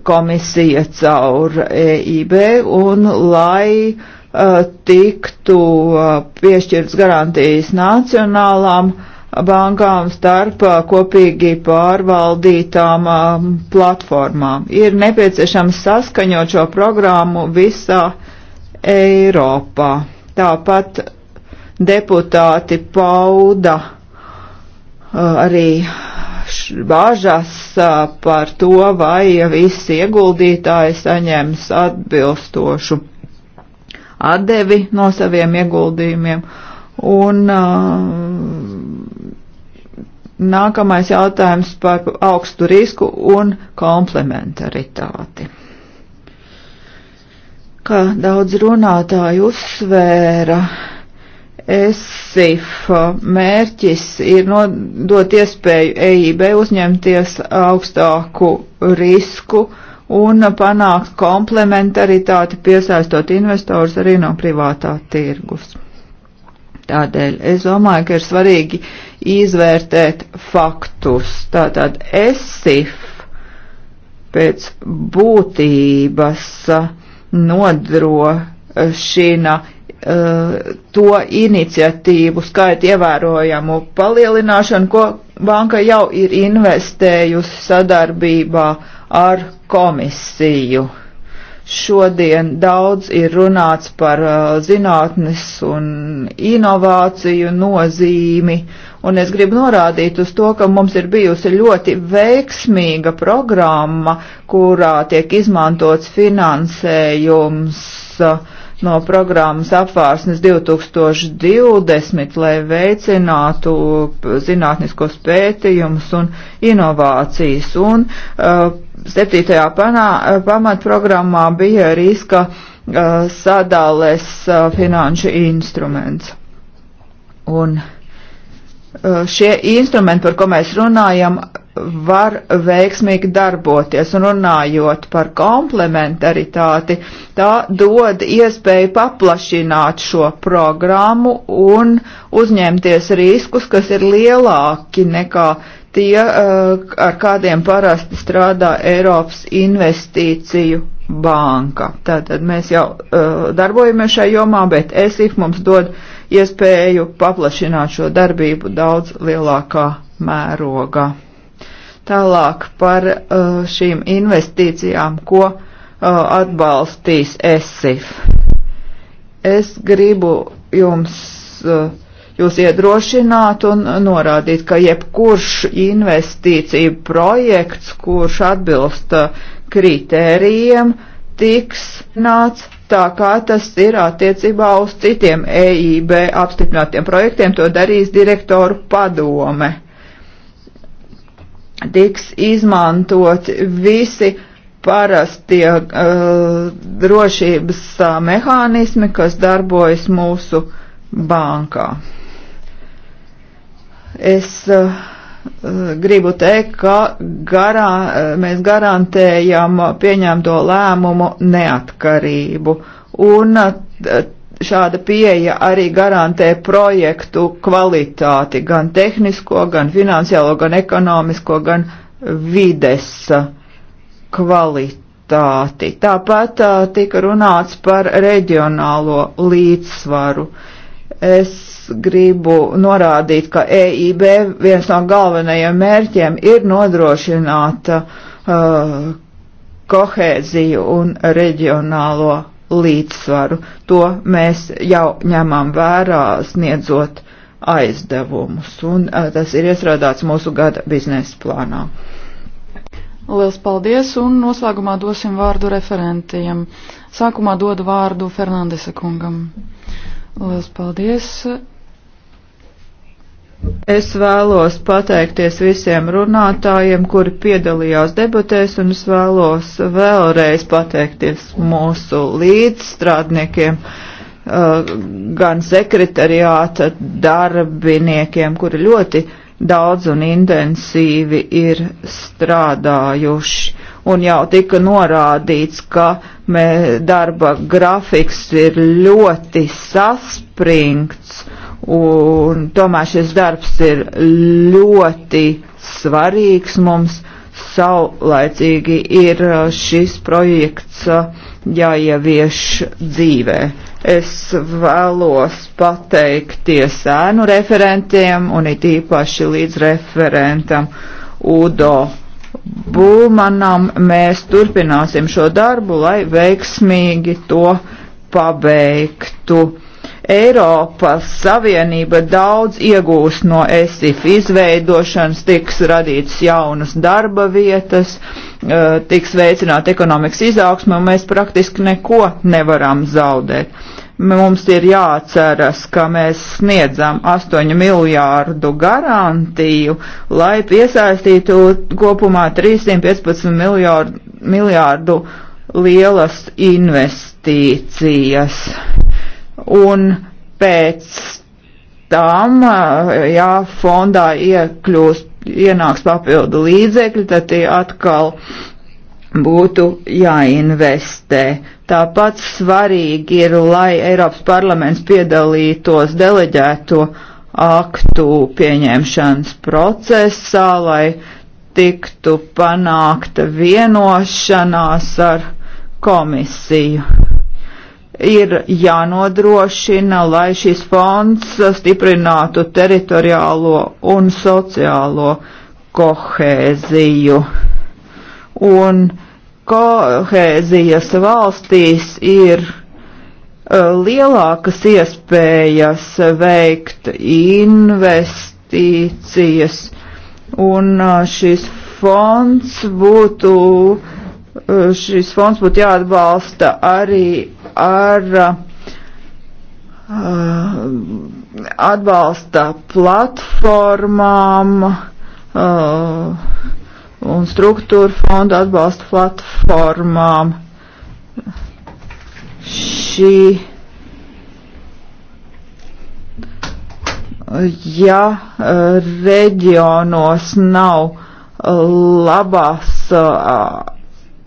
komisija caur EIB un lai e, Uh, tiktu uh, piešķirts garantijas nacionālām bankām starp uh, kopīgi pārvaldītām um, platformām. Ir nepieciešams saskaņot šo programmu visā Eiropā. Tāpat deputāti pauda arī bāžas par to, vai visi ieguldītāji saņems atbilstošu atdevi no saviem ieguldījumiem. Un uh, nākamais jautājums par augstu risku un komplementaritāti. Kā daudz runātāju uzsvēra, ESIF mērķis ir dot iespēju EIB uzņemties augstāku risku uh, un panākt komplementaritāti, piesaistot investors arī no privātā tirgus. Tādēļ es domāju, ka ir svarīgi izvērtēt faktus. Tātad ESIF pēc būtības nodrošina uh, to iniciatīvu skaitu ievērojamu palielināšanu, ko banka jau ir investējusi sadarbībā uh, ar komisiju. Šodien daudz ir runāts par uh, zinātnes un inovāciju nozīmi, un es gribu norādīt uz to, ka mums ir bijusi ļoti veiksmīga programma, kurā tiek izmantots finansējums uh, no programmas apvārsnes 2020, lai veicinātu zinātniskos pētījumus un inovācijas. Un uh, 7. Panā, uh, pamatprogrammā bija riska uh, sadales uh, finanšu instruments. Un, uh, Eh, šie instrumenti, par ko mēs runājam, var veiksmīgi darboties. Un runājot par komplementaritāti, tā dod iespēju paplašināt šo programmu un uzņemties riskus, kas ir lielāki nekā tie, eh, ar kādiem parasti strādā Eiropas investīciju banka. Tātad mēs jau eh, darbojamies šajā jomā, bet ESIF mums dod uh, iespēju paplašināt šo darbību daudz lielākā mērogā. Tālāk par uh, šīm investīcijām, ko uh, atbalstīs ESIF. Es gribu jums, uh, jūs iedrošināt un norādīt, ka jebkurš investīciju projekts, kurš atbilst uh, kritērijiem, tiks nāc tā kā tas ir attiecībā uz citiem EIB apstiprinātiem projektiem, to darīs direktoru padome. Tiks izmantot visi parastie uh, drošības uh, mehānismi, kas darbojas mūsu bankā. Es uh, Eh, gribu teikt, ka garā, eh, mēs garantējam pieņemto lēmumu neatkarību. Un eh, šāda pieeja arī garantē projektu kvalitāti, gan tehnisko, gan finansiālo, gan ekonomisko, gan vides kvalitāti. Tāpat tika runāts par reģionālo līdzsvaru. Es gribu norādīt, ka EIB viens no galvenajiem mērķiem ir nodrošināt uh, kohēziju un reģionālo līdzsvaru. To mēs jau ņemam vērā sniedzot aizdevumus, un uh, tas ir iestrādāts mūsu gada biznesa plānā. Liels paldies, un noslēgumā dosim vārdu referentiem. Sākumā dodu vārdų Fernandesa kungam. Lielas paldies! Es vēlos pateikties visiem runātājiem, kuri piedalījās debatēs, un es vēlos vēlreiz pateikties mūsu līdzstrādniekiem, eh, gan sekretariāta darbiniekiem, kuri ļoti daudz un intensīvi ir strādājuši. Un jau tika norādīts, ka mē, darba grafiks ir ļoti saspringts Un tomēr šis darbs ir ļoti svarīgs mums. Saulaicīgi ir uh, šis projekts uh, jāievieš dzīvē. Es vēlos pateikties ēnu referentiem un it īpaši līdz referentam Udo Būmanam. Mēs turpināsim šo darbu, lai veiksmīgi to pabeigtu Eiropas Savienība daudz iegūs no ESIF izveidošanas, tiks radīts jaunas darba vietas, eh, tiks veicināt ekonomikas izaugsme, un mēs praktiski neko nevaram zaudēt. Mums ir jāatceras, ka mēs sniedzam 8 miljārdu garantiju, lai piesaistītu kopumā 315 miljārdu, miljārdu lielas investīcijas un pēc tam, ja fondā iekļūst, ienāks papildu līdzekļi, tad tie atkal būtu jāinvestē. Tāpat svarīgi ir, lai Eiropas parlaments piedalītos deleģēto aktu pieņemšanas procesā, lai tiktu panākta vienošanās ar komisiju ir jānodrošina, lai šis fonds stiprinātu teritoriālo un sociālo kohēziju. Un kohēzijas valstīs ir eh, lielākas iespējas veikt investīcijas, un eh, šis fonds būtu, eh, šis fonds būtu jāatbalsta arī ar uh, atbalsta platformām uh, un struktūra fonda atbalsta platformām. Šī ja uh, reģionos nav labās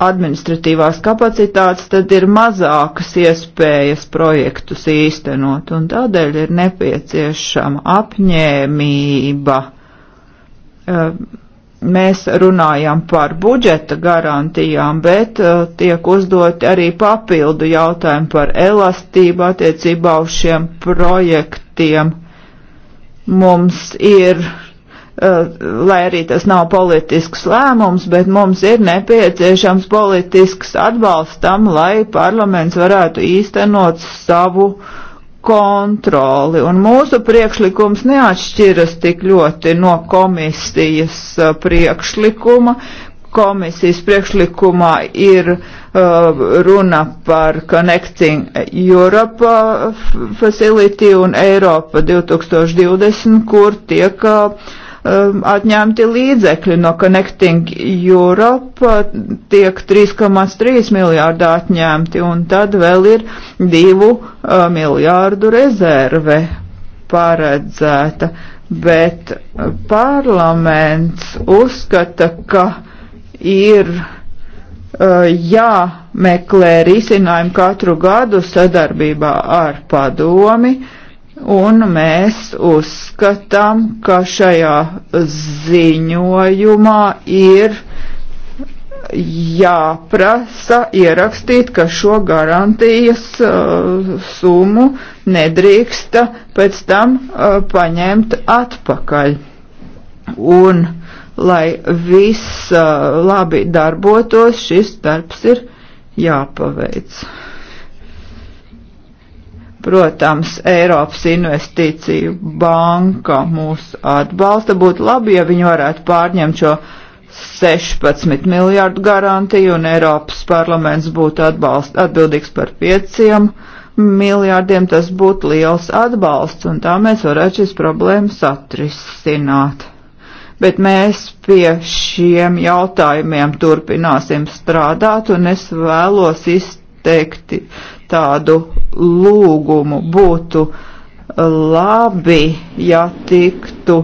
administratīvās kapacitātes, tad ir mazākas iespējas projektus īstenot, un tādēļ ir nepieciešama apņēmība. Eh, mēs runājam par budžeta garantijām, bet eh, tiek uzdoti arī papildu jautājumi par elastību attiecībā uz šiem projektiem. Mums ir Eh, lai arī tas nav politisks lēmums, bet mums ir nepieciešams politisks atbalsts tam, lai parlaments varētu īstenot savu kontroli. Un mūsu priekšlikums neatšķiras tik ļoti no komisijas eh, priekšlikuma, komisijas priekšlikumā ir uh, runa par Connecting Europe Facility un Eiropa 2020, kur tiek uh, um, atņemti līdzekļi no Connecting Europe, tiek 3,3 miljārdi atņemti, un tad vēl ir 2 uh, miljārdu rezerve paredzēta, bet parlaments uzskata, ka ir uh, jāmeklē risinājumi katru gadu sadarbībā ar padomi, uh, Un mēs uzskatām, ka šajā ziņojumā ir jāprasa ierakstīt, ka šo garantijas uh, summu nedrīksta pēc tam uh, paņemt atpakaļ. Un, lai viss uh, labi darbotos, šis darbs ir jāpaveic. Protams, Eiropas investīciju banka mūs atbalsta. Būtu labi, ja viņi varētu pārņemt šo 16 miljārdu garantiju un Eiropas parlaments būtu atbalst, atbildīgs par 5 miljārdiem. Tas būtu liels atbalsts un tā mēs varētu šīs problēmas atrisināt. Bet mēs pie šiem jautājumiem turpināsim strādāt un es vēlos izteikt teikti tādu lūgumu. Būtu labi, ja tiktu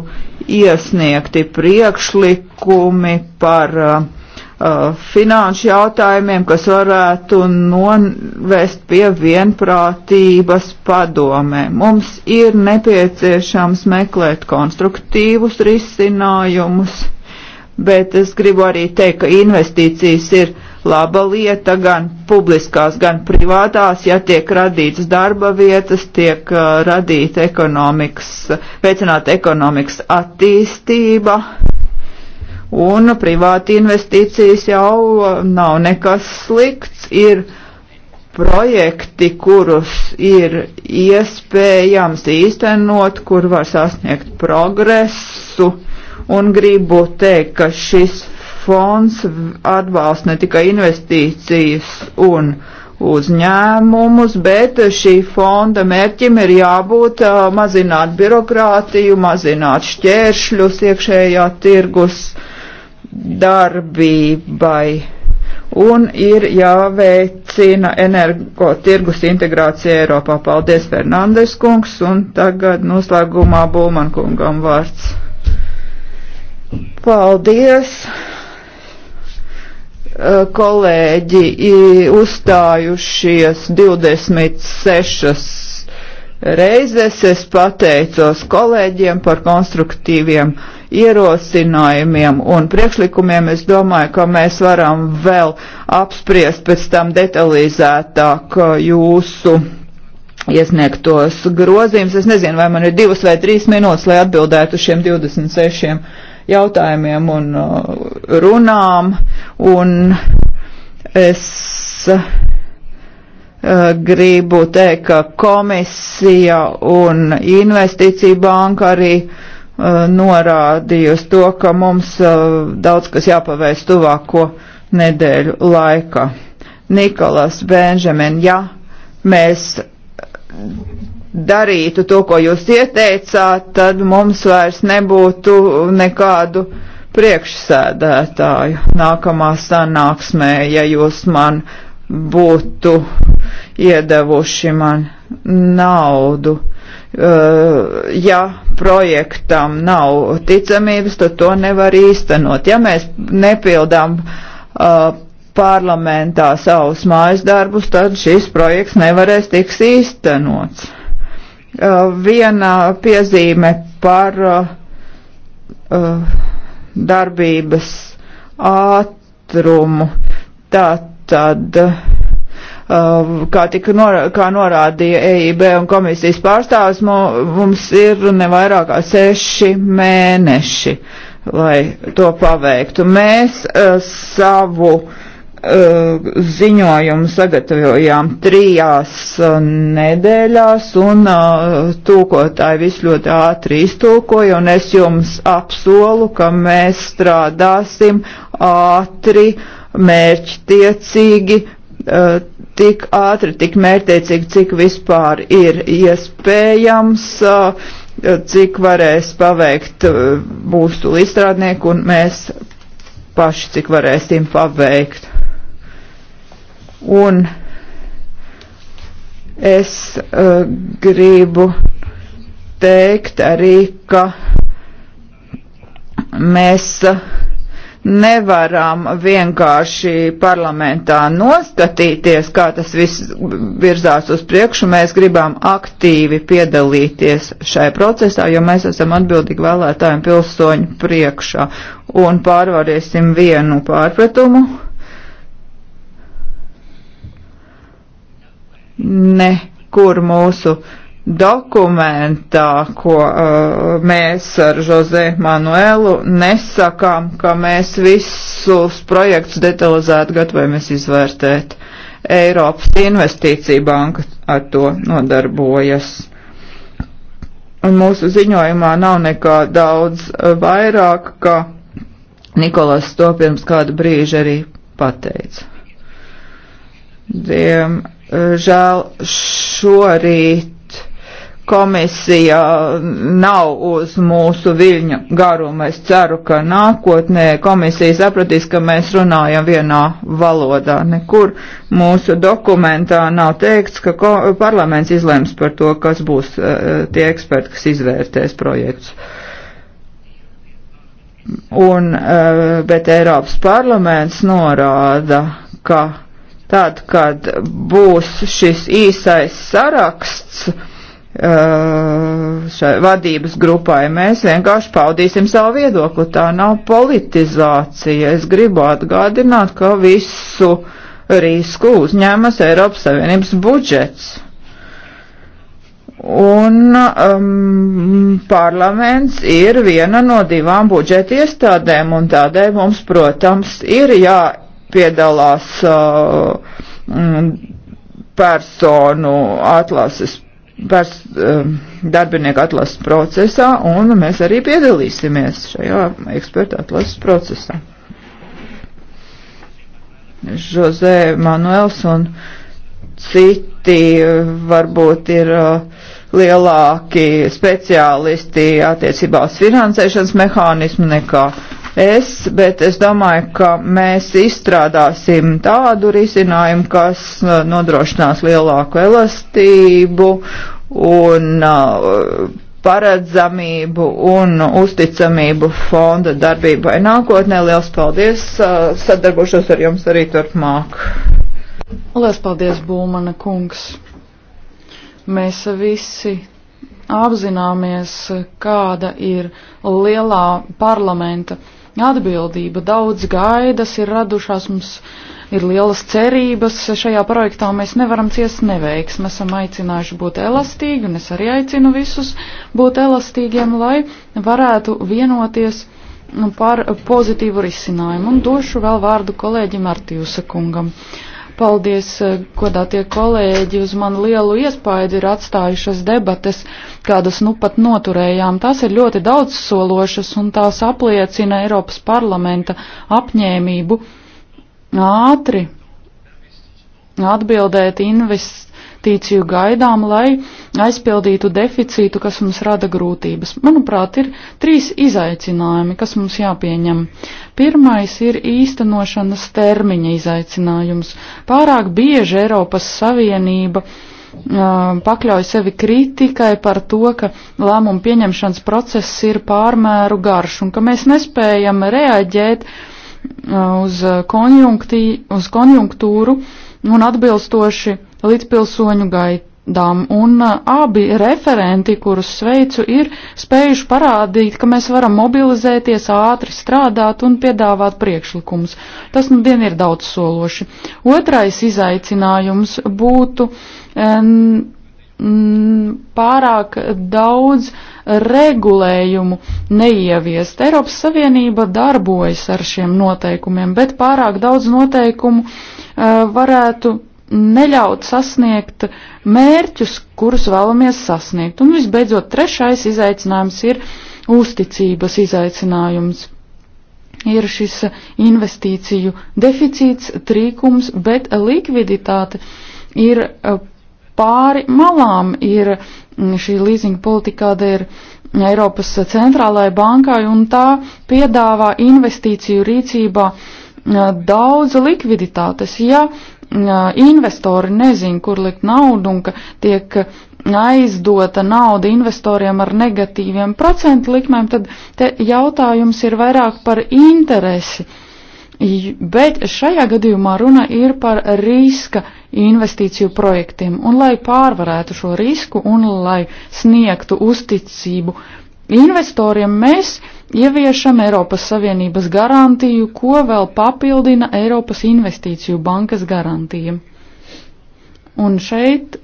iesniegti priekšlikumi par uh, uh, finanšu jautājumiem, kas varētu novest pie vienprātības padomē. Mums ir nepieciešams meklēt konstruktīvus risinājumus, bet es gribu arī teikt, ka investīcijas ir laba lieta gan publiskās, gan privātās, ja tiek radītas darba vietas, tiek uh, radīta ekonomikas, veicināta ekonomikas attīstība, un privāti investīcijas jau uh, nav nekas slikts, ir projekti, kurus ir iespējams īstenot, kur var sasniegt progresu, un gribu teikt, ka šis fonds atbalsta ne tikai investīcijas un uzņēmumus, bet šī fonda mērķim ir jābūt mazināt birokrātiju, mazināt šķēršļus iekšējā tirgus darbībai un ir jāveicina energo tirgus integrācija Eiropā. Paldies, Fernandes kungs, un tagad noslēgumā Bulman kungam vārds. Paldies! Eh, kolēģi uzstājušies 26 reizes es pateicos kolēģiem par konstruktīviem ierosinājumiem un priekšlikumiem. Es domāju, ka mēs varam vēl apspriest pēc tam detalizētāk eh, jūsu iesniegtos grozījumus. Es nezinu, vai man ir divas vai trīs minūtes, lai atbildētu šiem 26 jautājumiem un uh, runām, un es uh, gribu teikt, ka komisija un investīcija banka arī uh, norādīja uz to, ka mums daudz kas jāpavēst tuvāko nedēļu laika. Nikolas Benžamin, ja mēs darītu to, ko jūs ieteicāt, tad mums vairs nebūtu nekādu priekšsēdētāju nākamā sanāksmē, ja jūs man būtu iedevuši man naudu. Uh, ja projektam nav ticamības, tad to nevar īstenot. Ja mēs nepildām uh, parlamentā savus mājas darbus, tad šis projekts nevarēs tiks īstenots. Eh, viena piezīme par eh, eh, darbības ātrumu. Tātad, kā tika norā, kā norādīja EIB un komisijas pārstāvis, mums ir nevairāk kā seši mēneši, lai to paveiktu. Mēs savu uh, Uh, ziņojumu sagatavojām trijās uh, nedēļās un uh, tūkotāji visu ļoti ātri iztūkoja un es jums apsolu, ka mēs strādāsim ātri, mērķtiecīgi, tik ātri, tik mērķtiecīgi, cik vispār ir iespējams, cik varēs paveikt mūsu izstrādnieku un mēs paši, cik varēsim paveikt. Un es uh, gribu teikt arī, ka mēs uh, nevaram vienkārši parlamentā noskatīties, kā tas viss virzās uz priekšu. Mēs gribam aktīvi piedalīties šai procesā, jo mēs esam atbildīgi vēlētājiem pilsoņu priekšā un pārvarēsim vienu pārpratumu nekur mūsu dokumentā, ko uh, mēs ar Jose Manuelu nesakām, ka mēs visus projektus detalizēti gatavojamies izvērtēt. Eiropas investīcija banka ar to nodarbojas. Un mūsu ziņojumā nav nekā daudz uh, vairāk, ka Nikolas to pirms kādu brīžu arī pateica. Diem, Eh, žēl šorīt komisija nav uz mūsu viļņa garuma. Es ceru, ka nākotnē komisija sapratīs, ka mēs runājam vienā valodā. Nekur mūsu dokumentā nav teikts, ka parlaments izlems par to, kas būs eh, tie eksperti, kas izvērtēs projekts. Un, eh, bet Eiropas parlaments norāda, ka Tad, kad būs šis īsais saraksts eh, šai vadības grupai, mēs vienkārši paudīsim savu viedokli. Tā nav politizācija. Es gribu atgādināt, ka visu risku uzņēmas Eiropas Savienības budžets. Un um, parlaments ir viena no divām budžeta iestādēm, un tādēļ mums, protams, ir jā piedalās uh, mm, personu atlases, pers, um, darbinieku atlases procesā, un mēs arī piedalīsimies šajā ekspertu atlases procesā. Žozē Manuels un citi uh, varbūt ir uh, lielāki speciālisti attiecībā uz finansēšanas mehānismu nekā uh, es, bet es domāju, ka mēs izstrādāsim tādu risinājumu, kas uh, nodrošinās lielāku elastību un uh, paredzamību un uzticamību fonda darbībai nākotnē. Liels paldies! Uh, sadarbošos ar jums arī turpmāk. Liels paldies, Būmana kungs! Mēs visi apzināmies, kāda ir lielā parlamenta atbildība. Daudz gaidas ir radušās, mums ir lielas cerības šajā projektā, un mēs nevaram ciest neveiksmi. Mēs esam aicinājuši būt elastīgi, un es arī aicinu visus būt elastīgiem, lai varētu vienoties par pozitīvu risinājumu. Un došu vēl vārdu kolēģim Artijusa kungam. Uh, Paldies, eh, godātie kolēģi, uz man lielu iespaidu ir atstājušas debates, kādas nu pat noturējām. Tās ir ļoti daudzsološas un tās apliecina Eiropas parlamenta apņēmību ātri atbildēt invest investīciju gaidām, lai aizpildītu deficītu, kas mums rada grūtības. Manuprāt, ir trīs izaicinājumi, kas mums jāpieņem. Pirmais ir īstenošanas termiņa izaicinājums. Pārāk bieži Eiropas Savienība pakļauj sevi kritikai par to, ka lēmumu pieņemšanas process ir pārmēru garš un ka mēs nespējam reaģēt uz, konjunktī, uz konjunktūru un atbilstoši līdzpilsoņu gaidām. Un uh, abi referenti, kurus sveicu, ir spējuši parādīt, ka mēs varam mobilizēties, ātri strādāt un piedāvāt priekšlikumus. Tas nu dien ir daudz sološi. Otrais izaicinājums būtu. En, pārāk daudz regulējumu neieviest. Eiropas Savienība darbojas ar šiem noteikumiem, bet pārāk daudz noteikumu eh, varētu neļaut sasniegt mērķus, kurus vēlamies sasniegt. Un visbeidzot, trešais izaicinājums ir uzticības izaicinājums. Ir šis investīciju deficīts, trīkums, bet likviditāte ir eh, pāri malām, ir mm, šī līzinga politika, kāda ir Eiropas centrālajai bankai, un tā piedāvā investīciju rīcībā eh, daudz likviditātes. Ja investori nezin, kur likt naudu un ka tiek aizdota nauda investoriem ar negatīviem procentu likmēm, tad te jautājums ir vairāk par interesi. Bet šajā gadījumā runa ir par riska investīciju projektiem, un lai pārvarētu šo risku un lai sniegtu uzticību investoriem mēs ieviešam Eiropas Savienības garantiju, ko vēl papildina Eiropas Investīciju bankas garantija. Un šeit,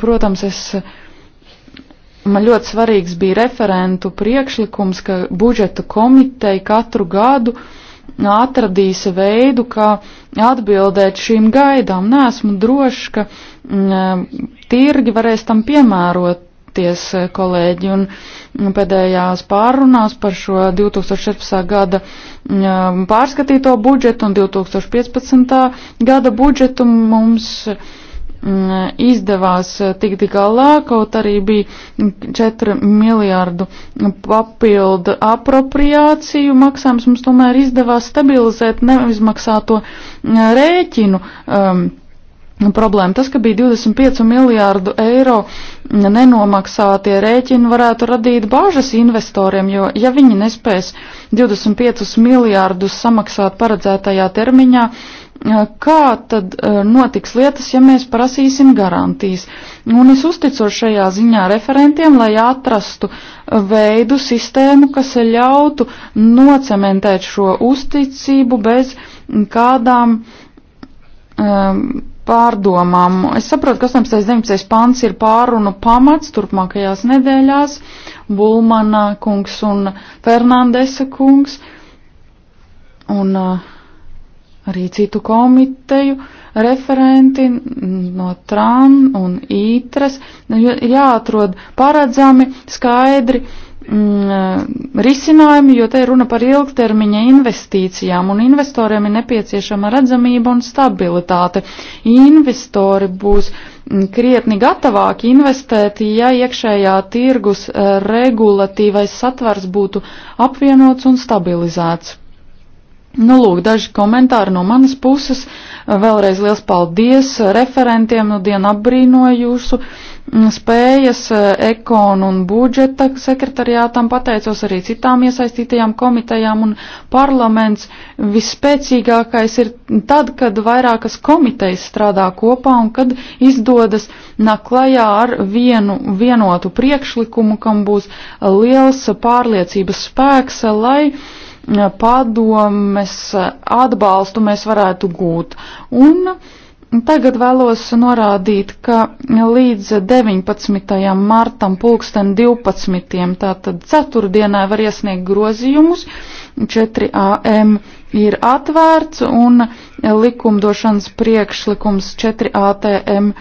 protams, es, man ļoti svarīgs bija referentu priekšlikums, ka budžeta komiteja katru gadu atradīs veidu, kā atbildēt šīm gaidām. Nesmu drošs, ka m, mm, tirgi varēs tam piemērot tikties, eh, kolēģi, un mm, pēdējās pārunās par šo 2014. gada mm, eh, pārskatīto budžetu un 2015. gada budžetu mums mm, izdevās eh, tikt galā, kaut arī bija 4 miljārdu papildu apropriāciju maksājums, mums tomēr izdevās stabilizēt neizmaksāto rēķinu. Um, Nu, problēma. Tas, ka bija 25 miljārdu eiro nenomaksātie rēķini, varētu radīt bažas investoriem, jo ja viņi nespēs 25 miljārdus samaksāt paredzētajā termiņā, eh, kā tad eh, notiks lietas, ja mēs prasīsim garantijas. Un es uzticos šajā ziņā referentiem, lai atrastu eh, veidu sistēmu, kas ļautu nocementēt šo uzticību bez kādām um, pārdomām. Es saprotu, ka 18. 19. pants ir pārunu pamats turpmākajās nedēļās. Bulmana kungs un Fernandesa kungs un uh, arī citu komiteju referenti no TRAN un ITRES ir nu, jāatrod paredzami, skaidri mm, eh, risinājumi, jo te ir runa par ilgtermiņa investīcijām, un investoriem ir nepieciešama redzamība un stabilitāte. Investori būs mm, krietni gatavāki investēt, ja iekšējā tirgus eh, regulatīvais satvars būtu apvienots un stabilizēts. Nu, lūk, daži komentāri no manas puses. Vēlreiz liels paldies referentiem, nu dienu apbrīnoju jūsu uh, Mm, spējas eh, ekonu un budžeta sekretariātam, pateicos arī citām iesaistītajām komitejām un parlaments visspēcīgākais ir tad, kad vairākas komitejas strādā kopā un kad izdodas naklajā ar vienu vienotu priekšlikumu, kam būs liels pārliecības spēks, lai eh, padomes atbalstu mēs varētu gūt. Un, uh, Tagad vēlos norādīt, ka līdz 19. martam pulksten 12. tātad ceturtdienā var iesniegt grozījumus, 4 AM ir atvērts un likumdošanas priekšlikums 4 ATM.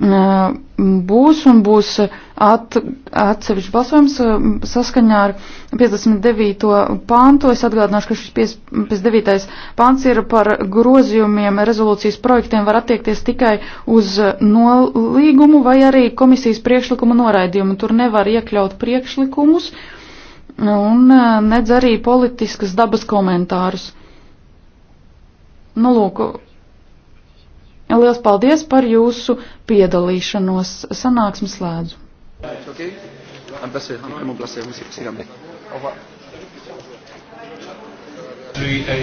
Uh, būs un būs at, atsevišķi balsojums uh, saskaņā ar 59. pāntu. Es atgādināšu, ka šis 59. pāns ir par grozījumiem rezolūcijas projektiem var attiekties tikai uz nolīgumu vai arī komisijas priekšlikumu noraidījumu. Tur nevar iekļaut priekšlikumus un uh, nedz arī politiskas dabas komentārus. Nu, lūk, Liels paldies par jūsu piedalīšanos. Sanāksmes slēdzu. Okay. Un placer, un placer, un placer,